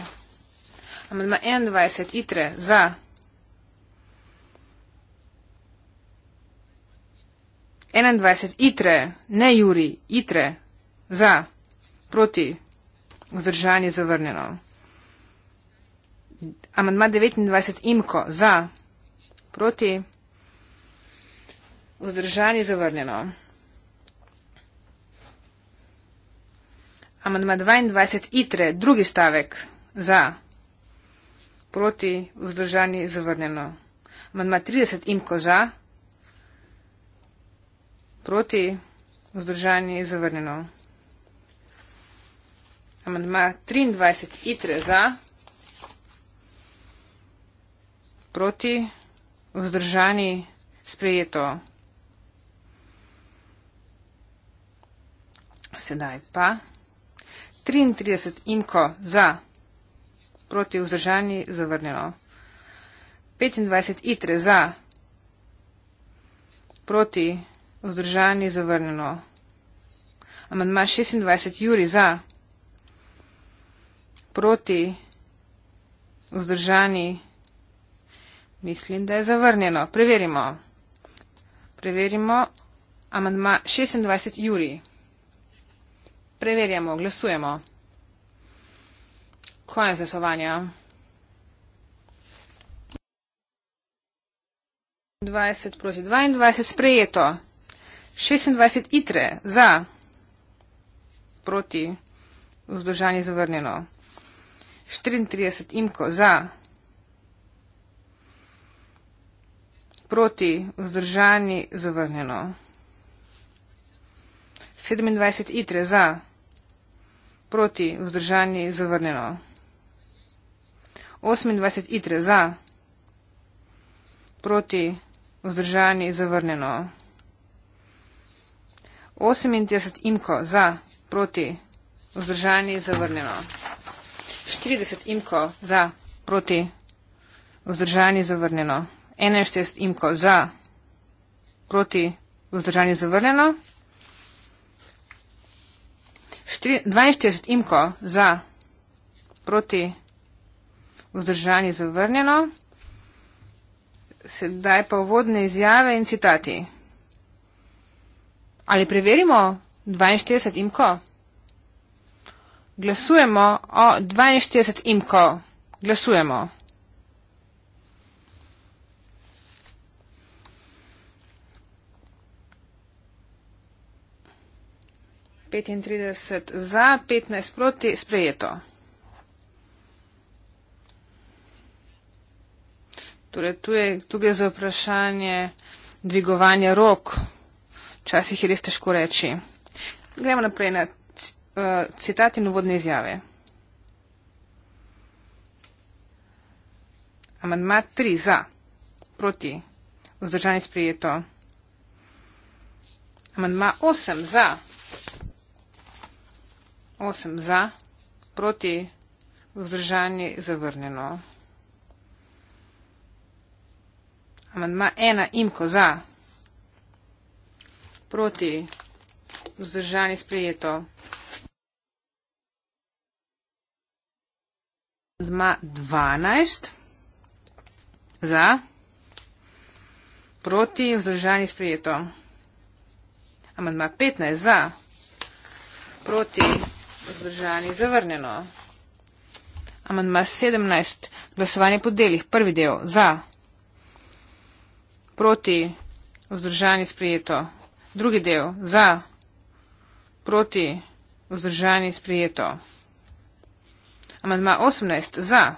Amedma 21, itre, za. Enendvajset, itre, ne juri, itre, za, proti, vzdržanje zavrnjeno. Amandma devetindvajset, imko, za, proti, vzdržanje zavrnjeno. Amandma 22 itre, drugi stavek za, proti, vzdržani, zavrnjeno. Amandma 30 imko za, proti, vzdržani, zavrnjeno. Amandma 23 itre za, proti, vzdržani, sprejeto. Sedaj pa. 33 imko za proti vzdržani zavrnjeno. 25 itre za proti vzdržani zavrnjeno. Amandma 26 juri za proti vzdržani mislim, da je zavrnjeno. Preverimo. Preverimo amandma 26 juri. Preverjamo, glasujemo. Konec glasovanja. 20 proti 22, sprejeto. 26 itre za, proti, vzdržanje zavrnjeno. 34 imko za, proti, vzdržanje zavrnjeno. 27 itre za, proti, vzdržanje zavrnjeno. Proti vzdržanje je zavrnjeno. 28 itre za. Proti vzdržanje je zavrnjeno. 38 imko za. Proti vzdržanje je zavrnjeno. 40 imko za. Proti vzdržanje je zavrnjeno. 41 imko za. Proti vzdržanje je zavrnjeno. 42 imko za proti vzdržanje zavrnjeno. Sedaj pa uvodne izjave in citati. Ali preverimo 42 imko? Glasujemo o 42 imko. Glasujemo. 35 za, 15 proti, sprejeto. Torej, tu je, tu je za vprašanje dvigovanja rok. Včasih je res težko reči. Gremo naprej na uh, citat in uvodne izjave. Amandma 3 za, proti, vzdržanje sprejeto. Amandma 8 za, 8 za, proti vzdržanje zavrnjeno. Amandma 1 imko za, proti vzdržanje sprejeto. Amandma 12 za, proti vzdržanje sprejeto. Amandma 15 za, proti vzdržanje sprejeto. Vzdržani zavrnjeno. Amandma 17. Glasovanje po delih. Prvi del. Za. Proti. Vzdržani sprijeto. Drugi del. Za. Proti. Vzdržani sprijeto. Amandma 18. Za.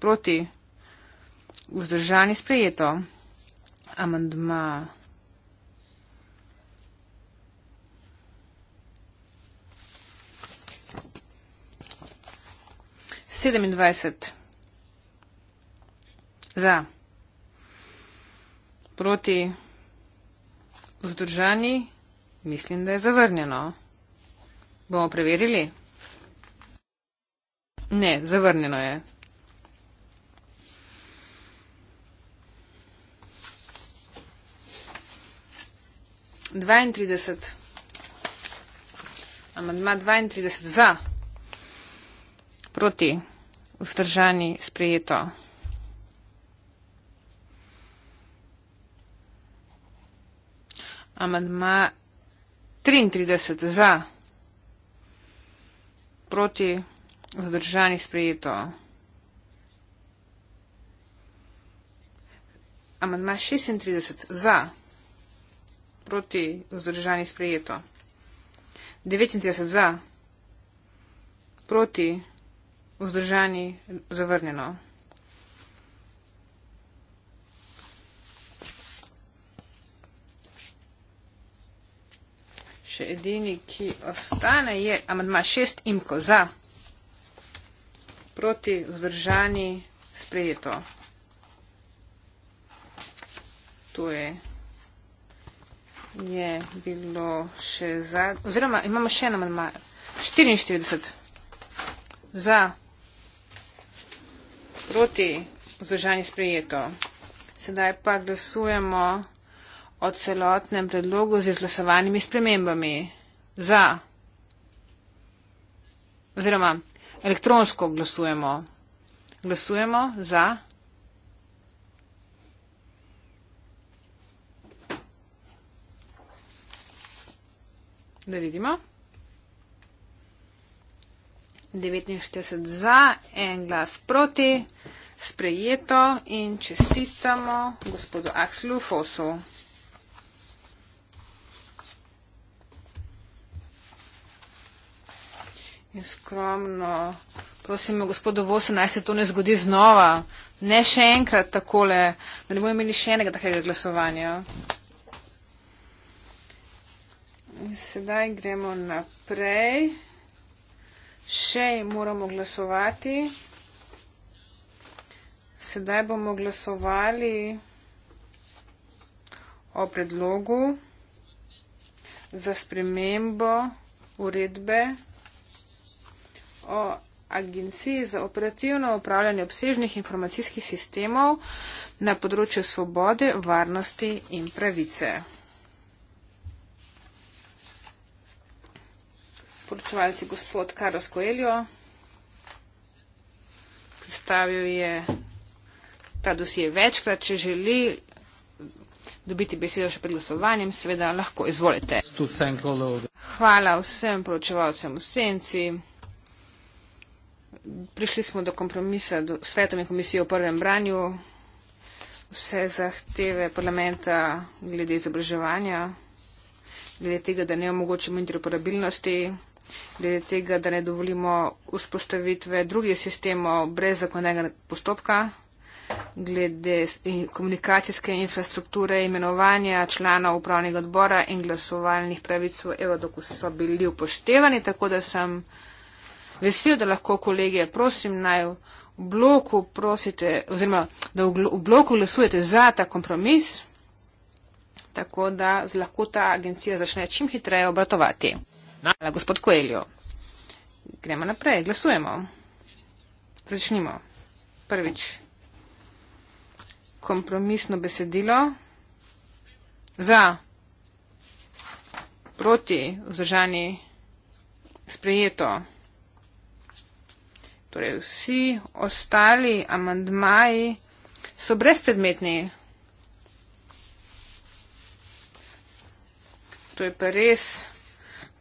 Proti. Vzdržani sprijeto. Amandma. 27 za, proti vzdržani, mislim, da je zavrnjeno. Bomo preverili? Ne, zavrnjeno je. Dvaintrideset. Amandma dvaintrideset za. Proti vzdržani sprejeto. Amandma 33 za, proti vzdržani sprejeto. Amandma 36 za, proti vzdržani sprejeto. 39 za, proti vzdržani sprejeto. Vzdržani zavrnjeno. Še edini, ki ostane, je amadma šest imko za proti vzdržani sprejeto. To je je bilo še za, oziroma imamo še en amadma, 44 za proti vzdržani sprejeto. Proti vzdržanje sprejeto. Sedaj pa glasujemo o celotnem predlogu z izglasovanimi spremembami. Za. Oziroma, elektronsko glasujemo. Glasujemo za. Da vidimo. 49 za, en glas proti, sprejeto in čestitamo gospodu Akslu Fosu. In skromno, prosim, gospodu Vosu, naj se to ne zgodi znova, ne še enkrat takole, da ne bomo imeli še enega takega glasovanja. In sedaj gremo naprej. Še moramo glasovati. Sedaj bomo glasovali o predlogu za spremembo uredbe o Agenciji za operativno upravljanje obsežnih informacijskih sistemov na področju svobode, varnosti in pravice. poročevalci gospod Karos Koeljo. Predstavil je ta dosije večkrat, če želi dobiti besedo še pred glasovanjem, seveda lahko izvolite. Hvala vsem poročevalcem v senci. Prišli smo do kompromisa do svetom in komisijo v prvem branju. Vse zahteve parlamenta glede izobraževanja, glede tega, da ne omogočimo interoperabilnosti glede tega, da ne dovolimo vzpostavitve drugih sistemov brez zakonnega postopka, glede komunikacijske infrastrukture, imenovanja člana upravnega odbora in glasovalnih pravic v Evodoku so bili upoštevani, tako da sem vesel, da lahko kolege prosim naj v bloku prosite, oziroma da v, v bloku glasujete za ta kompromis. Tako da lahko ta agencija začne čim hitreje obratovati. Hvala, gospod Koeljo. Gremo naprej, glasujemo. Začnimo. Prvič. Kompromisno besedilo. Za. Proti. Vzdržani. Sprejeto. Torej vsi ostali amandmaji so brezpredmetni. To je pa res.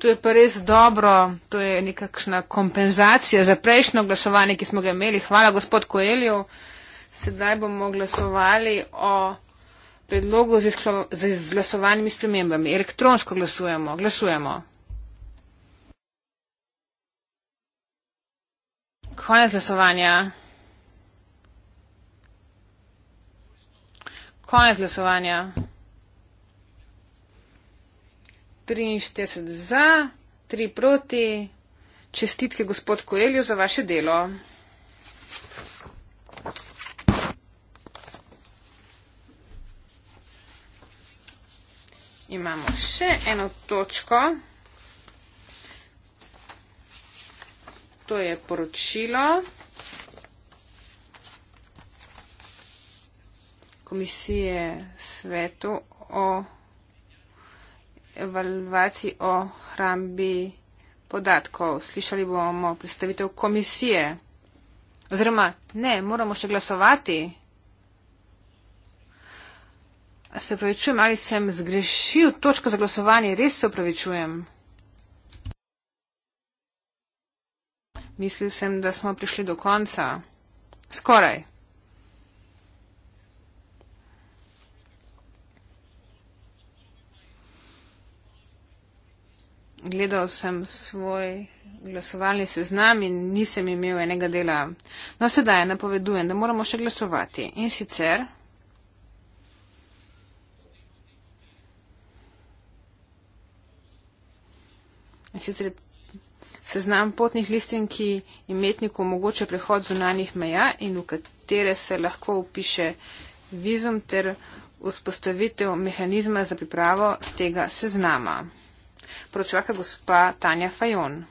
To je pa res dobro, to je nekakšna kompenzacija za prejšnjo glasovanje, ki smo ga imeli. Hvala, gospod Koeljo. Sedaj bomo glasovali o predlogu z izglasovanimi spremembami. Elektronsko glasujemo. glasujemo. Konec glasovanja. Konec glasovanja. 43 za, 3 proti. Čestitke gospod Koelju za vaše delo. Imamo še eno točko. To je poročilo komisije svetu o evalvaciji o hrambi podatkov. Slišali bomo predstavitev komisije. Oziroma, ne, moramo še glasovati. Se pravičujem, ali sem zgrešil točko za glasovanje? Res se pravičujem. Mislil sem, da smo prišli do konca. Skoraj. gledal sem svoj glasovalni seznam in nisem imel enega dela. No, sedaj napovedujem, da moramo še glasovati. In sicer. In sicer seznam potnih listin, ki imetniku omogoča prehod zunanjih meja in v katere se lahko upiše vizum ter vzpostavitev mehanizma za pripravo tega seznama poročevalka gospa Tanja Fajon.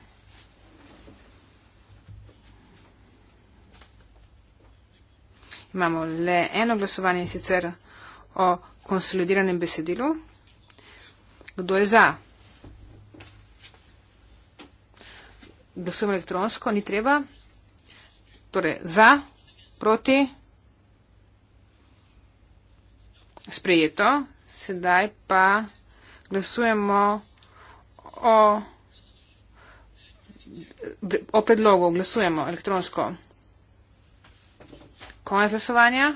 Imamo le eno glasovanje in sicer o konsolidiranem besedilu. Kdo je za? Glasujem elektronsko, ni treba. Torej, za, proti, sprejeto. Sedaj pa glasujemo o, o predlogu. Glasujemo elektronsko. Konec glasovanja.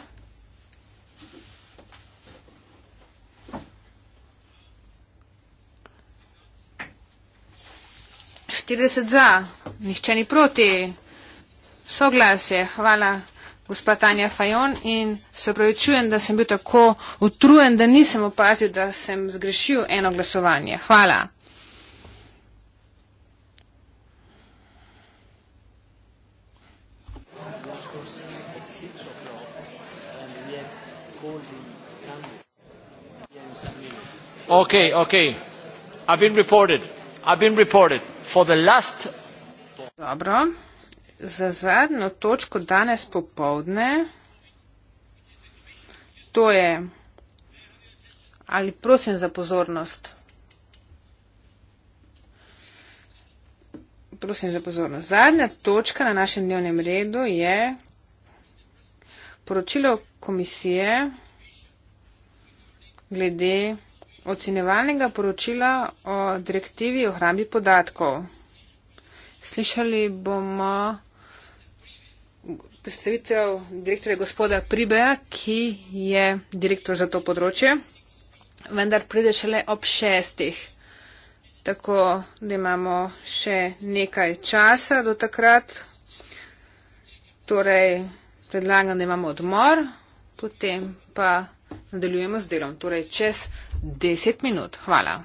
Štirideset za, nihče ni proti. Soglasje, hvala gospa Tanja Fajon in se opravičujem, da sem bil tako utrujen, da nisem opazil, da sem zgrešil eno glasovanje. Hvala. okay okay i've been reported i've been reported for the last dobro za zadnjo točko danes popovdne to je ali prosim za pozornost prosim za pozornost zadnja točka na našem dnevnem redu je poročilo komisije glede ocenevalnega poročila o direktivi o hrambi podatkov. Slišali bomo predstavitev direktorja gospoda Pribeja, ki je direktor za to področje, vendar pride šele ob šestih. Tako da imamo še nekaj časa do takrat. Torej, predlagam, da imamo odmor, potem pa nadaljujemo z delom. Torej, čez 10 minut. Hvala.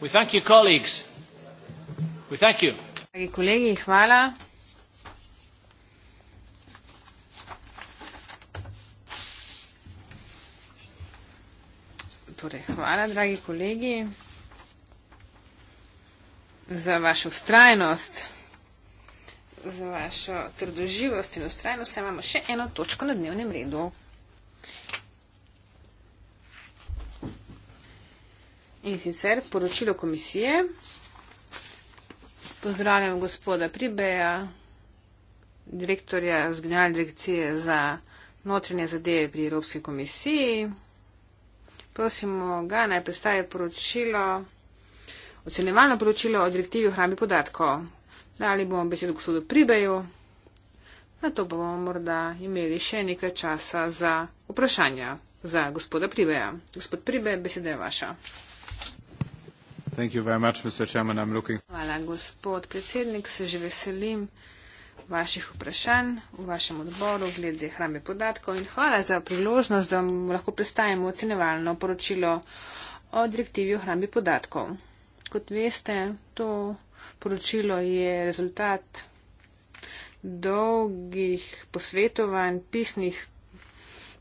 Dragi kolegi, hvala. Torej, hvala, dragi kolegi, za vašo ustrajnost, za vašo trdoživost in ustrajnost. Saj imamo še eno točko na dnevnem redu. In sicer poročilo komisije. Pozdravljam gospoda Pribeja, direktorja z Generalne direkcije za notranje zadeve pri Evropski komisiji. Prosimo ga naj predstavi poročilo, ocenjevalno poročilo o direktivi o hrambi podatkov. Dali bomo besedo gospodu Pribeju, na to pa bomo morda imeli še nekaj časa za vprašanja za gospoda Pribeja. Gospod Pribe, beseda je vaša. Hvala, gospod predsednik. Se že veselim vaših vprašanj v vašem odboru glede hrambe podatkov in hvala za priložnost, da lahko predstavimo ocenevalno poročilo o direktivi o hrambi podatkov. Kot veste, to poročilo je rezultat dolgih posvetovanj, pisnih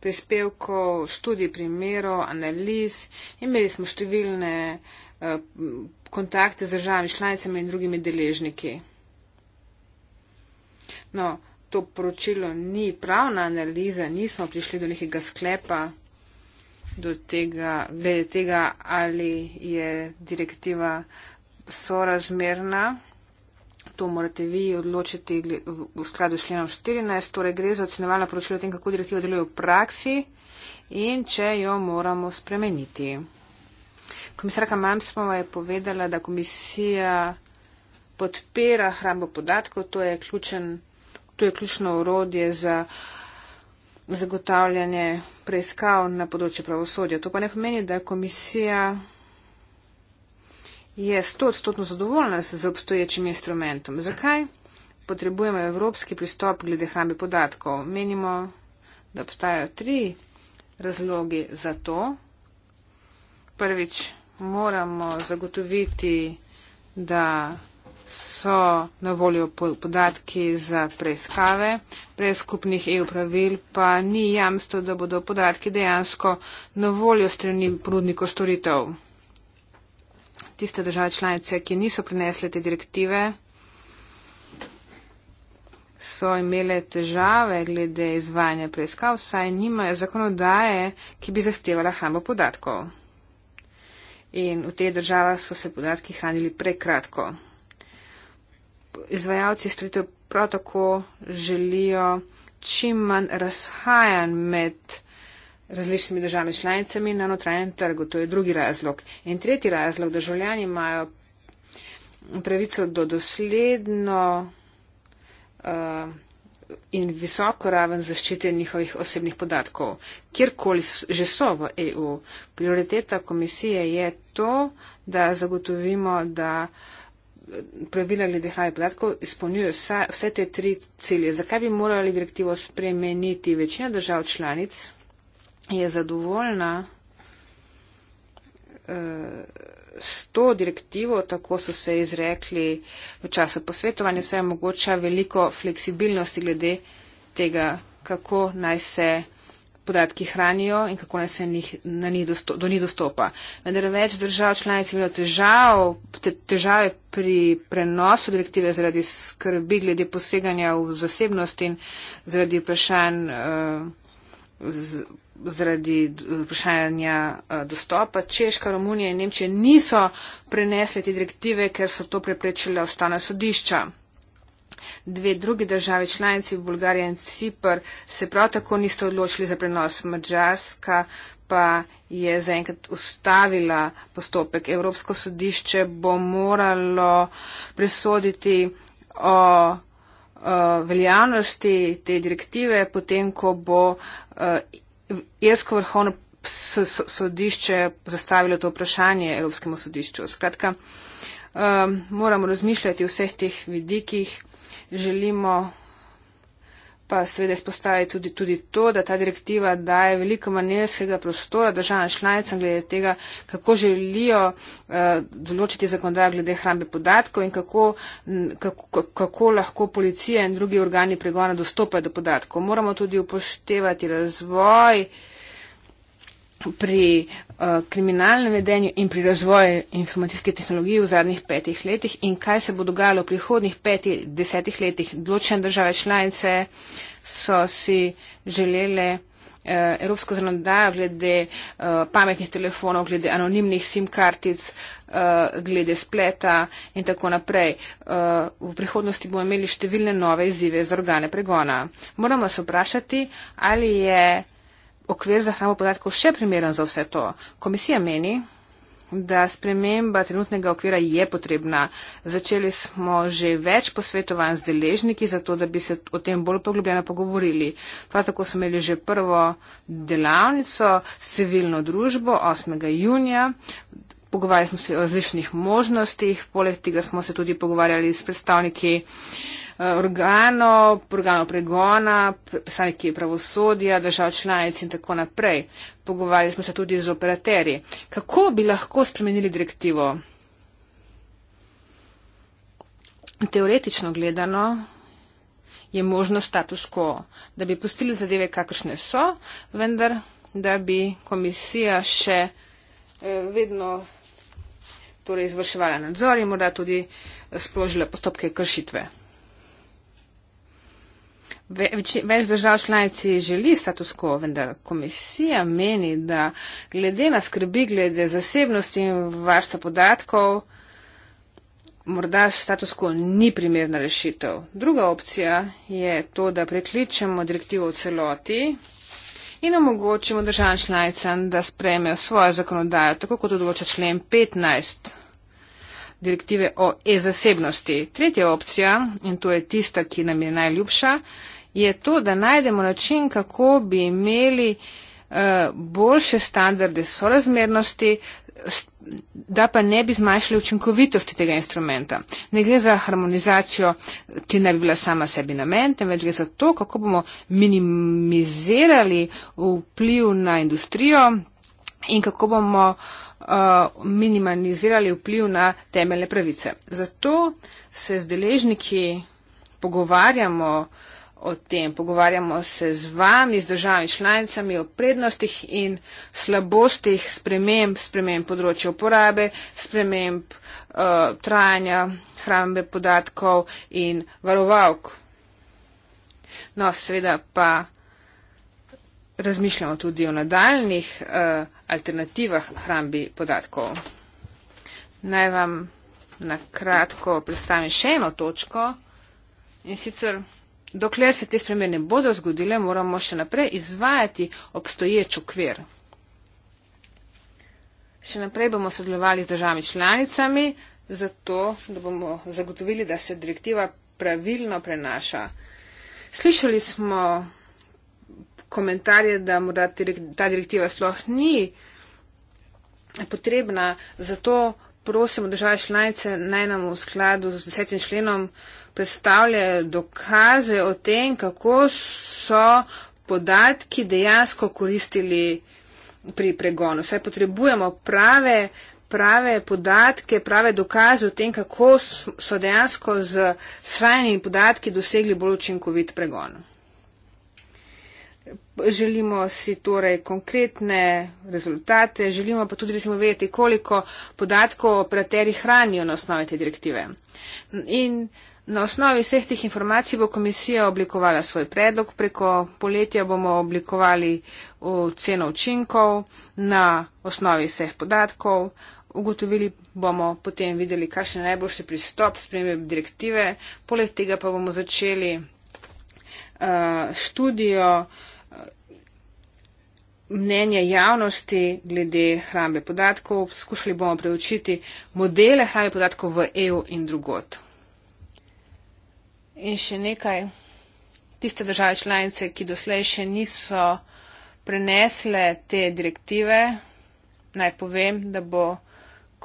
prispevkov, študij primerov, analiz. Imeli smo številne uh, Eh, kontakte z državami, članicami in drugimi deležniki. No, to poročilo ni pravna analiza, nismo prišli do nekega sklepa, do tega, glede tega, ali je direktiva sorazmerna. To morate vi odločiti v skladu s členom 14. Torej gre za ocenevalno poročilo o tem, kako direktiva deluje v praksi in če jo moramo spremeniti. Komisarka Mamsmova je povedala, da komisija podpira hrambo podatkov, to je, ključen, to je ključno urodje za zagotavljanje preiskav na področju pravosodja. To pa ne pomeni, da komisija je stotstotno zadovoljna z obstoječim instrumentom. Zakaj potrebujemo evropski pristop glede hrambe podatkov? Menimo, da obstajajo tri razlogi za to prvič moramo zagotoviti, da so na voljo podatki za preiskave, brez skupnih EU pravil pa ni jamstvo, da bodo podatki dejansko na voljo strani ponudnikov storitev. Tiste države članice, ki niso prinesle te direktive, so imele težave glede izvajanja preiskav, saj nimajo zakonodaje, ki bi zahtevala hrambo podatkov in v teh državah so se podatki hranili prekratko. Izvajalci storitev prav tako želijo čim manj razhajan med različnimi državami članicami na notranjem trgu. To je drugi razlog. In tretji razlog, državljani imajo pravico do dosledno uh, in visoko raven zaščite njihovih osebnih podatkov. Kjerkoli že so v EU, prioriteta komisije je to, da zagotovimo, da eh, pravila glede hrane podatkov izpolnjujejo vse te tri cilje. Zakaj bi morali direktivo spremeniti? Večina držav članic je zadovoljna. Uh, s to direktivo, tako so se izrekli v času posvetovanja, se je mogoča veliko fleksibilnosti glede tega, kako naj se podatki hranijo in kako naj se njih, njih dosto, do njih dostopa. Vendar več držav članic je imelo težav, te, težave pri prenosu direktive zaradi skrbi glede poseganja v zasebnost in zaradi vprašanj. Uh, zaradi vprašanja eh, dostopa. Češka, Romunija in Nemčija niso prenesli te direktive, ker so to preprečile ostane sodišča. Dve drugi države članici, Bulgarija in Cipr, se prav tako niste odločili za prenos. Mađarska pa je zaenkrat ustavila postopek. Evropsko sodišče bo moralo presoditi o, o eh, veljavnosti te direktive, potem ko bo. O, eh, Irsko vrhovno sodišče zastavilo to vprašanje Evropskemu sodišču. Skratka, um, moramo razmišljati o vseh teh vidikih, želimo pa seveda izpostavi tudi, tudi to, da ta direktiva daje veliko manjerskega prostora državam članicam glede tega, kako želijo uh, določiti zakonodajo glede hrambe podatkov in kako, kako, kako lahko policija in drugi organi pregona dostopajo do podatkov. Moramo tudi upoštevati razvoj uh, pri uh, kriminalnem vedenju in pri razvoju informacijske tehnologije v zadnjih petih letih in kaj se bo dogajalo v prihodnjih petih, desetih letih. Določene države članice so si želele uh, evropsko zanodajo glede uh, pametnih telefonov, glede anonimnih SIM kartic, uh, glede spleta in tako naprej. Uh, v prihodnosti bomo imeli številne nove izzive za organe pregona. Moramo se vprašati, ali je okvir za hrambo podatkov še primeren za vse to? Komisija meni, da sprememba trenutnega okvira je potrebna. Začeli smo že več posvetovanj z deležniki, zato da bi se o tem bolj poglobljeno pogovorili. Prav tako smo imeli že prvo delavnico s civilno družbo 8. junija. Pogovarjali smo se o različnih možnostih, poleg tega smo se tudi pogovarjali s predstavniki uh, Eh, organov, organov pregona, predstavniki pravosodja, držav članic in tako naprej. Pogovarjali smo se tudi z operaterji. Kako bi lahko spremenili direktivo? Teoretično gledano je možno status quo, da bi pustili zadeve, kakršne so, vendar da bi komisija še eh, vedno torej, izvrševala nadzor in morda tudi eh, sprožila postopke kršitve. Več, več držav članici želi status quo, vendar komisija meni, da glede na skrbi, glede zasebnosti in varstva podatkov, morda status quo ni primerna rešitev. Druga opcija je to, da prekličemo direktivo v celoti in omogočimo državam članicam, da sprejmejo svojo zakonodajo, tako kot odloča člen 15 direktive o e-zasebnosti. Tretja opcija, in to je tista, ki nam je najljubša, je to, da najdemo način, kako bi imeli eh, boljše standarde sorazmernosti, da pa ne bi zmanjšali učinkovitosti tega instrumenta. Ne gre za harmonizacijo, ki ne bi bila sama sebi namen, temveč gre za to, kako bomo minimizirali vpliv na industrijo in kako bomo uh, minimalizirali vpliv na temeljne pravice. Zato se z deležniki pogovarjamo uh, o tem. Pogovarjamo se z vami, z državami članicami o prednostih in slabostih sprememb, sprememb področja uporabe, sprememb uh, trajanja hrambe podatkov in varovalk. No, seveda pa razmišljamo tudi o nadaljnih uh, alternativah hrambi podatkov. Naj vam na kratko predstavim še eno točko in sicer dokler se te spremembe ne bodo zgodile, moramo še naprej izvajati obstoječ okvir. Še naprej bomo sodelovali z državami članicami, zato da bomo zagotovili, da se direktiva pravilno prenaša. Slišali smo komentarje, da morda ta direktiva sploh ni potrebna, zato prosimo države članice naj nam v skladu z desetim členom predstavljajo dokaze o tem, kako so podatki dejansko koristili pri pregonu. Saj potrebujemo prave, prave podatke, prave dokaze o tem, kako so dejansko z shranjenimi podatki dosegli bolj učinkovit pregon. Želimo si torej konkretne rezultate, želimo pa tudi recimo vedeti, koliko podatkov operaterji hranijo na osnovi te direktive. In, Na osnovi vseh teh informacij bo komisija oblikovala svoj predlog. Preko poletja bomo oblikovali ceno učinkov na osnovi vseh podatkov. Ugotovili bomo potem videli, kakšen je najboljši pristop spremembe direktive. Poleg tega pa bomo začeli uh, študijo mnenje javnosti glede hrambe podatkov. Skušali bomo preučiti modele hrambe podatkov v EU in drugot. In še nekaj, tiste države članice, ki doslej še niso prenesle te direktive, naj povem, da bo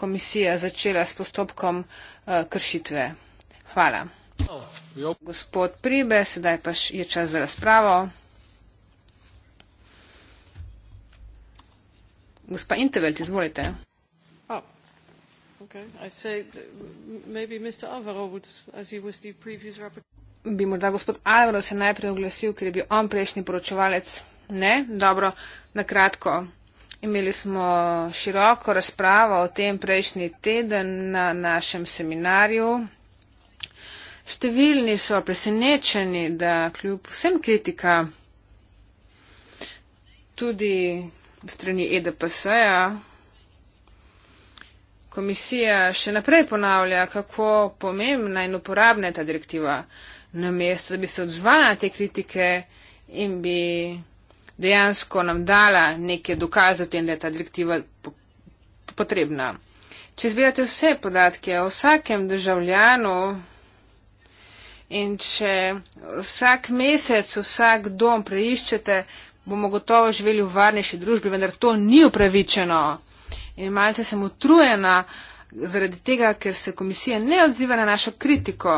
komisija začela s postopkom uh, kršitve. Hvala. Oh, Gospod Pribe, sedaj pa je čas za razpravo. Gospa Intevelt, izvolite. Okay. I say maybe Mr. Alvaro would, as he was the previous rapporteur. Bi morda gospod Alvaro se najprej oglasil, ker je bil on prejšnji poročevalec. Ne? Dobro, na kratko. Imeli smo široko razpravo o tem prejšnji teden na našem seminarju. Številni so presenečeni, da kljub vsem kritika, tudi strani EDPS-ja, komisija še naprej ponavlja, kako pomembna in uporabna je ta direktiva, namesto da bi se odzvala na te kritike in bi dejansko nam dala neke dokaze o tem, da je ta direktiva potrebna. Če izbirate vse podatke o vsakem državljanu in če vsak mesec, vsak dom preiščete, bomo gotovo živeli v varnejši družbi, vendar to ni upravičeno in malce sem utrujena zaradi tega, ker se komisija ne odziva na našo kritiko.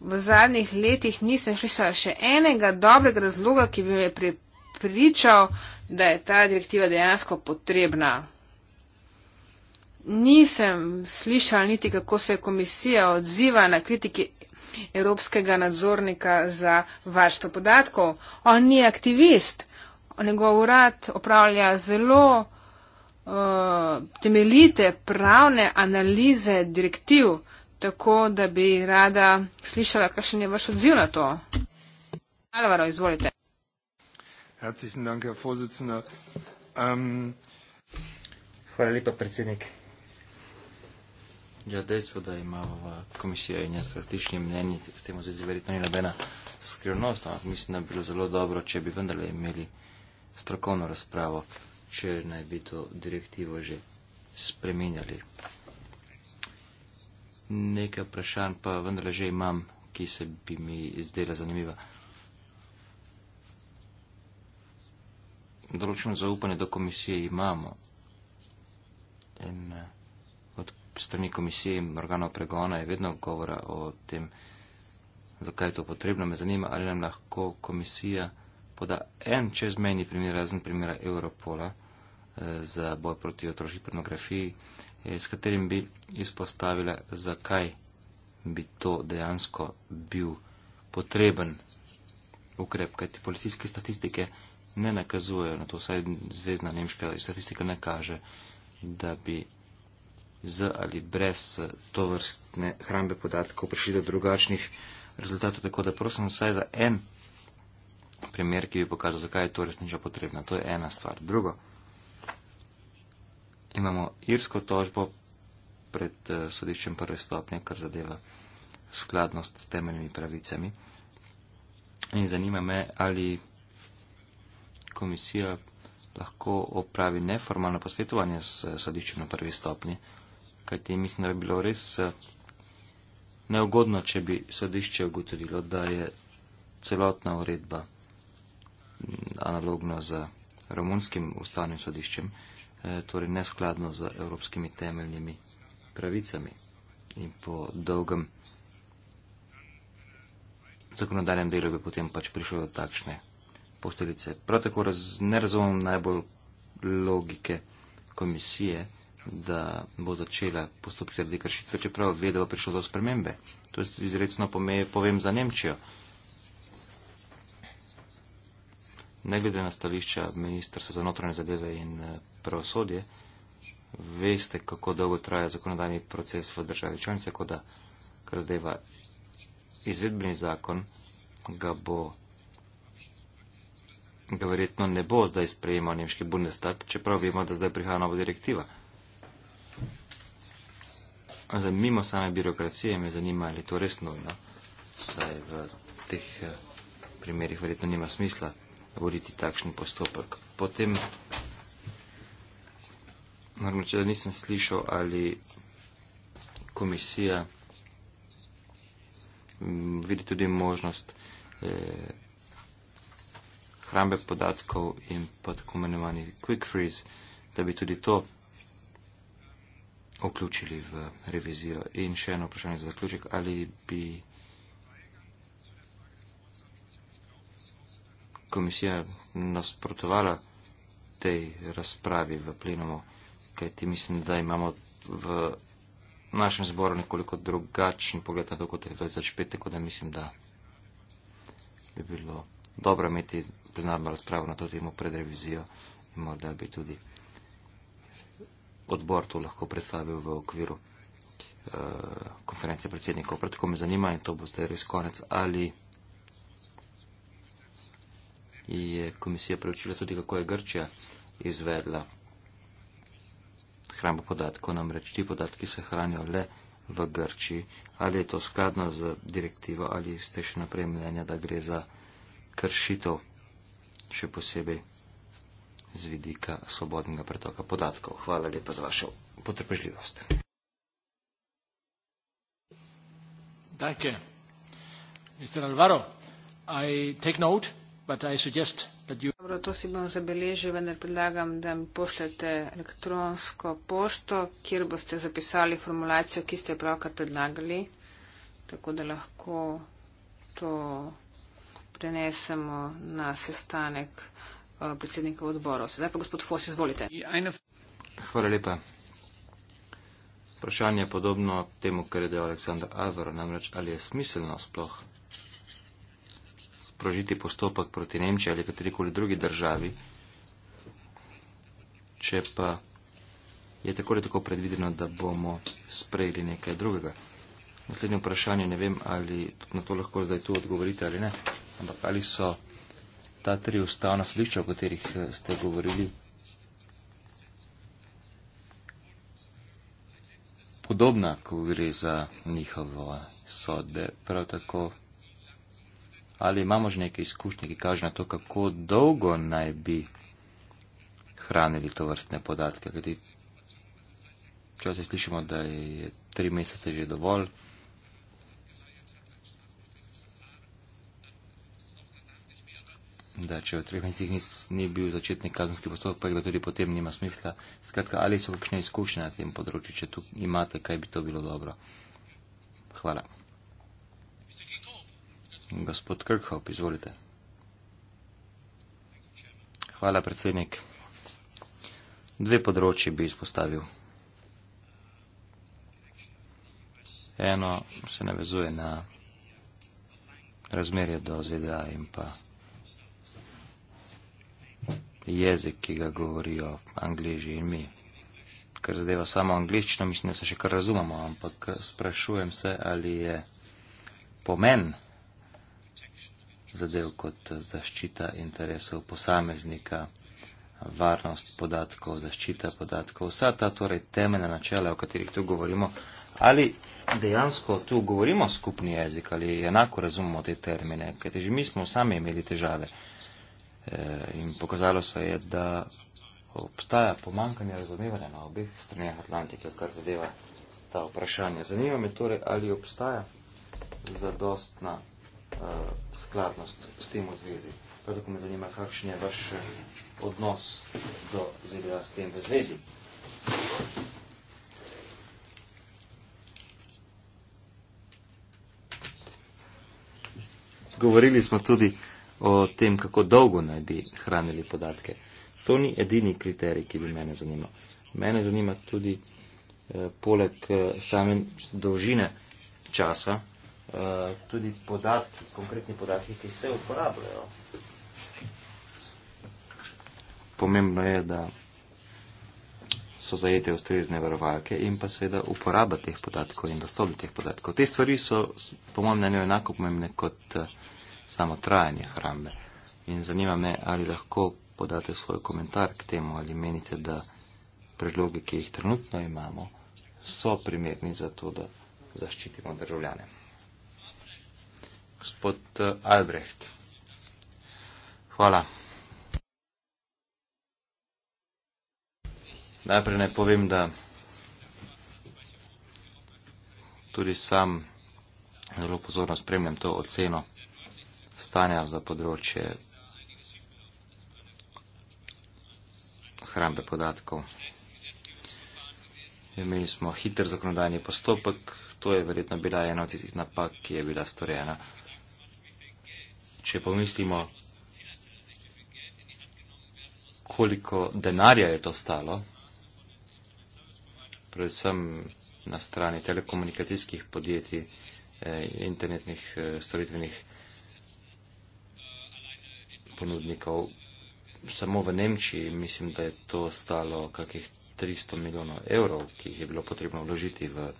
V zadnjih letih nisem slišala še enega dobrega razloga, ki bi me pripričal, da je ta direktiva dejansko potrebna. Nisem slišala niti, kako se komisija odziva na kritiki Evropskega nadzornika za varstvo podatkov. On ni aktivist, njegov urad opravlja zelo uh, temeljite pravne analize direktiv, tako da bi rada slišala, kakšen je vaš odziv na to. Alvaro, izvolite. Herzlichen Dank, Herr Vorsitzender. Ähm Hvala lepa, predsednik. Ja, dejstvo, da ima v komisiji in strateški mnenji s tem vzvezi verjetno ni nobena skrivnost, ampak mislim, da bi bilo zelo dobro, če bi vendarle imeli strokovno razpravo če naj bi to direktivo že spremenjali. Nekaj vprašanj pa vendarle že imam, ki se bi mi izdela zanimiva. Določeno zaupanje do komisije imamo. In eh, od strani komisije in organov pregona je vedno govora o tem, zakaj je to potrebno. Me zanima, ali nam lahko komisija poda en čezmejni primer, razen primera Europola eh, za boj proti otroški pornografiji, eh, s katerim bi izpostavila, zakaj bi to dejansko bil potreben ukrep, kajti policijske statistike ne nakazujejo na to, vsaj zvezdna nemška statistika ne kaže, da bi z ali brez to vrstne hrambe podatkov prišli do drugačnih rezultatov, tako da prosim vsaj za en primer, ki bi pokazal, zakaj je to resnično potrebno. To je ena stvar. Drugo, imamo irsko tožbo pred uh, sodiščem prve stopnje, kar zadeva skladnost s temeljnimi pravicami. In zanima me, ali komisija lahko opravi neformalno posvetovanje s eh, sodiščem na prvi stopnji, kajti mislim, da bi bilo res eh, neugodno, če bi sodišče ugotovilo, da je celotna uredba analogno z romunskim ustavnim sodiščem, eh, torej neskladno z evropskimi temeljnimi pravicami. In po dolgem zakonodajnem delu bi potem pač prišlo do takšne posteljice. Prav tako raz, ne razumem najbolj logike komisije, da bo začela postopki zaradi kršitve, čeprav vedelo prišlo do spremembe. To je izredno pomej, povem za Nemčijo. ne glede na stališča Ministrstva za notranje zadeve in eh, pravosodje, veste, kako dolgo traja zakonodajni proces v državi članice, tako da, kar zadeva izvedbeni zakon, ga bo, ga verjetno ne bo zdaj sprejemal nemški Bundestag, čeprav vemo, da zdaj prihaja nova direktiva. Zdaj, mimo same birokracije me zanima, ali to res nujno, saj v teh eh, primerih verjetno nima smisla voditi takšen postopek. Potem, moram reči, da nisem slišal, ali komisija mm, vidi tudi možnost eh, hrambe podatkov in pa tako imenovani quick freeze, da bi tudi to vključili v revizijo. In še eno vprašanje za zaključek, ali bi komisija nasprotovala tej razpravi v plenumu, kajti mislim, da imamo v našem zboru nekoliko drugačen pogled na to, kot je 2005, tako da mislim, da bi bilo dobro imeti plenarno razpravo na to temo pred revizijo in morda bi tudi odbor to lahko predstavil v okviru uh, konference predsednikov. Pred tako me zanima in to bo zdaj res konec ali je komisija preučila tudi, kako je Grčija izvedla hrambo podatkov, namreč ti podatki se hranijo le v Grčiji. Ali je to skladno z direktivo ali ste še naprej mnenja, da gre za kršitev, še posebej z vidika svobodnega pretoka podatkov. Hvala lepa za vašo potrpežljivost. Dajke. Mr. Alvaro, I take note. Dobro, to si bom zabeležil, vendar predlagam, da mi pošljete elektronsko pošto, kjer boste zapisali formulacijo, ki ste jo pravkar predlagali, tako da lahko to prenesemo na sestanek eh, predsednika odborov. Sedaj pa gospod Fos, izvolite. Hvala lepa. Vprašanje je podobno temu, kar je dejal Aleksandr Alvaro, namreč ali je smiselno sploh sprožiti postopek proti Nemčiji ali katerikoli drugi državi, če pa je tako ali tako predvideno, da bomo sprejeli nekaj drugega. Naslednje vprašanje, ne vem, ali na to lahko zdaj tu odgovorite ali ne, ampak ali so ta tri ustavna slišča, o katerih eh, ste govorili, podobna, ko gre za njihovo sodbe, prav tako ali imamo že neke izkušnje, ki kaže na to, kako dolgo naj bi hranili to vrstne podatke. Kajti, če se slišimo, da je tri mesece že dovolj. da če v treh mesecih ni, ni bil začetni kazenski postopek, pa ga tudi potem nima smisla. Skratka, ali so kakšne izkušnje na tem področju, če tu imate, kaj bi to bilo dobro. Hvala. Mislim, Gospod Krkhop, izvolite. Hvala, predsednik. Dve področji bi izpostavil. Eno se navezuje na razmerje do ZDA in pa jezik, ki ga govorijo angliži in mi. Ker zadeva samo angliščino, mislim, da se še kar razumemo, ampak sprašujem se, ali je pomen zadev kot zaščita interesov posameznika, varnost podatkov, zaščita podatkov, vsa ta torej temeljna načela, o katerih tu govorimo, ali dejansko tu govorimo skupni jezik ali enako razumemo te termine, ker že mi smo sami imeli težave e, in pokazalo se je, da obstaja pomankanje razumevanja na obeh stranih Atlantike, kar zadeva ta vprašanja. Zanima me torej, ali obstaja zadostna uh, skladnost s tem v zvezi. Prav tako me zanima, kakšen je vaš odnos do zelja s tem v zvezi. Govorili smo tudi o tem, kako dolgo naj bi hranili podatke. To ni edini kriterij, ki bi mene zanimal. Mene zanima tudi eh, poleg eh, same dolžine časa, Eh, tudi podatki, konkretni podatki, ki se uporabljajo. Pomembno je, da so zajete ustrezne varovalke in pa seveda uporaba teh podatkov in dostop do teh podatkov. Te stvari so, po mojem mnenju, enako pomembne kot eh, samo trajanje hrambe. In zanima me, ali lahko podate svoj komentar k temu, ali menite, da predloge, ki jih trenutno imamo, so primerni za to, da zaščitimo državljane gospod eh, Albrecht. Hvala. Najprej ne povem, da tudi sam zelo pozorno spremljam to oceno stanja za področje hrambe podatkov. Imeli smo hiter zakonodajni postopek, to je verjetno bila ena od tistih napak, ki je bila storjena. Če pomislimo, koliko denarja je to stalo, predvsem na strani telekomunikacijskih podjetij, eh, internetnih eh, storitvenih ponudnikov, samo v Nemčiji mislim, da je to stalo kakih 300 milijonov evrov, ki jih je bilo potrebno vložiti v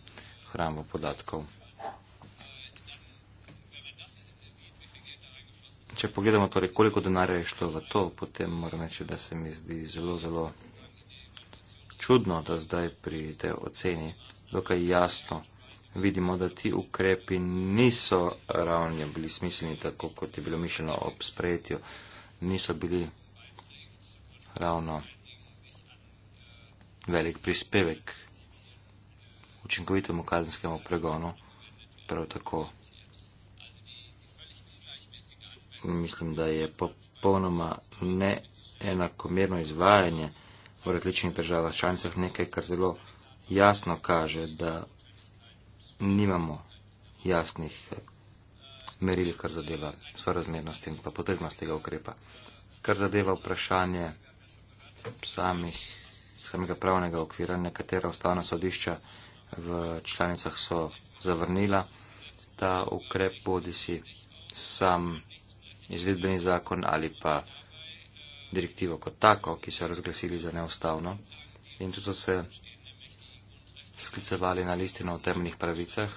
hrambo podatkov. Če pogledamo torej, koliko denarja je šlo v to, potem moram reči, da se mi zdi zelo, zelo čudno, da zdaj pri tej oceni dokaj jasno vidimo, da ti ukrepi niso ravni bili smiselni, tako kot je bilo mišljeno ob sprejetju, niso bili ravno velik prispevek učinkovitemu kazenskemu pregonu, prav tako mislim, da je popolnoma neenakomerno izvajanje v različnih državah članicah nekaj, kar zelo jasno kaže, da nimamo jasnih meril, kar zadeva sorazmernost in pa potrebnost tega ukrepa. Kar zadeva vprašanje samih, samega pravnega okvira, nekatera ustavna sodišča v članicah so zavrnila ta ukrep, bodi si sam izvedbeni zakon ali pa direktivo kot tako, ki so razglasili za neustavno. In tudi so se sklicevali na listino o temeljnih pravicah,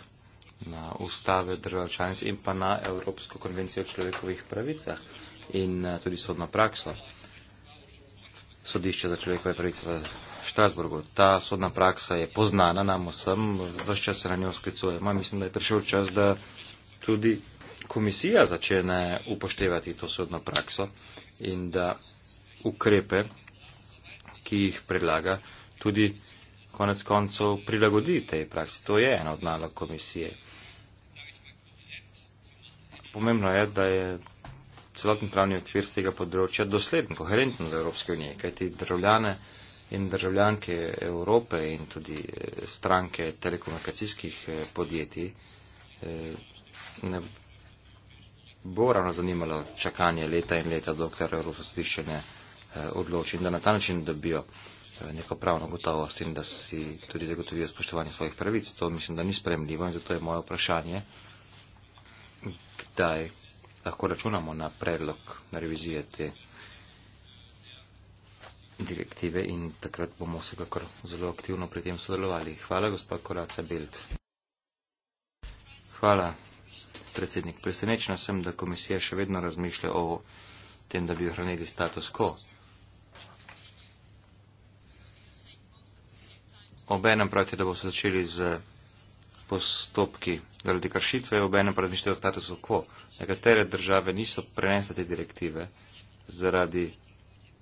na ustave držav članic in pa na Evropsko konvencijo o človekovih pravicah in eh, tudi sodno prakso. Sodišče za človekove pravice v Štrasburgu. Ta sodna praksa je poznana nam vsem, vse čas se na njo sklicujemo in mislim, da je prišel čas, da tudi komisija začne upoštevati to sodno prakso in da ukrepe, ki jih predlaga, tudi konec koncev prilagodi tej praksi. To je ena od nalog komisije. Pomembno je, da je celoten pravni okvir z tega področja dosleden, koherenten v Evropske unije, kajti državljane in državljanke Evrope in tudi eh, stranke telekomunikacijskih eh, podjetij eh, ne bo ravno zanimalo čakanje leta in leta, dokler Evropsko sodišče ne eh, odloči in da na ta način dobijo eh, neko pravno gotovost in da si tudi zagotovijo spoštovanje svojih pravic. To mislim, da ni spremljivo in zato je moje vprašanje, kdaj lahko računamo na predlog na revizije te direktive in takrat bomo vsekakor zelo aktivno pri tem sodelovali. Hvala, gospod Koraca Bild. Hvala predsednik. Presenečena sem, da komisija še vedno razmišlja o tem, da bi ohranili status quo. Obenem pravite, da bo se začeli z postopki zaradi kršitve, obenem pa razmišljajo o statusu quo. Nekatere države niso prenesle te direktive zaradi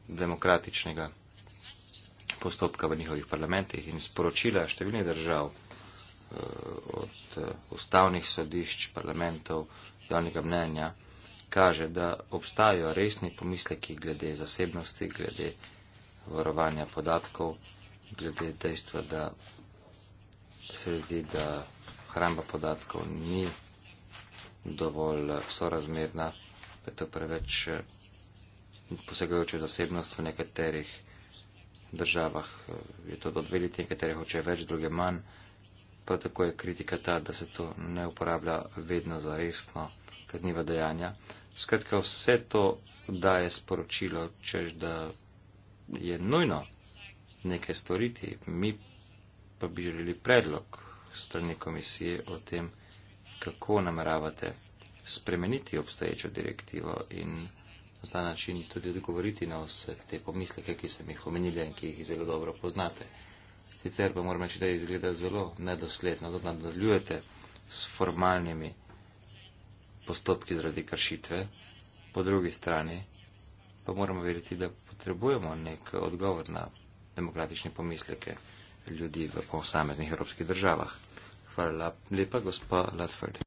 demokratičnega postopka v njihovih parlamentih in sporočila številnih držav Eh, od eh, ustavnih sodišč, parlamentov, javnega mnenja, kaže, da obstajajo resni pomisleki glede zasebnosti, glede varovanja podatkov, glede dejstva, da se zdi, da hramba podatkov ni dovolj eh, sorazmerna, da je to preveč posegajoče zasebnost v nekaterih državah. Je to do dve leti, nekatere hoče več, druge manj prav tako je kritika ta, da se to ne uporablja vedno za resno kaznjiva dejanja. Skratka, vse to daje sporočilo, čež da je nujno nekaj storiti. Mi pa bi želeli predlog strani komisije o tem, kako nameravate spremeniti obstoječo direktivo in na ta način tudi odgovoriti na vse te pomisleke, ki sem jih omenila in ki jih zelo dobro poznate. Sicer pa moram reči, da izgleda zelo nedosledno, da nadaljujete s formalnimi postopki zaradi kršitve. Po drugi strani pa moramo veriti, da potrebujemo nek odgovor na demokratične pomisleke ljudi v posameznih evropskih državah. Hvala lepa, gospa Ledford.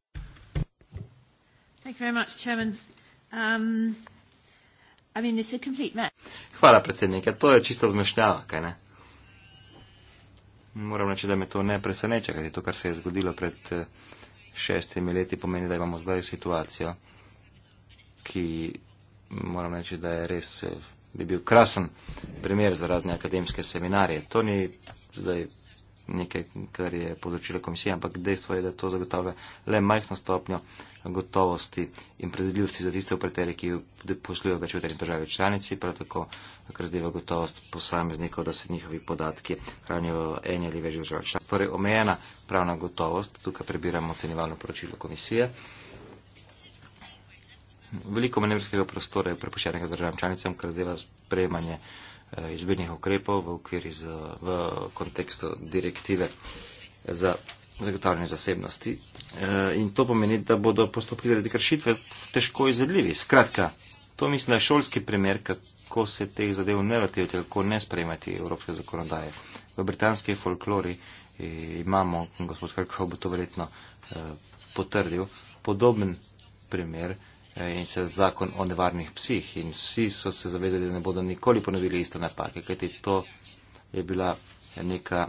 Um, Hvala predsednik, ja, to je čista zmešnjava, kaj ne? moram reči, da me to ne preseneča, kajti to, kar se je zgodilo pred eh, šestimi leti, pomeni, da imamo zdaj situacijo, ki moram reči, da je res, eh, bi bil krasen primer za razne akademske seminarije. To ni zdaj nekaj, kar je podočila komisija, ampak dejstvo je, da to zagotavlja le majhno stopnjo gotovosti in predvidljivosti za tiste operaterje, ki poslujejo več v tej državi članici, prav tako krdeva gotovost posameznikov, da se njihovi podatki hranijo v eni ali več držav članic. Torej omejena pravna gotovost, tukaj prebiramo ocenjevalno poročilo komisije. Veliko manevrskega prostora je prepuščenega državam članicam, kar zadeva sprejemanje eh, izbirnih ukrepov v, okviri z, v kontekstu direktive za zagotavljanje zasebnosti eh, in to pomeni, da bodo postopki zaradi kršitve težko izvedljivi. Skratka, to mislim, da je šolski primer, kako se teh zadev ne lotevati, kako ne sprejemati evropske zakonodaje. V britanski folklori eh, imamo, gospod Krkšov bo to verjetno eh, potrdil, podoben primer in še zakon o nevarnih psih in vsi so se zavezali, da ne bodo nikoli ponovili iste napake, kajti to je bila neka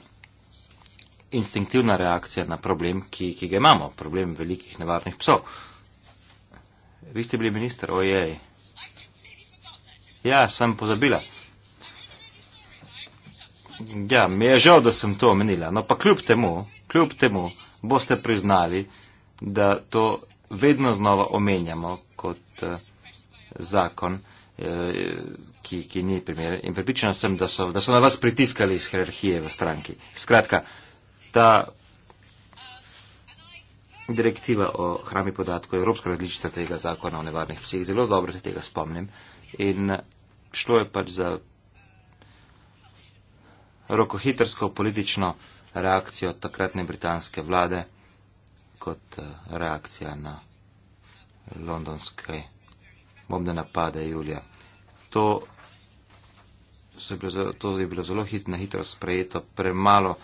instinktivna reakcija na problem, ki, ki ga imamo, problem velikih nevarnih psov. Vi ste bili minister, ojej. Ja, sem pozabila. Ja, mi je žal, da sem to omenila, no pa kljub temu, kljub temu boste priznali, da to vedno znova omenjamo kot eh, zakon, eh, ki, ki ni primer. In pripričana sem, da so, da so na vas pritiskali iz hierarhije v stranki. Skratka, ta direktiva o hrami podatkov, evropska različica tega zakona o nevarnih psih, zelo dobro se tega spomnim. In šlo je pač za rokohitrsko politično reakcijo takratne britanske vlade kot eh, reakcija na londonske bombne napade julija. To, so bilo, to je bilo zelo hitro, hitro sprejeto, premalo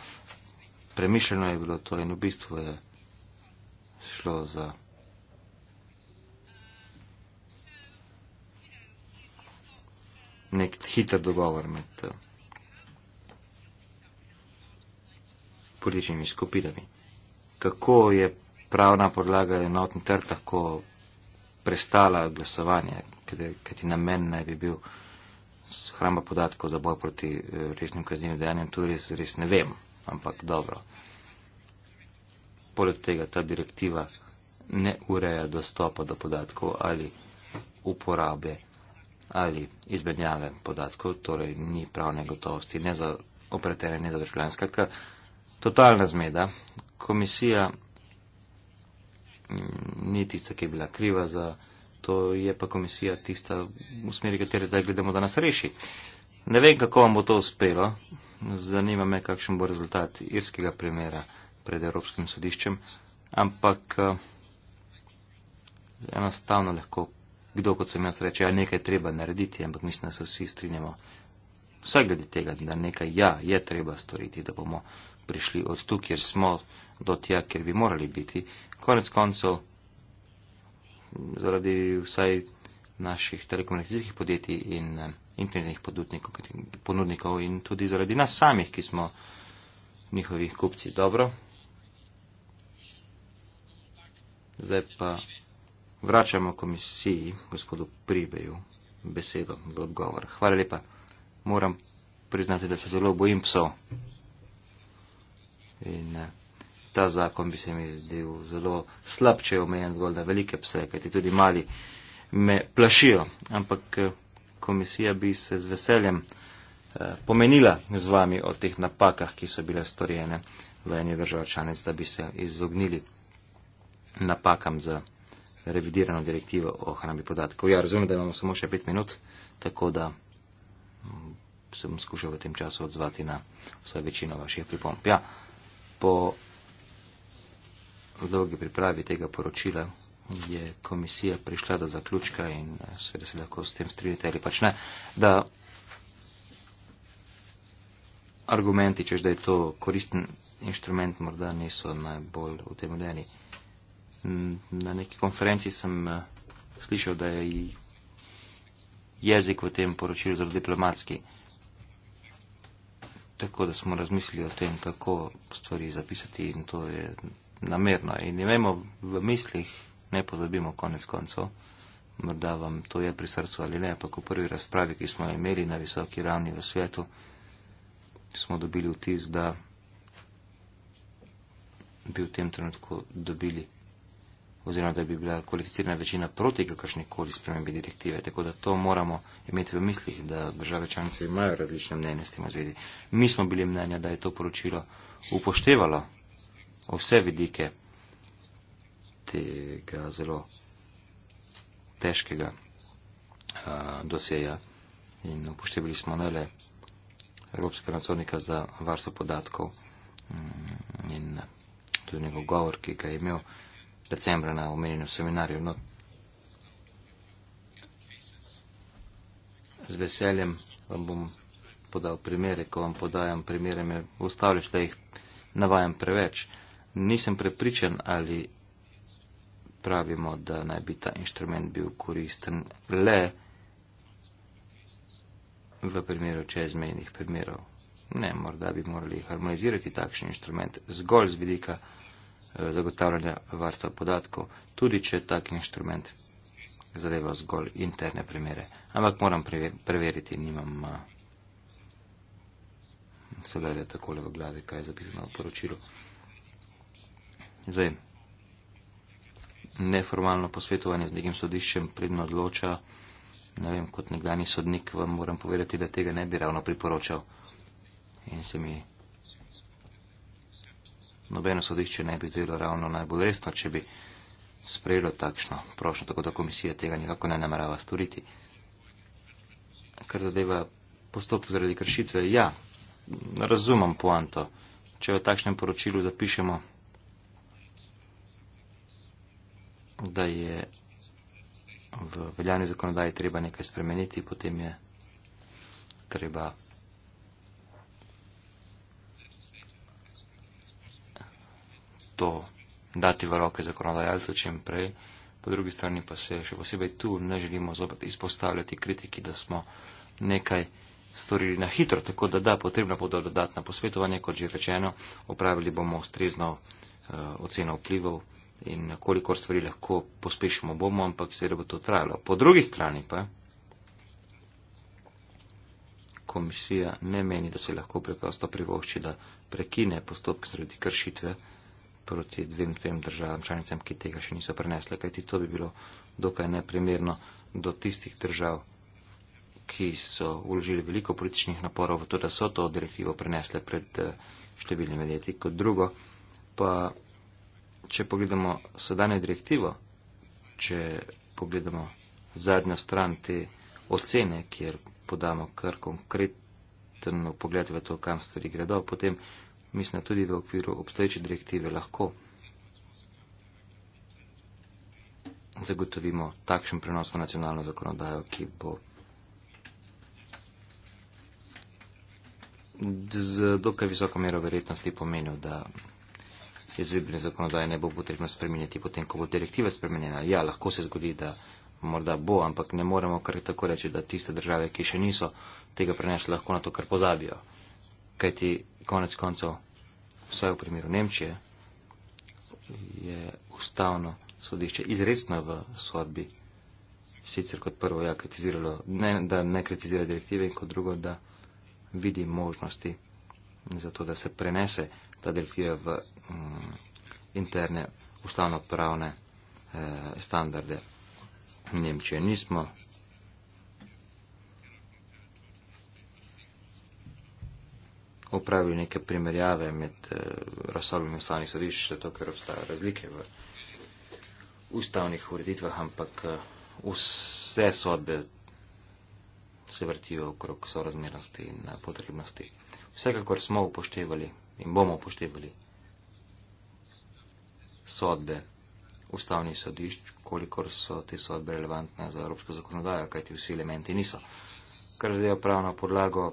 premišljeno je bilo to in v bistvu je šlo za. Nek hiter dogovor med eh, političnimi skupinami. Kako je pravna podlaga enotni trg lahko prestala glasovanje, kajti namen naj bi bil shramba podatkov za boj proti eh, resnim kaznjivim dejanjem, tu res, res ne vem ampak dobro. Poleg tega ta direktiva ne ureja dostopa do podatkov ali uporabe ali izmenjave podatkov, torej ni pravne gotovosti, ne za operatere, ne za državljane. Skratka, totalna zmeda. Komisija mm, ni tista, ki je bila kriva za to, je pa komisija tista v smeri, katere zdaj gledamo, da nas reši. Ne vem, kako vam bo to uspelo, Zanima me, kakšen bo rezultat irskega primera pred Evropskim sodiščem, ampak eh, enostavno lahko kdo, kot sem jaz, reče, da ja, nekaj treba narediti, ampak mislim, da se vsi strinjamo, vsaj glede tega, da nekaj ja, je treba storiti, da bomo prišli od tu, kjer smo, do tja, kjer bi morali biti. Konec koncev, zaradi vsaj naših telekomunikacijskih podjetij in eh, internetnih ponudnikov in tudi zaradi nas samih, ki smo njihovi kupci. Dobro. Zdaj pa vračamo komisiji, gospodu Pribeju, besedo v odgovor. Hvala lepa. Moram priznati, da se zelo bojim psov. In eh, ta zakon bi se mi zdel zelo slab, če je omejen zgolj na velike pse, kajti tudi mali me plašijo. Ampak. Eh, komisija bi se z veseljem eh, pomenila z vami o teh napakah, ki so bile storjene v eni državi članic, da bi se izognili napakam za revidirano direktivo o hrambi podatkov. Ja, razumem, da imamo samo še pet minut, tako da mm, se bom skušal v tem času odzvati na vse večino vaših pripomp. Ja, po dolgi pripravi tega poročila je komisija prišla do zaključka in eh, seveda se lahko s tem strinjate ali pač ne, da argumenti, čež da je to koristen inštrument, morda niso najbolj utemeljeni. Na neki konferenci sem eh, slišal, da je jezik v tem poročilu zelo diplomatski. Tako da smo razmislili o tem, kako stvari zapisati in to je namerno. In imamo v mislih ne pozabimo konec koncev, morda vam to je pri srcu ali ne, ampak v prvi razpravi, ki smo imeli na visoki ravni v svetu, smo dobili vtis, da bi v tem trenutku dobili oziroma da bi bila kvalificirana večina proti kakršni koli spremembi direktive. Tako da to moramo imeti v mislih, da države članice imajo različne mnenje s tem v zvedi. Mi smo bili mnenja, da je to poročilo upoštevalo vse vidike tega zelo težkega a, doseja in upoštevili smo ne le Evropskega nadzornika za varstvo podatkov mm, in tudi njegov govor, ki ga je imel decembra na omenjenem seminarju. No, z veseljem vam bom podal primere, ko vam podajam primere, me ustavljate, da jih navajam preveč. Nisem prepričan, ali pravimo, da naj bi ta inštrument bil koristen le v primeru čezmejnih primerov. Ne, morda bi morali harmonizirati takšen inštrument zgolj z vidika eh, zagotavljanja varstva podatkov, tudi če tak inštrument zadeva zgolj interne primere. Ampak moram preveriti, nimam eh, sedaj takole v glavi, kaj je zapisano v poročilu. Zdaj neformalno posvetovanje z nekim sodiščem predno odloča. Ne vem, kot nekdani sodnik vam moram povedati, da tega ne bi ravno priporočal. In se mi nobeno sodišče ne bi zdelo ravno najbolj resno, če bi sprejelo takšno prošnjo, tako da komisija tega nikako ne namerava storiti. Kar zadeva postopek zaradi kršitve, ja, razumem poanto. Če v takšnem poročilu zapišemo, da da je v veljavni zakonodaji treba nekaj spremeniti, potem je treba to dati v roke zakonodajalcev čim prej. Po drugi strani pa se še posebej tu ne želimo zopet izpostavljati kritiki, da smo nekaj storili na hitro, tako da da, potrebna bodo dodatna posvetovanja, kot že rečeno, opravili bomo ustrezno uh, oceno vplivov in kolikor stvari lahko pospešimo, bomo, ampak seveda bo to trajalo. Po drugi strani pa komisija ne meni, da se lahko preprosto privošči, da prekine postopke zaradi kršitve proti dvem trem državam članicam, ki tega še niso prenesle, kajti to bi bilo dokaj neprimerno do tistih držav, ki so uložili veliko političnih naporov v to, da so to direktivo prenesle pred eh, številnimi leti. Kot drugo, pa če pogledamo sedanje direktivo, če pogledamo zadnjo stran te ocene, kjer podamo kar konkreten pogled v to, kam stvari gredo, potem mislim, da tudi v okviru obstoječe direktive lahko zagotovimo takšen prenos v nacionalno zakonodajo, ki bo z dokaj visoko mero verjetnosti pomenil, da izvedbene zakonodaje ne bo potrebno spremeniti, potem ko bo direktiva spremenjena. Ja, lahko se zgodi, da morda bo, ampak ne moremo kar tako reči, da tiste države, ki še niso tega prenesli, lahko na to kar pozabijo. Kajti konec koncev, vsaj v primeru Nemčije, je ustavno sodišče izredno v sodbi sicer kot prvo ja kritiziralo, ne, da ne kritizira direktive in kot drugo, da vidi možnosti za to, da se prenese ta delfija v m, mm, interne ustavno-pravne e, standarde Nemčije. Nismo. opravili neke primerjave med eh, razsobami ustavnih sodišč, zato ker obstajajo razlike v ustavnih ureditvah, ampak eh, vse sodbe se vrtijo okrog sorazmernosti in eh, potrebnosti. Vsekakor smo upoštevali in bomo upoštevali sodbe ustavnih sodišč, kolikor so te sodbe relevantne za evropsko zakonodajo, kajti vsi elementi niso. Kar zdaj je pravno podlago,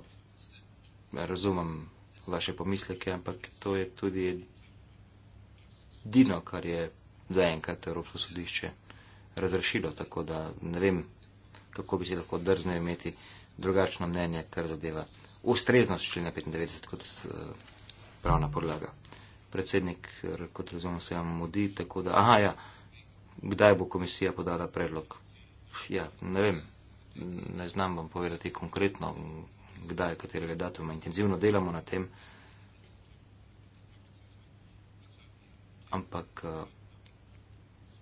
razumem vaše pomisleke, ampak to je tudi dino, kar je zaenkrat Evropsko sodišče razrešilo, tako da ne vem, kako bi se lahko drzne imeti drugačno mnenje, kar zadeva ustreznost člena 95 kot. Uh, pravna podlaga. Predsednik, kot razumem, se vam modi, tako da, aha, ja, kdaj bo komisija podala predlog? Ja, ne vem, ne znam vam povedati konkretno, kdaj, katerega datuma. Intenzivno delamo na tem, ampak eh,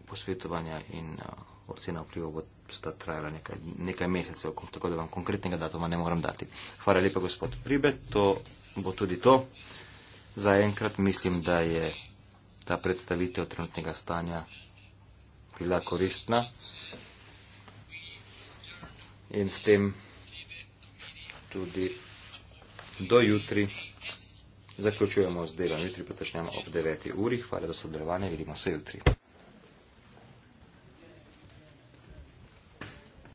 posvetovanja in eh, ocena vplivov bo sta trajala nekaj, nekaj mesecev, tako da vam konkretnega datuma ne moram dati. Hvala lepa, gospod Pribe, to bo tudi to. Uh, Zaenkrat mislim, da je ta predstavitev trenutnega stanja bila koristna in s tem tudi do jutri zaključujemo z delom. Jutri pa začnemo ob 9. uri. Hvala za sodelovanje, vidimo se jutri.